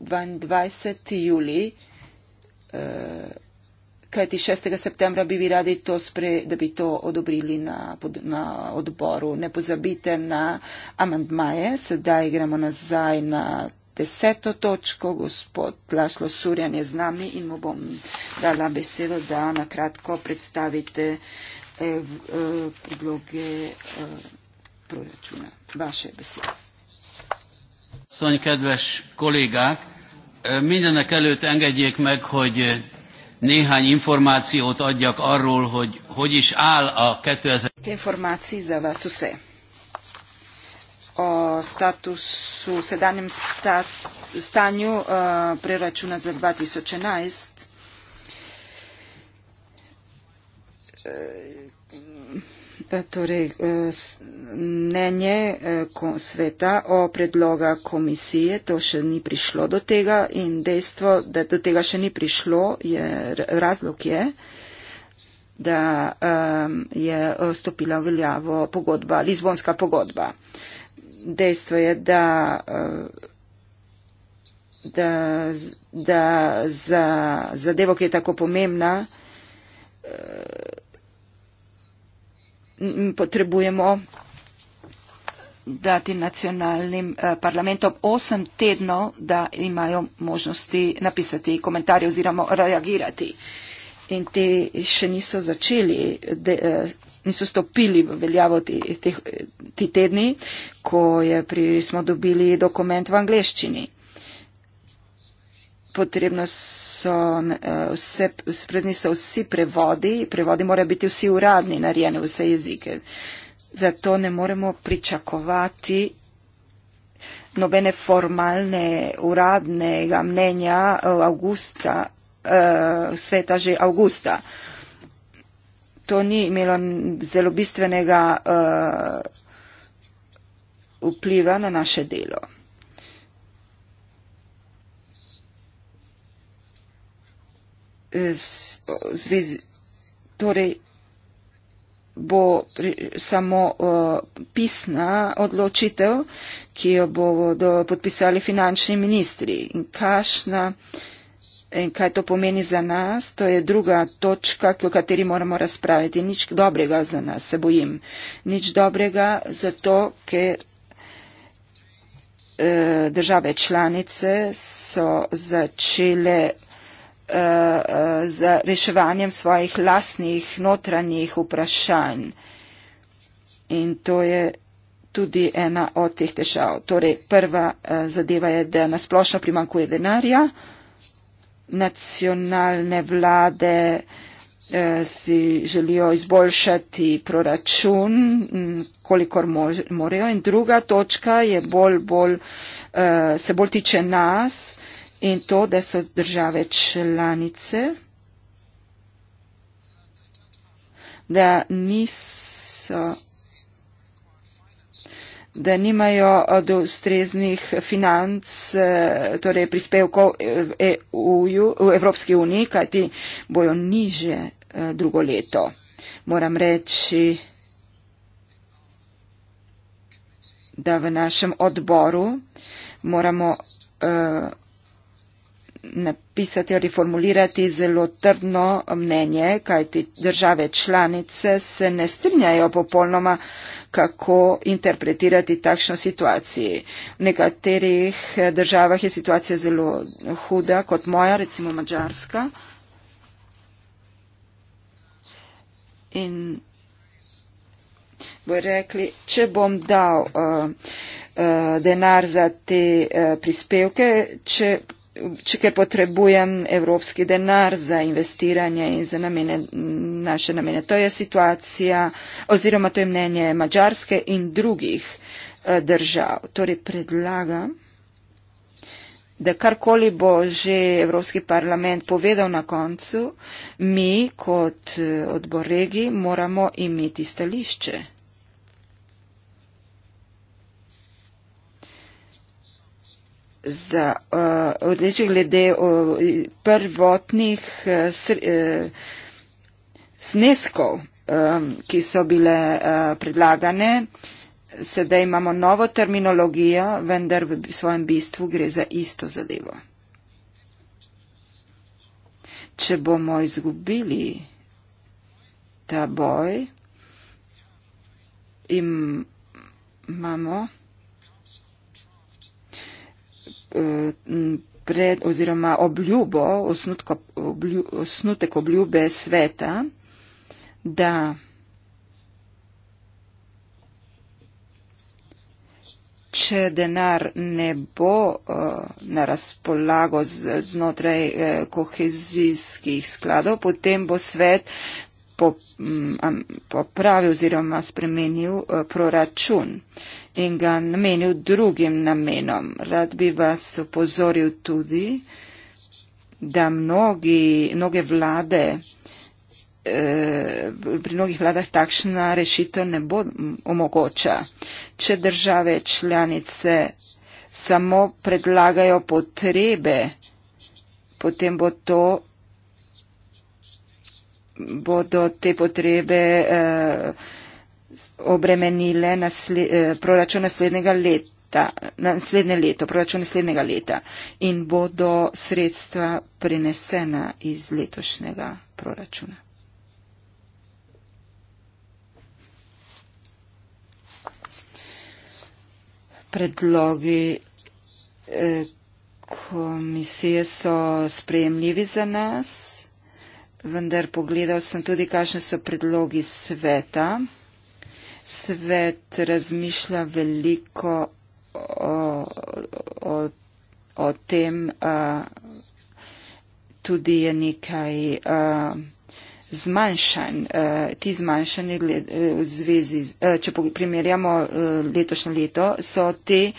22. juli, uh, kajti 6. septembra bi vi radi to spre, da bi to odobrili na, pod, na odboru. Ne pozabite na amandmaje. Sedaj gremo nazaj na deseto točko, gospod Laslo Surjan je z nami in mu bom dala besedo, da na kratko predstavite eh, eh, predloge eh, proračuna. Vaše besede. Szóval, kedves kollégák, eh, mindenek előtt engedjék meg, hogy eh, néhány információt adjak arról, hogy hogy is áll a 2000... Információ za vás o statusu, sedanjem sta, stanju uh, eh, preračuna za 2011. Eh, torej, eh, mnenje sveta o predloga komisije, to še ni prišlo do tega in dejstvo, da do tega še ni prišlo, je, razlog je, da je stopila v veljavo pogodba, Lizbonska pogodba dejstvo je, da, eh, da, da za zadevo, ki je tako pomembna, eh, potrebujemo dati nacionalnim eh, parlamentom osem tednov, da imajo možnosti napisati komentarje oziroma reagirati. In ti še niso začeli. De, niso stopili v veljavo ti, ti, ti tedni, ko je pri, smo dobili dokument v angleščini. Potrebno so eh, vse, sprednji so vsi prevodi, prevodi morajo biti vsi uradni, narejeni vse jezike. Zato ne moremo pričakovati nobene formalne uradnega mnenja eh, avgusta, eh, sveta že avgusta to ni imelo zelo bistvenega uh, vpliva na naše delo. Zvezi, torej bo pri, samo uh, pisna odločitev, ki jo bodo podpisali finančni ministri in kašna uh, In kaj to pomeni za nas, to je druga točka, o kateri moramo razpraviti. Nič dobrega za nas, se bojim. Nič dobrega zato, ker eh, države članice so začele eh, eh z reševanjem svojih lasnih notranjih vprašanj. In to je tudi ena od teh težav. Torej, prva eh, zadeva je, da nasplošno primankuje denarja nacionalne vlade eh, si želijo izboljšati proračun, mm, kolikor morajo. In druga točka je bolj, bolj, eh, se bolj tiče nas in to, da so države članice, da niso da nimajo eh, od ustreznih financ, eh, torej prispevkov eh, EU, v Evropski uniji, kajti bojo niže drugo leto. Moram reči, da v našem odboru moramo napisati ali formulirati zelo trdno mnenje, kajti države članice se ne strinjajo popolnoma, kako interpretirati takšno situacijo. V nekaterih državah je situacija zelo huda, kot moja, recimo Mačarska. In bo rekli, če bom dal uh, uh, denar za te uh, prispevke, če če ker potrebujem evropski denar za investiranje in za namene, naše namene. To je situacija oziroma to je mnenje Mačarske in drugih eh, držav. Torej predlagam, da karkoli bo že Evropski parlament povedal na koncu, mi kot eh, odbor regi moramo imeti stališče. za uh, odreče glede uh, prvotnih uh, sneskov, uh, um, ki so bile uh, predlagane. Sedaj imamo novo terminologijo, vendar v svojem bistvu gre za isto zadevo. Če bomo izgubili ta boj, imamo. Im Eh, pred oziroma obljubo, osnutko, obljub, osnutek obljube sveta, da če denar ne bo uh, na razpolago z, znotraj uh, kohezijskih skladov, potem bo svet Mm, popravil oziroma spremenil eh, proračun in ga namenil drugim namenom. Rad bi vas upozoril tudi, da mnogi, mnoge vlade, eh, pri mnogih vladah takšna rešitev ne bo omogoča. Če države članice samo predlagajo potrebe, potem bo to bodo te potrebe eh, obremenile nasle, eh, proračun naslednjega leta, naslednje leto, proračun naslednjega leta in bodo sredstva prenesena iz letošnjega proračuna. Predlogi eh, komisije so spremljivi za nas vendar pogledal sem tudi, kakšne so predlogi sveta. Svet razmišlja veliko o, o, o tem, a, tudi je nekaj a, zmanjšan, a, ti zmanjšani gled, v zvezi, z, a, če primerjamo a, letošnje leto, so te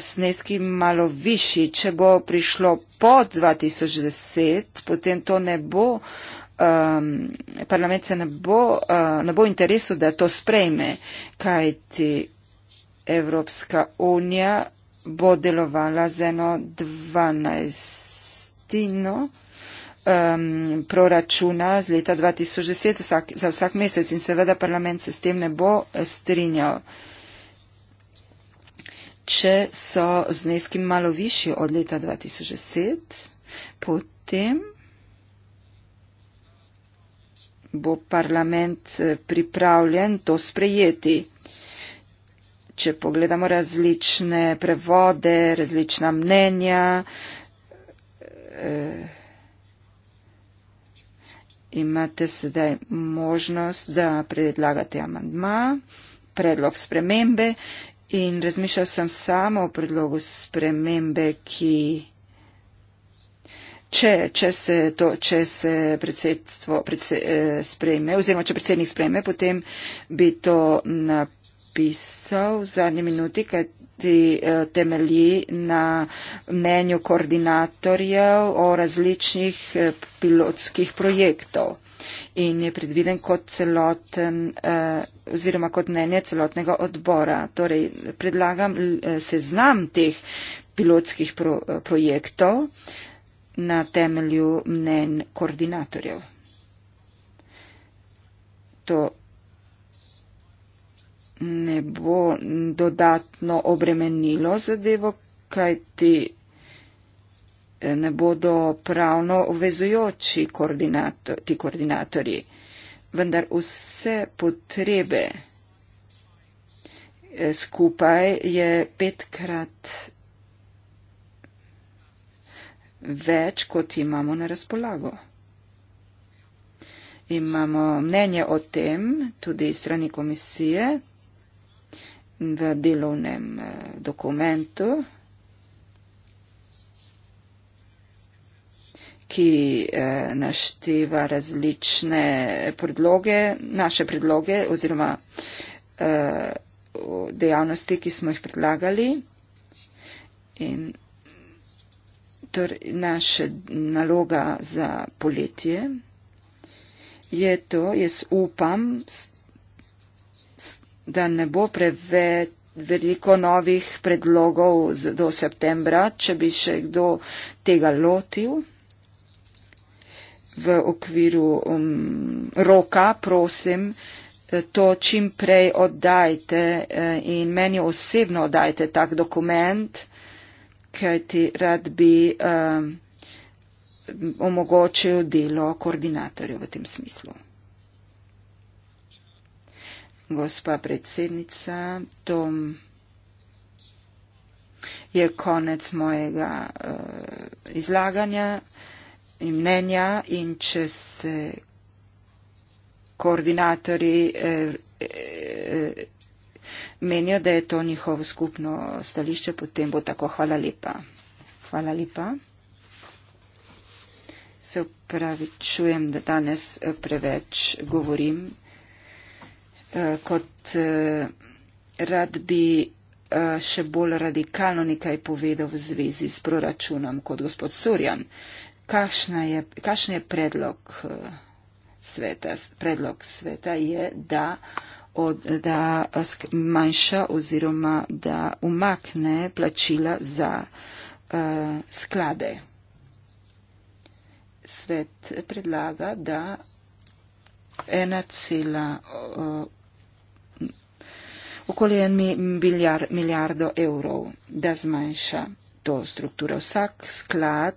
sneski eh, malo višji. Če bo prišlo po 2010, potem to ne bo, um, parlament se ne bo, uh, ne bo interesu, da to sprejme, kajti Evropska unija bo delovala z eno dvanajstino um, proračuna z leta 2010 vsak, za vsak mesec in seveda parlament se s tem ne bo eh, strinjal. Uh, Če so zneski malo višji od leta 2010, potem bo parlament eh, pripravljen to sprejeti. Če pogledamo različne prevode, različna mnenja eh, imate sedaj možnost, da predlagate amandma, predlog spremembe In razmišljal sem samo o predlogu spremembe, ki. Če, če, se to, če se predsedstvo predse, eh, sprejme, oziroma če predsednik sprejme, potem bi to napisal v zadnji minuti, kaj ti eh, temelji na mnenju koordinatorjev o različnih eh, pilotskih projektov in je predviden kot celoten eh, oziroma kot mnenje celotnega odbora. Torej, predlagam eh, seznam teh pilotskih pro, eh, projektov na temelju mnen koordinatorjev. To ne bo dodatno obremenilo zadevo, kajti ne bodo pravno obvezujoči koordinator, ti koordinatorji, vendar vse potrebe eh, skupaj je petkrat več, kot imamo na razpolago. Imamo mnenje o tem tudi strani komisije v delovnem eh, dokumentu. ki eh, našteva različne predloge, naše predloge oziroma eh, dejavnosti, ki smo jih predlagali. In torej naša naloga za poletje je to, jaz upam, da ne bo preveč veliko novih predlogov do septembra, če bi se kdo tega lotil v okviru um, roka, prosim, eh, to čim prej oddajte eh, in meni osebno oddajte tak dokument, kaj ti rad bi um, omogočil delo koordinatorju v tem smislu. Gospa predsednica, to je konec mojega uh, izlaganja in mnenja in če se koordinatorji eh, eh, menijo, da je to njihovo skupno stališče, potem bo tako. Hvala lepa. Hvala lepa. Se upravi, čujem, da danes eh, preveč govorim. Kot rad bi še bolj radikalno nekaj povedal v zvezi s proračunom kot gospod Surjan kakšen je, je predlog eh, sveta. Predlog sveta je, da, od, da manjša oziroma da umakne plačila za uh, sklade. Svet predlaga, da ena cela. Uh, okoli en miljard, milijardo evrov, da zmanjša to strukturo. Vsak sklad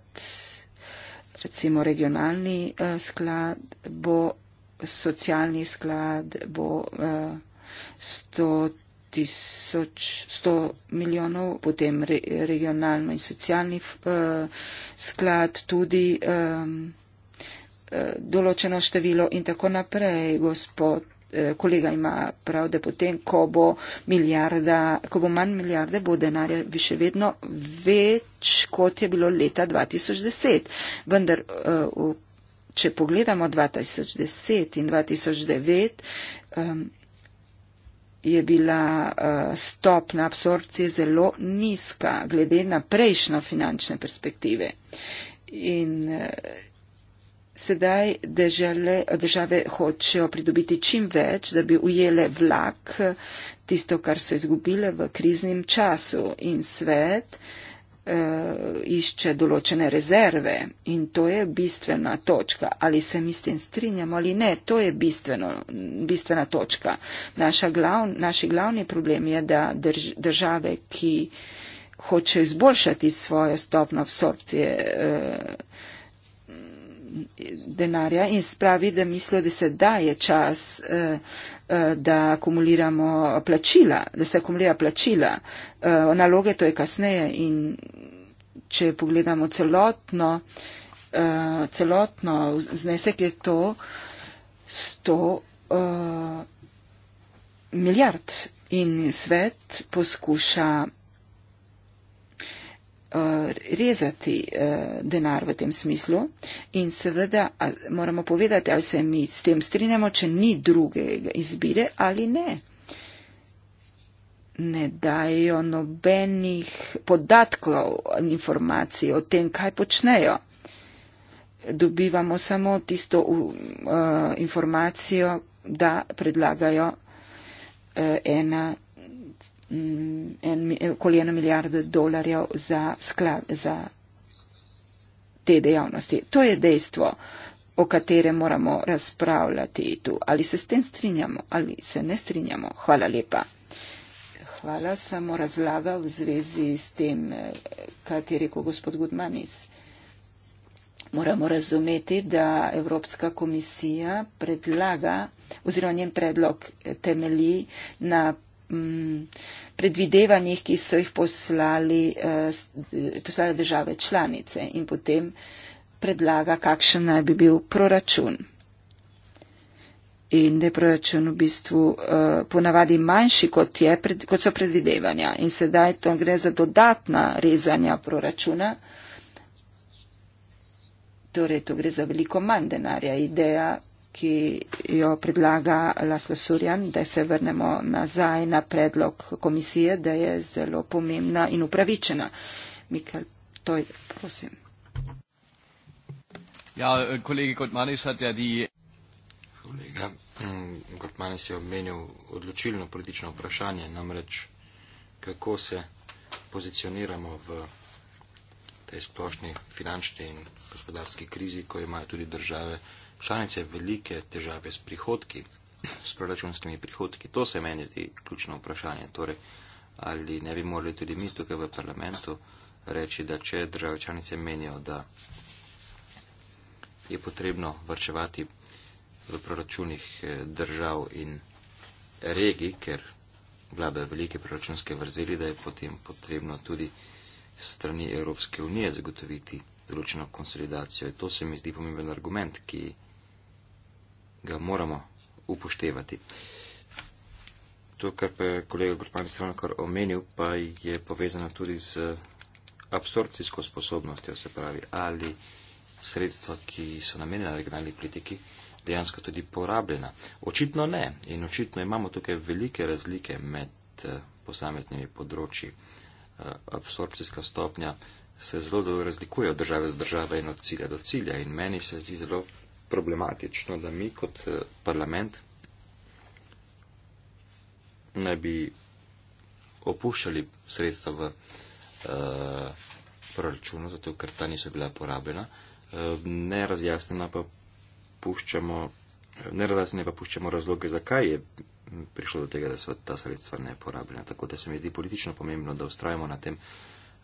recimo regionalni eh, sklad, bo socialni sklad, bo eh, 100 tisoč, 100 milijonov, potem re, regionalno in socialni eh, sklad tudi. Eh, eh določeno število in tako naprej, gospod Eh, kolega ima prav, da potem, ko bo, milijarda, ko bo manj milijarde, bo denarja bi še vedno več, kot je bilo leta 2010. Vendar, eh, če pogledamo 2010 in 2009, je bila eh, stopna absorpcije zelo nizka, glede na prejšnjo finančne perspektive. In Sedaj dežele, države hočejo pridobiti čim več, da bi ujele vlak, tisto, kar so izgubile v kriznem času in svet uh, išče določene rezerve in to je bistvena točka. Ali se mi s tem strinjamo ali ne, to je bistveno, bistvena točka. Glav, naš glavni problem je, da drž, države, ki hočejo izboljšati svojo stopno absorpcije. Uh, denarja in spravi, da mislijo, da se daje čas, eh, eh, da akumuliramo plačila, da se akumulira plačila. Eh, naloge to je kasneje in če pogledamo celotno, celotno znesek je to 100 milijard in svet poskuša Eh, rezati eh, denar v tem smislu in seveda moramo povedati, ali se mi s tem strinjamo, če ni druge izbire ali ne. Ne dajo nobenih podatkov, informacij o tem, kaj počnejo. Dobivamo samo tisto eh, informacijo, da predlagajo ena Mm, en, okoli eno milijardo dolarjev za, sklad, za te dejavnosti. To je dejstvo, o katerem moramo razpravljati tu. Ali se s tem strinjamo ali se ne strinjamo? Hvala lepa. Hvala, samo razlaga v zvezi s tem, kaj je rekel gospod Gudmanis. Moramo razumeti, da Evropska komisija predlaga oziroma njen predlog temelji na Mm, predvidevanjih, ki so jih poslali, eh, eh, poslali države članice in potem predlaga, kakšen naj bi bil proračun. In da je proračun v bistvu eh, ponavadi manjši, kot, je, kot so predvidevanja. In sedaj to gre za dodatna rezanja proračuna. Torej, to gre za veliko manj denarja. Ideja ki jo predlaga Laslo Surjan, da se vrnemo nazaj na predlog komisije, da je zelo pomembna in upravičena. Mikel, toj, prosim. Ja, kolegi Kotmanis, ja di... kolega Kotmanis mm, je obmenil odločilno politično vprašanje, namreč kako se pozicioniramo v tej splošni finančni in gospodarski krizi, ko imajo tudi države članice velike težave s prihodki, s proračunskimi prihodki. To se meni zdi ključno vprašanje. Torej, ali ne bi morali tudi mi tukaj v parlamentu reči, da če države članice menijo, da je potrebno vrčevati v proračunih eh, držav in regij, ker vladajo velike proračunske vrzeli, da je potem potrebno tudi strani Evropske unije zagotoviti določeno konsolidacijo. To se mi zdi pomemben argument, ki ga moramo upoštevati. To, kar pa je kolega Grpani strano kar omenil, pa je povezano tudi z absorpcijsko sposobnostjo, se pravi, ali sredstva, ki so namenjena regionalni politiki, dejansko tudi porabljena. Očitno ne in očitno imamo tukaj velike razlike med eh, posameznimi področji. Eh, absorpcijska stopnja se zelo dobro razlikuje od države do države in od cilja do cilja in meni se zdi zelo problematično, da mi kot eh, parlament ne bi opuščali sredstva v uh, proračunu, zato ker ta niso bila porabljena. Uh, Nerazjasnjena pa, pa puščamo razloge, zakaj je prišlo do tega, da so ta sredstva neporabljena. Tako da se mi zdi politično pomembno, da ustrajamo na tem. Uh,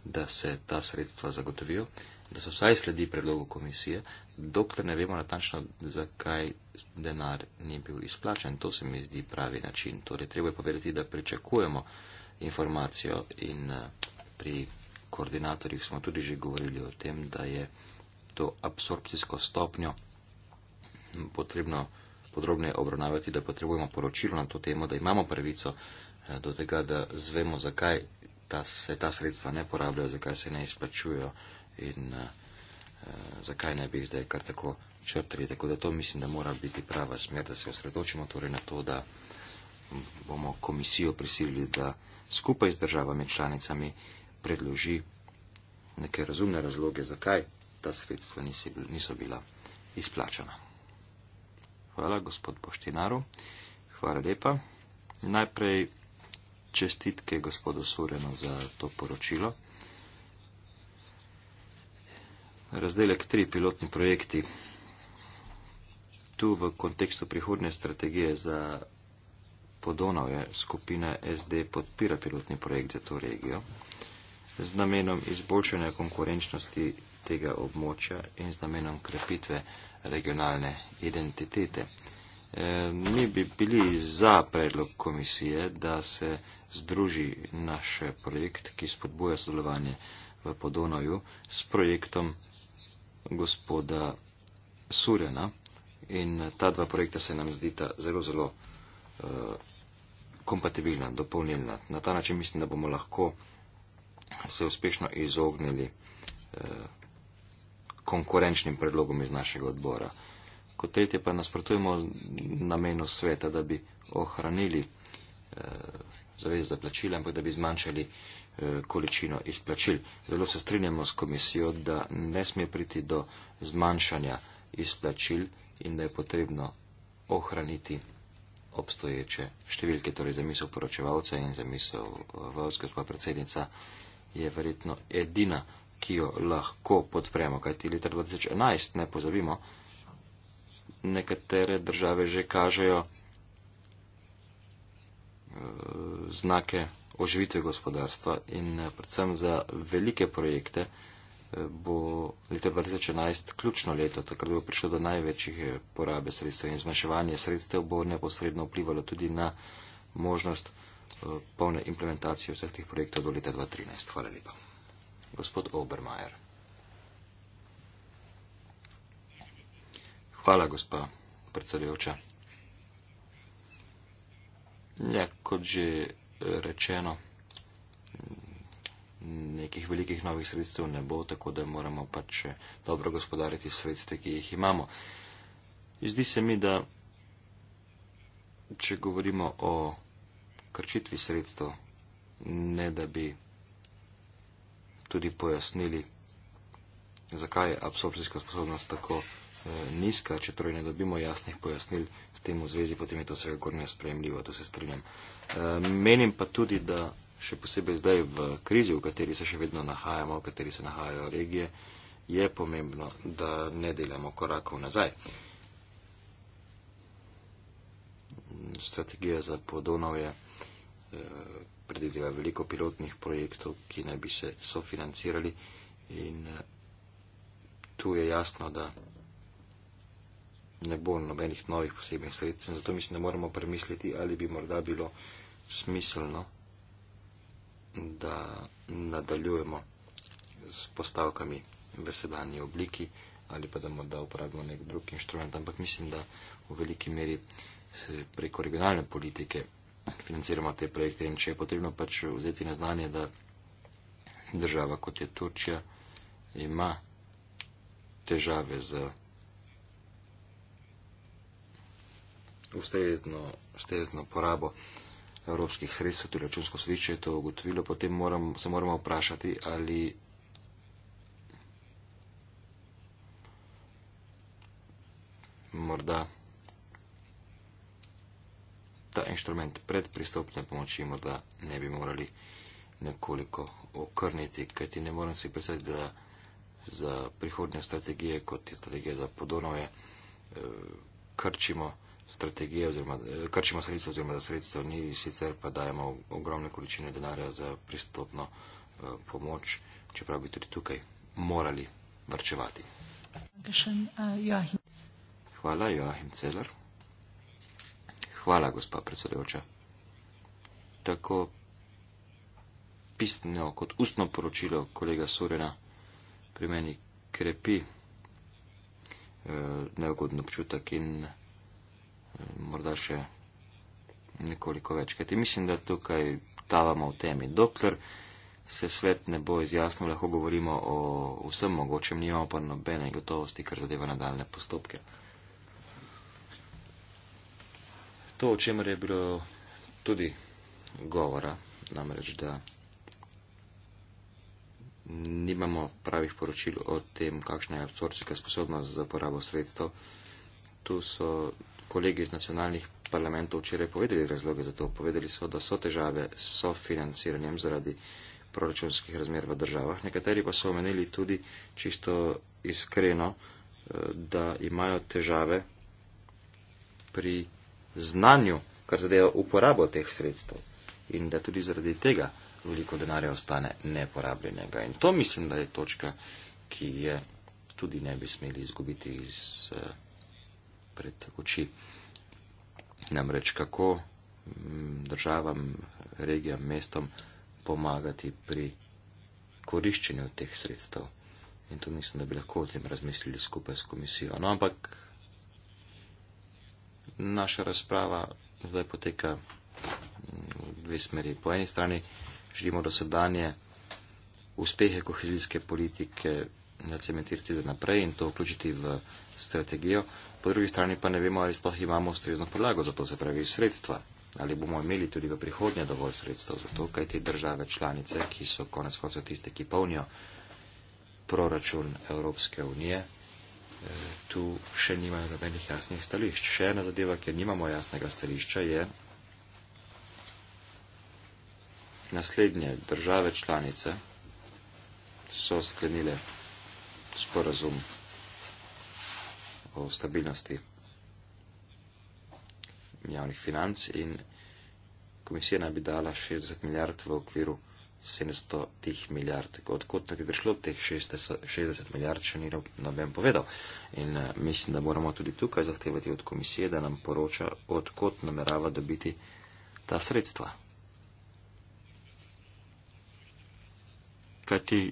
da se ta sredstva zagotovijo, da se vsaj sledi predlogu komisije, dokler ne vemo natančno, zakaj denar ni bil izplačen. To se mi zdi pravi način. Torej, treba je povedati, da pričakujemo informacijo in eh, pri koordinatorjih smo tudi že govorili o tem, da je to absorpcijsko stopnjo potrebno podrobno obravnavati, da potrebujemo poročilo na to temo, da imamo pravico eh, do tega, da zvemo, zakaj ta, se ta sredstva ne porabljajo, zakaj se ne izplačujo in uh, zakaj ne bi jih zdaj kar tako črtali. Tako da to mislim, da mora biti prava smer, da se osredotočimo torej na to, da bomo komisijo prisilili, da skupaj z državami članicami predloži neke razumne razloge, zakaj ta sredstva niso bila izplačana. Hvala, gospod Poštinaru. Hvala lepa. Najprej čestitke gospodu Sureno za to poročilo. Razdelek 3, pilotni projekti. Tu v kontekstu prihodnje strategije za Podonavje skupina SD podpira pilotni projekt za to regijo z namenom izboljšanja konkurenčnosti tega območja in z namenom krepitve regionalne identitete. E, mi bi bili za predlog komisije, da se združi naš projekt, ki spodbuja sodelovanje v Podonoju s projektom gospoda Surjana. In eh, ta dva projekta se nam zdita zelo, zelo uh, kompatibilna, dopolnilna. Na ta način mislim, da bomo lahko se uspešno izognili uh, konkurenčnim predlogom iz našega odbora. Kot tretje pa nasprotujemo namenu sveta, da bi ohranili uh, zavez za plačila, ampak da bi zmanjšali eh, količino izplačil. Zelo se strinjamo s komisijo, da ne sme priti do zmanjšanja izplačil in da je potrebno ohraniti obstoječe številke, torej za misel poročevalca in za misel eh, vojske, gospod predsednica, je verjetno edina, ki jo lahko podpremo, kajti leta 2011, ne pozabimo, nekatere države že kažejo, Eh, znake oživitve gospodarstva in eh, predvsem za velike projekte eh, bo leto 2011 ključno leto, takrat bo prišlo do največjih porabe sredstev in zmanjševanje sredstev bo neposredno vplivalo tudi na možnost polne implementacije vseh teh projektov do leta 2013. Hvala lepa. Gospod Obermajer. Hvala, gospa predsedujoča. Ja, kot že eh, rečeno, nekih velikih novih sredstev ne bo, tako da moramo pač eh, dobro gospodariti sredstve, ki jih imamo. Zdi se mi, da če govorimo o krčitvi sredstev, ne da bi tudi pojasnili, zakaj je absorpcijska sposobnost tako. Eh, nizka, če torej ne dobimo jasnih pojasnil s tem v zvezi, potem je to vsekakor nesprejemljivo, to se strinjam. Eh, menim pa tudi, da še posebej zdaj v krizi, v kateri se še vedno nahajamo, v kateri se nahajajo regije, je pomembno, da ne delamo korakov nazaj. Strategija za podonovje eh, predvideva veliko pilotnih projektov, ki naj bi se sofinancirali in tu je jasno, da ne bo nobenih novih posebnih sredstev in zato mislim, da moramo premisliti, ali bi morda bilo smiselno, da nadaljujemo s postavkami v sedanji obliki ali pa da morda uporabimo nek drug inštrument, ampak mislim, da v veliki meri se preko regionalne politike financiramo te projekte in če je potrebno pač vzeti na znanje, da država kot je Turčija ima težave z ustrezno, ustrezno porabo evropskih sredstev, tudi računsko sodišče je to ugotovilo, potem moram, se moramo vprašati, ali morda ta inštrument pred pristopne pomoči morda ne bi morali nekoliko okrniti, kajti ne morem si predstaviti, da za prihodnje strategije, kot je strategija za podonove, eh, krčimo strategije, oziroma eh, krčimo sredstva, oziroma da sredstev ni, sicer pa dajemo ogromne količine denarja za pristopno eh, pomoč, čeprav bi tudi tukaj morali vrčevati. Eh, Hvala, Joachim Celer. Hvala, gospa predsedujoča. Tako pisno kot ustno poročilo kolega Surena pri meni krepi eh, neugodno občutek in morda še nekoliko več. Kajti mislim, da tukaj tavamo v temi. Dokler se svet ne bo izjasnil, lahko govorimo o vsem mogočem, nimamo pa nobene gotovosti, kar zadeva nadaljne postopke. To, o čemer je bilo tudi govora, namreč, da nimamo pravih poročil o tem, kakšna je absorpcijska sposobnost za uporabo sredstev. Tu so kolegi iz nacionalnih parlamentov včeraj povedali razloge za to. Povedali so, da so težave s financiranjem zaradi proračunskih razmer v državah. Nekateri pa so omenili tudi čisto iskreno, eh, da imajo težave pri znanju, kar zadeva uporabo teh sredstev in da tudi zaradi tega veliko denarja ostane neporabljenega. In to mislim, da je točka, ki je tudi ne bi smeli izgubiti iz eh, pred oči. Namreč kako mm, državam, regijam, mestom pomagati pri koriščenju teh sredstev. In tu mislim, da bi lahko o tem razmislili skupaj s komisijo. No, ampak naša razprava zdaj poteka v mm, dve smeri. Po eni strani želimo dosedanje uspehe kohezijske politike nacementirati za naprej in to vključiti v strategijo, po drugi strani pa ne vemo, ali sploh imamo ustrezno podlago za to, se pravi sredstva. Ali bomo imeli tudi v prihodnje dovolj sredstev za to, kaj te države članice, ki so konec koncev tiste, ki polnijo proračun Evropske unije, eh, tu še nimajo nobenih jasnih stališč. Še ena zadeva, ker nimamo jasnega stališča, je naslednje države članice so sklenile sporazum o stabilnosti javnih financ in komisija naj bi dala 60 milijard v okviru 700 tih milijard. Odkot naj bi prišlo teh 60 milijard, še ni noben povedal. In eh, mislim, da moramo tudi tukaj zahtevati od komisije, da nam poroča, odkot namerava dobiti ta sredstva. Kajti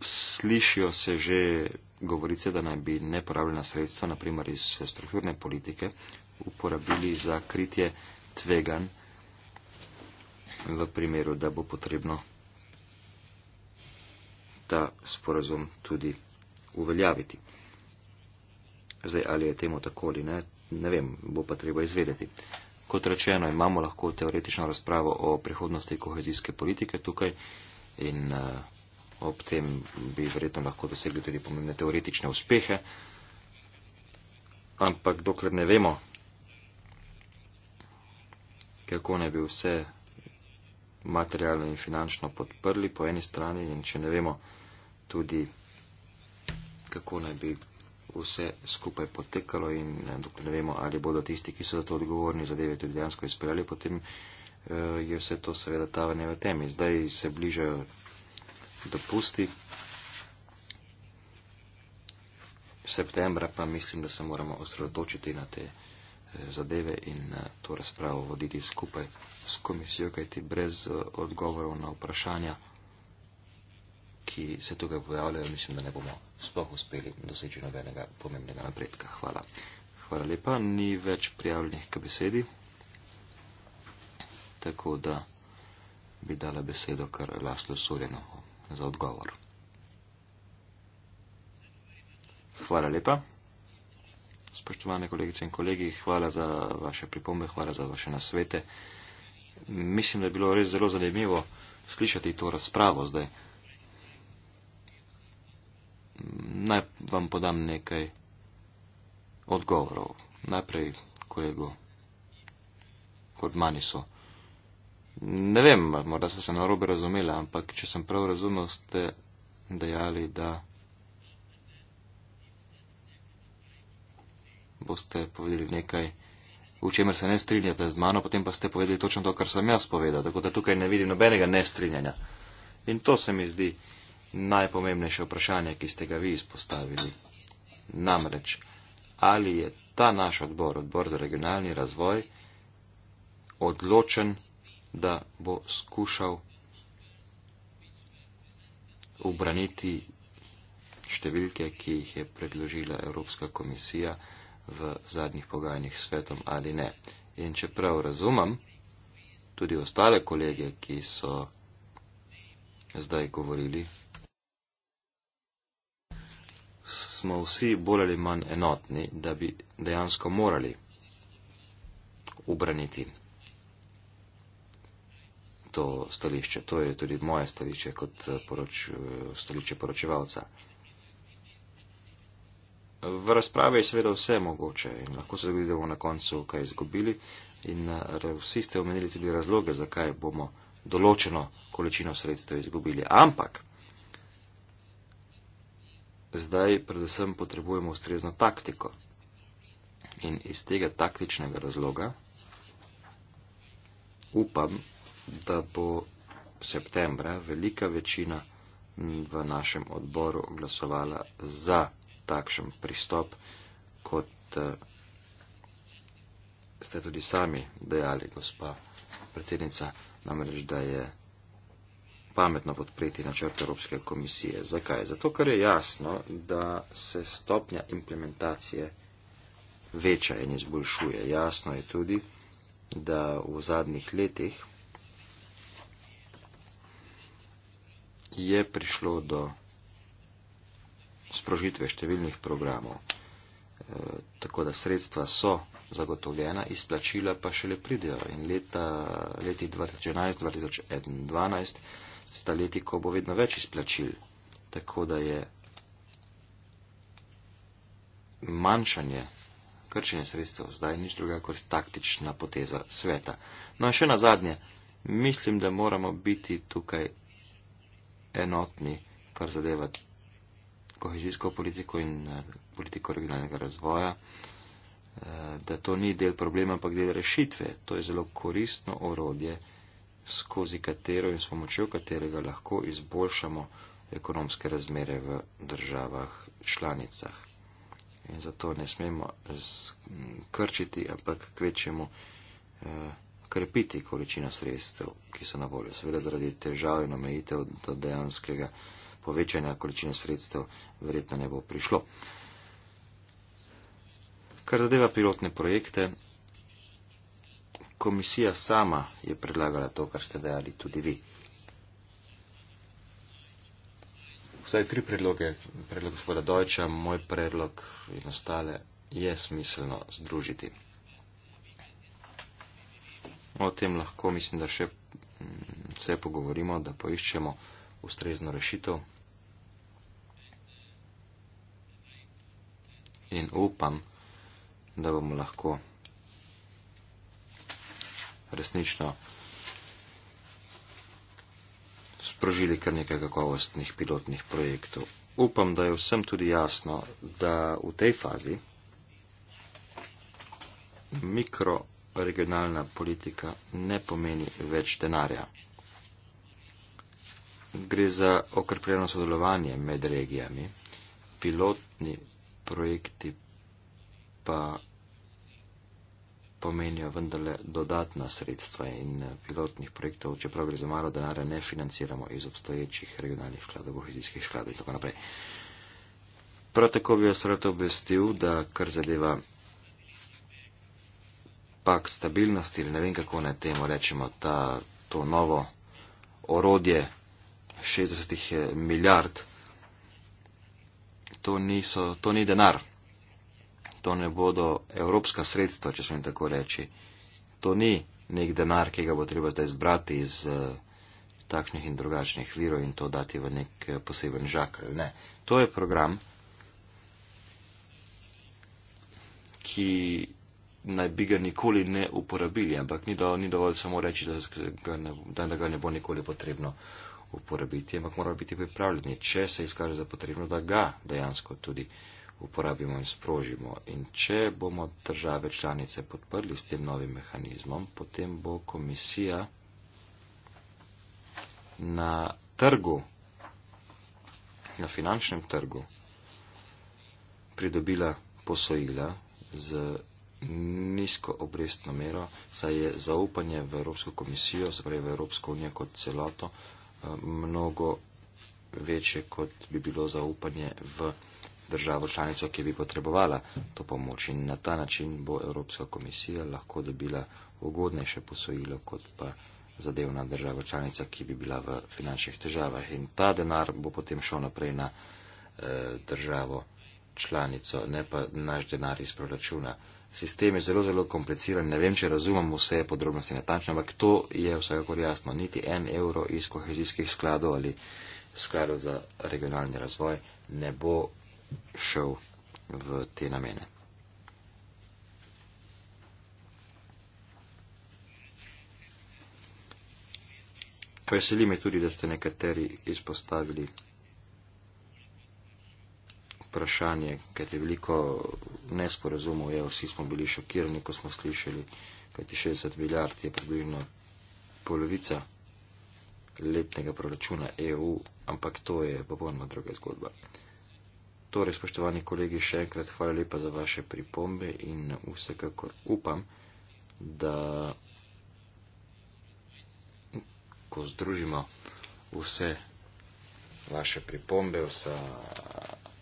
slišijo se že govorice, da naj bi neporabljena sredstva, naprimer iz strukturne politike, uporabili za kritje tvegan v primeru, da bo potrebno ta sporazum tudi uveljaviti. Zdaj, ali je temu tako ali ne, ne vem, bo pa treba izvedeti. Kot rečeno, imamo lahko teoretično razpravo o prihodnosti kohezijske politike tukaj in uh, ob tem bi verjetno lahko dosegli tudi pomembne teoretične uspehe. Ampak dokler ne vemo, kako ne bi vse materialno in finančno podprli po eni strani in če ne vemo tudi, kako naj bi vse skupaj potekalo in eh, dokler ne vemo, ali bodo tisti, ki so za to odgovorni, zadeve tudi dejansko izpeljali, potem eh, je vse to seveda tavanje v temi. Zdaj se bližajo dopusti. Septembra pa mislim, da se moramo osredotočiti na te eh, zadeve in eh, to razpravo voditi skupaj s komisijo, kajti brez eh, odgovorov na vprašanja, ki se tukaj pojavljajo, mislim, da ne bomo sploh uspeli doseči nobenega pomembnega napredka. Hvala. Hvala lepa. Ni več prijavljenih k besedi, tako da bi dala besedo kar Laslo Soljeno za odgovor. Hvala lepa. Spoštovane kolegice in kolegi, hvala za vaše pripombe, hvala za vaše nasvete. Mislim, da je bilo res zelo zanimivo slišati to razpravo zdaj. Naj vam podam nekaj odgovorov. Najprej kolego Kordmaniso. Ne vem, morda so se narobe razumele, ampak če sem prav razumel, ste dejali, da boste povedali nekaj, v čemer se ne strinjate z mano, potem pa ste povedali točno to, kar sem jaz povedal, tako da tukaj ne vidim nobenega nestrinjanja. In to se mi zdi najpomembnejše vprašanje, ki ste ga vi izpostavili. Namreč, ali je ta naš odbor, odbor za regionalni razvoj, odločen, da bo skušal obraniti številke, ki jih je predložila Evropska komisija v zadnjih pogajanjih s svetom ali ne. In čeprav razumem tudi ostale kolege, ki so zdaj govorili, smo vsi bolj ali manj enotni, da bi dejansko morali obraniti to stališče. To je tudi moje stališče kot eh, poroč, eh, stališče poročevalca. V razpravi je seveda vse mogoče in lahko se zgodi, da bomo na koncu kaj izgubili in eh, vsi ste omenili tudi razloge, zakaj bomo določeno količino sredstev izgubili. Ampak zdaj predvsem potrebujemo ustrezno taktiko in iz tega taktičnega razloga upam, da bo septembra velika večina v našem odboru glasovala za takšen pristop, kot eh, ste tudi sami dejali, gospa predsednica, namreč, da je pametno podpreti načrt Evropske komisije. Zakaj? Zato, ker je jasno, da se stopnja implementacije veča in izboljšuje. Jasno je tudi, da v zadnjih letih je prišlo do sprožitve številnih programov. E, tako da sredstva so zagotovljena, izplačila pa šele pridejo. In leta, leti 2011-2012 sta leti, ko bo vedno več izplačil. Tako da je manjšanje, krčenje sredstev zdaj nič druga kot taktična poteza sveta. No in še na zadnje, mislim, da moramo biti tukaj enotni, kar zadeva kohezijsko politiko in eh, politiko regionalnega razvoja, eh, da to ni del problema, ampak del rešitve. To je zelo koristno orodje, skozi katero in s pomočjo katerega lahko izboljšamo ekonomske razmere v državah članicah. In zato ne smemo krčiti, ampak kvečemo. Eh, krepiti količino sredstev, ki so na voljo. Seveda zaradi težav in omejitev do dejanskega povečanja količine sredstev verjetno ne bo prišlo. Kar zadeva pilotne projekte, komisija sama je predlagala to, kar ste dejali tudi vi. Vsaj tri predloge, predlog gospoda Dojča, moj predlog in ostale je smiselno združiti. O tem lahko mislim, da še vse mm, pogovorimo, da poiščemo ustrezno rešitev. In upam, da bomo lahko resnično sprožili kar nekaj kakovostnih pilotnih projektov. Upam, da je vsem tudi jasno, da v tej fazi mikro regionalna politika ne pomeni več denarja. Gre za okrepljeno sodelovanje med regijami, pilotni projekti pa pomenijo vendarle dodatna sredstva in eh, pilotnih projektov, čeprav gre za malo denarja, ne financiramo iz obstoječih regionalnih skladov, kohezijskih skladov in tako naprej. Prav tako bi vas rad obvestil, da kar zadeva pak stabilnost ali ne vem kako naj temu rečemo, ta, to novo orodje 60 eh, milijard, to, niso, to ni denar. To ne bodo evropska sredstva, če smem tako reči. To ni nek denar, ki ga bo treba zdaj zbrati iz eh, takšnih in drugačnih virov in to dati v nek eh, poseben žak. Ne. To je program, ki naj bi ga nikoli ne uporabili, ampak ni, do, ni dovolj samo reči, da ga, ne, da, da ga ne bo nikoli potrebno uporabiti, ampak moramo biti pripravljeni, če se izkaže za potrebno, da ga dejansko tudi uporabimo in sprožimo. In če bomo države članice podprli s tem novim mehanizmom, potem bo komisija na trgu, na finančnem trgu, pridobila posojila z nizko obrestno mero, saj je zaupanje v Evropsko komisijo, zdaj v Evropsko unijo kot celoto, eh, mnogo večje, kot bi bilo zaupanje v državo članico, ki bi potrebovala to pomoč. In na ta način bo Evropska komisija lahko dobila ugodnejše posojilo, kot pa zadevna država članica, ki bi bila v finančnih težavah. In ta denar bo potem šel naprej na eh, državo članico, ne pa naš denar iz proračuna sistem je zelo, zelo kompliciran, ne vem, če razumem vse podrobnosti natančno, ampak to je vsekakor jasno. Niti en evro iz kohezijskih skladov ali skladov za regionalni razvoj ne bo šel v te namene. Veseli me tudi, da ste nekateri izpostavili vprašanje, kajti veliko nesporazumov je, vsi smo bili šokirani, ko smo slišali, kajti 60 milijard je približno polovica letnega proračuna EU, ampak to je popolnoma druga zgodba. Torej, spoštovani kolegi, še enkrat hvala lepa za vaše pripombe in vsekakor upam, da ko združimo vse vaše pripombe, vsa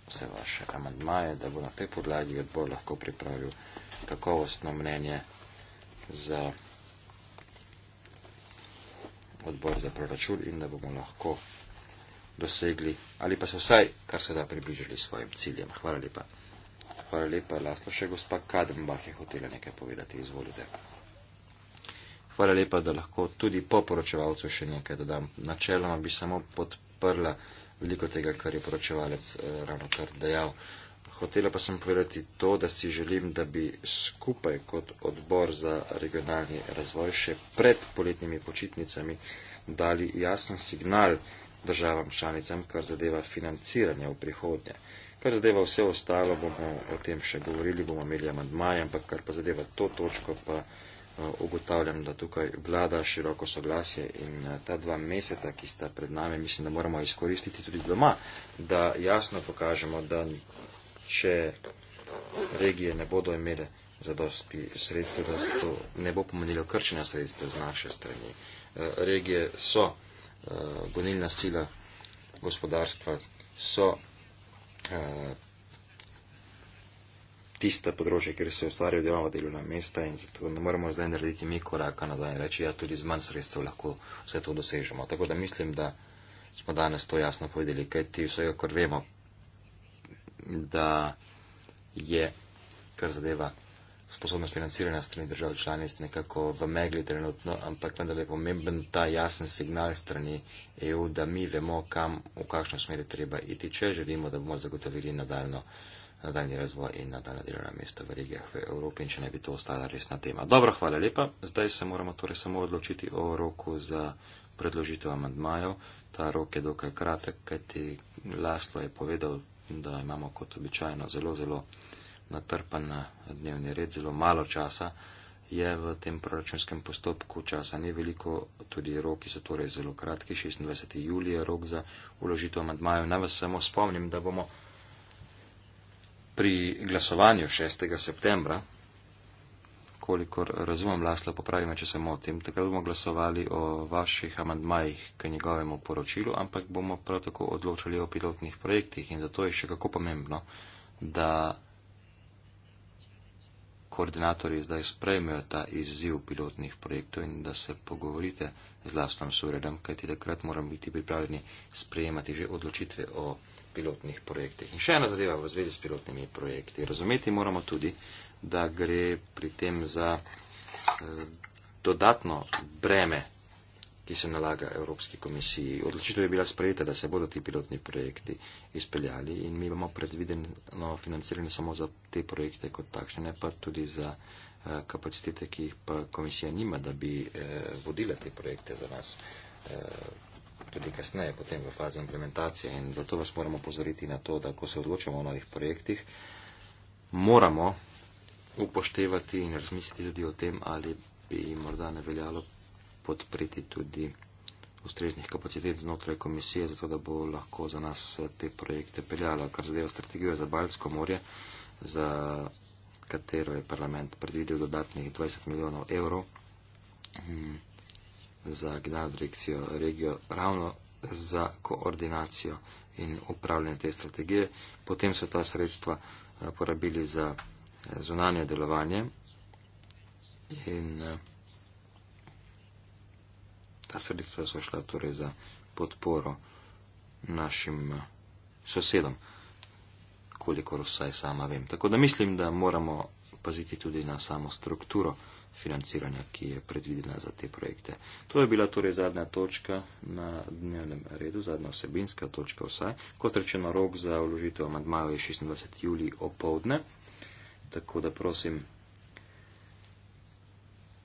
vse vaše amandmaje, da bo na tej podlagi odbor lahko pripravil kakovostno mnenje za odbor za proračun in da bomo lahko dosegli ali pa se vsaj kar se da približili svojim ciljem. Hvala lepa. Hvala lepa, lasno še gospa Kadenbach je hotela nekaj povedati, izvolite. Hvala lepa, da lahko tudi po poročevalcu še nekaj dodam. Načeloma bi samo podprla veliko tega, kar je poročevalec eh, ravno kar dejal. Hotela pa sem povedati to, da si želim, da bi skupaj kot odbor za regionalni razvoj še pred poletnimi počitnicami dali jasen signal državam članicam, kar zadeva financiranje v prihodnje. Kar zadeva vse ostalo, bomo o tem še govorili, bomo imeli amandmaje, ampak kar pa zadeva to točko, pa ugotavljam, da tukaj vlada široko soglasje in eh, ta dva meseca, ki sta pred nami, mislim, da moramo izkoristiti tudi doma, da jasno pokažemo, da če regije ne bodo imele zadosti sredstev, da to ne bo pomenilo krčenja sredstev z naše strani. Eh, regije so eh, gonilna sila gospodarstva, so tista področja, kjer se ustvarjajo delovna delovna mesta in zato ne moramo zdaj narediti mi koraka nazaj in reči, ja, tudi z manj sredstev lahko vse to dosežemo. Tako da mislim, da smo danes to jasno povedali, kaj ti vsega, kar vemo, da je, kar zadeva sposobnost financiranja strani držav članic nekako v megli trenutno, ampak vendar je pomemben ta jasen signal strani EU, da mi vemo, kam, v kakšno smer je treba iti, če želimo, da bomo zagotovili nadaljno nadaljni razvoj in nadaljna delovna mesta v regijah v Evropi in če ne bi to ostala resna tema. Dobro, hvala lepa. Zdaj se moramo torej samo odločiti o roku za predložitev amandmajev. Ta rok je dokaj kratek, kajti Laslo je povedal, da imamo kot običajno zelo, zelo natrpan dnevni red, zelo malo časa je v tem proračunskem postopku, časa ni veliko, tudi roki so torej zelo kratki, 26. julij je rok za uložitev amandmajev. Naj vas samo spomnim, da bomo pri glasovanju 6. septembra, kolikor razumem, Laslo, popravim, če se motim, takrat bomo glasovali o vaših amandmajih k njegovemu poročilu, ampak bomo prav tako odločali o pilotnih projektih in zato je še kako pomembno, da koordinatorji zdaj sprejmejo ta izziv pilotnih projektov in da se pogovorite z lastnom suredom, kajti takrat moram biti pripravljeni sprejemati že odločitve o pilotnih projektih. In še ena zadeva v zvezi s pilotnimi projekti. Razumeti moramo tudi, da gre pri tem za eh, dodatno breme, ki se nalaga Evropski komisiji. Odločitev je bila sprejeta, da se bodo ti pilotni projekti izpeljali in mi bomo predvideno financirani samo za te projekte kot takšne, ne pa tudi za eh, kapacitete, ki jih pa komisija nima, da bi eh, vodila te projekte za nas tudi kasneje, potem v fazi implementacije. In zato vas moramo pozoriti na to, da ko se odločamo o novih projektih, moramo upoštevati in razmisliti tudi o tem, ali bi morda ne veljalo podpreti tudi ustreznih kapacitet znotraj komisije, zato da bo lahko za nas te projekte peljala, kar zadeva strategijo za Baljsko morje, za katero je parlament predvidel dodatnih 20 milijonov evrov. Hmm za generalno direkcijo regijo, ravno za koordinacijo in upravljanje te strategije. Potem so ta sredstva eh, porabili za eh, zunanje delovanje in eh, ta sredstva so šla torej za podporo našim sosedom, kolikor vsaj sama vem. Tako da mislim, da moramo paziti tudi na samo strukturo financiranja, ki je predvidena za te projekte. To je bila torej zadnja točka na dnevnem redu, zadnja osebinska točka vsaj. Kot rečeno, rok za vložitev amadmajev je 26. juli opovdne, tako da prosim.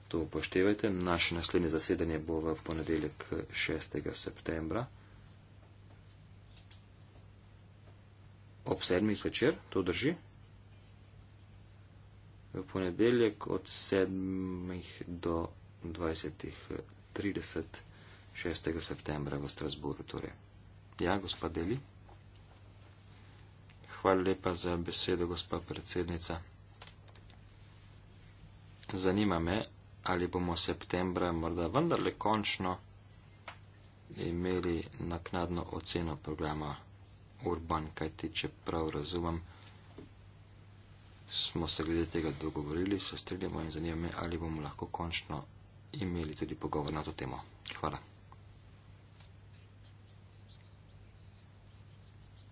To upoštevajte. Naše naslednje zasedanje bo v ponedeljek 6. septembra ob 7. večer, to drži v ponedeljek od 7. do 20. 30. 6. septembra v Strasburu. Torej. Ja, gospa Deli. Hvala lepa za besedo, gospa predsednica. Zanima me, ali bomo septembra morda vendarle končno imeli naknadno oceno programa Urban, kajti, če prav razumem, smo se glede tega dogovorili, se strinjamo in zanima me, ali bomo lahko končno imeli tudi pogovor na to temo. Hvala.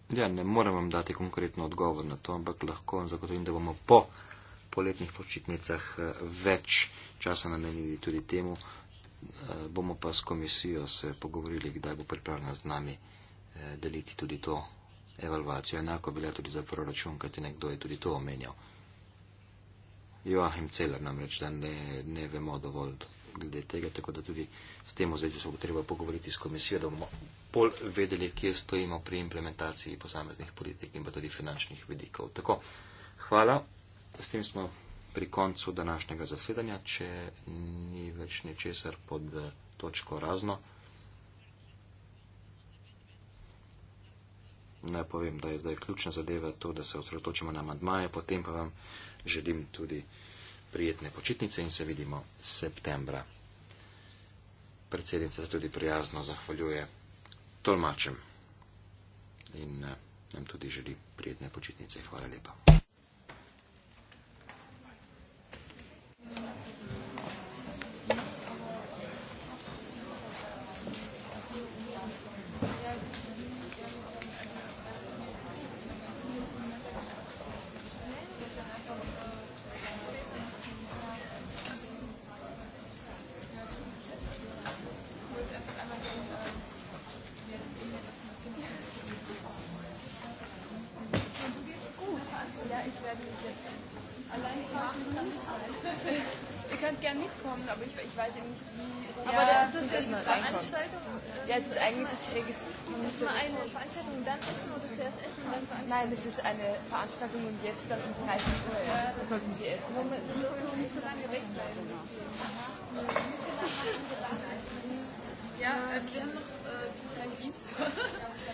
Ja, ne morem vam dati konkretno odgovor na to, ampak lahko vam zagotovim, da bomo po poletnih počitnicah eh, več časa namenili tudi temu. Eh, bomo pa s komisijo se pogovorili, kdaj bo pripravljena z nami eh, deliti tudi to evalvacijo. Enako velja tudi za proračun, kajti nekdo je tudi to omenjal. Joachim Celer namreč, da ne, ne vemo dovolj glede tega, tako da tudi s tem ozadju se bo treba pogovoriti s komisijo, da bomo bolj vedeli, kje stojimo pri implementaciji posameznih politik in pa tudi finančnih vedikov. Tako, hvala. S tem smo pri koncu današnjega zasedanja, če ni več ničesar pod eh, točko razno. Naj povem, da je zdaj ključna zadeva to, da se osredotočimo na madmaje, potem pa vam želim tudi prijetne počitnice in se vidimo septembra. Predsednica se tudi prijazno zahvaljuje tolmačem in eh, nam tudi želi prijetne počitnice. Hvala lepa. Vorbereitung und jetzt dann um 30 Uhr. Ja, das sollten Sie essen. Moment, das ist noch nicht so lange weg bleiben.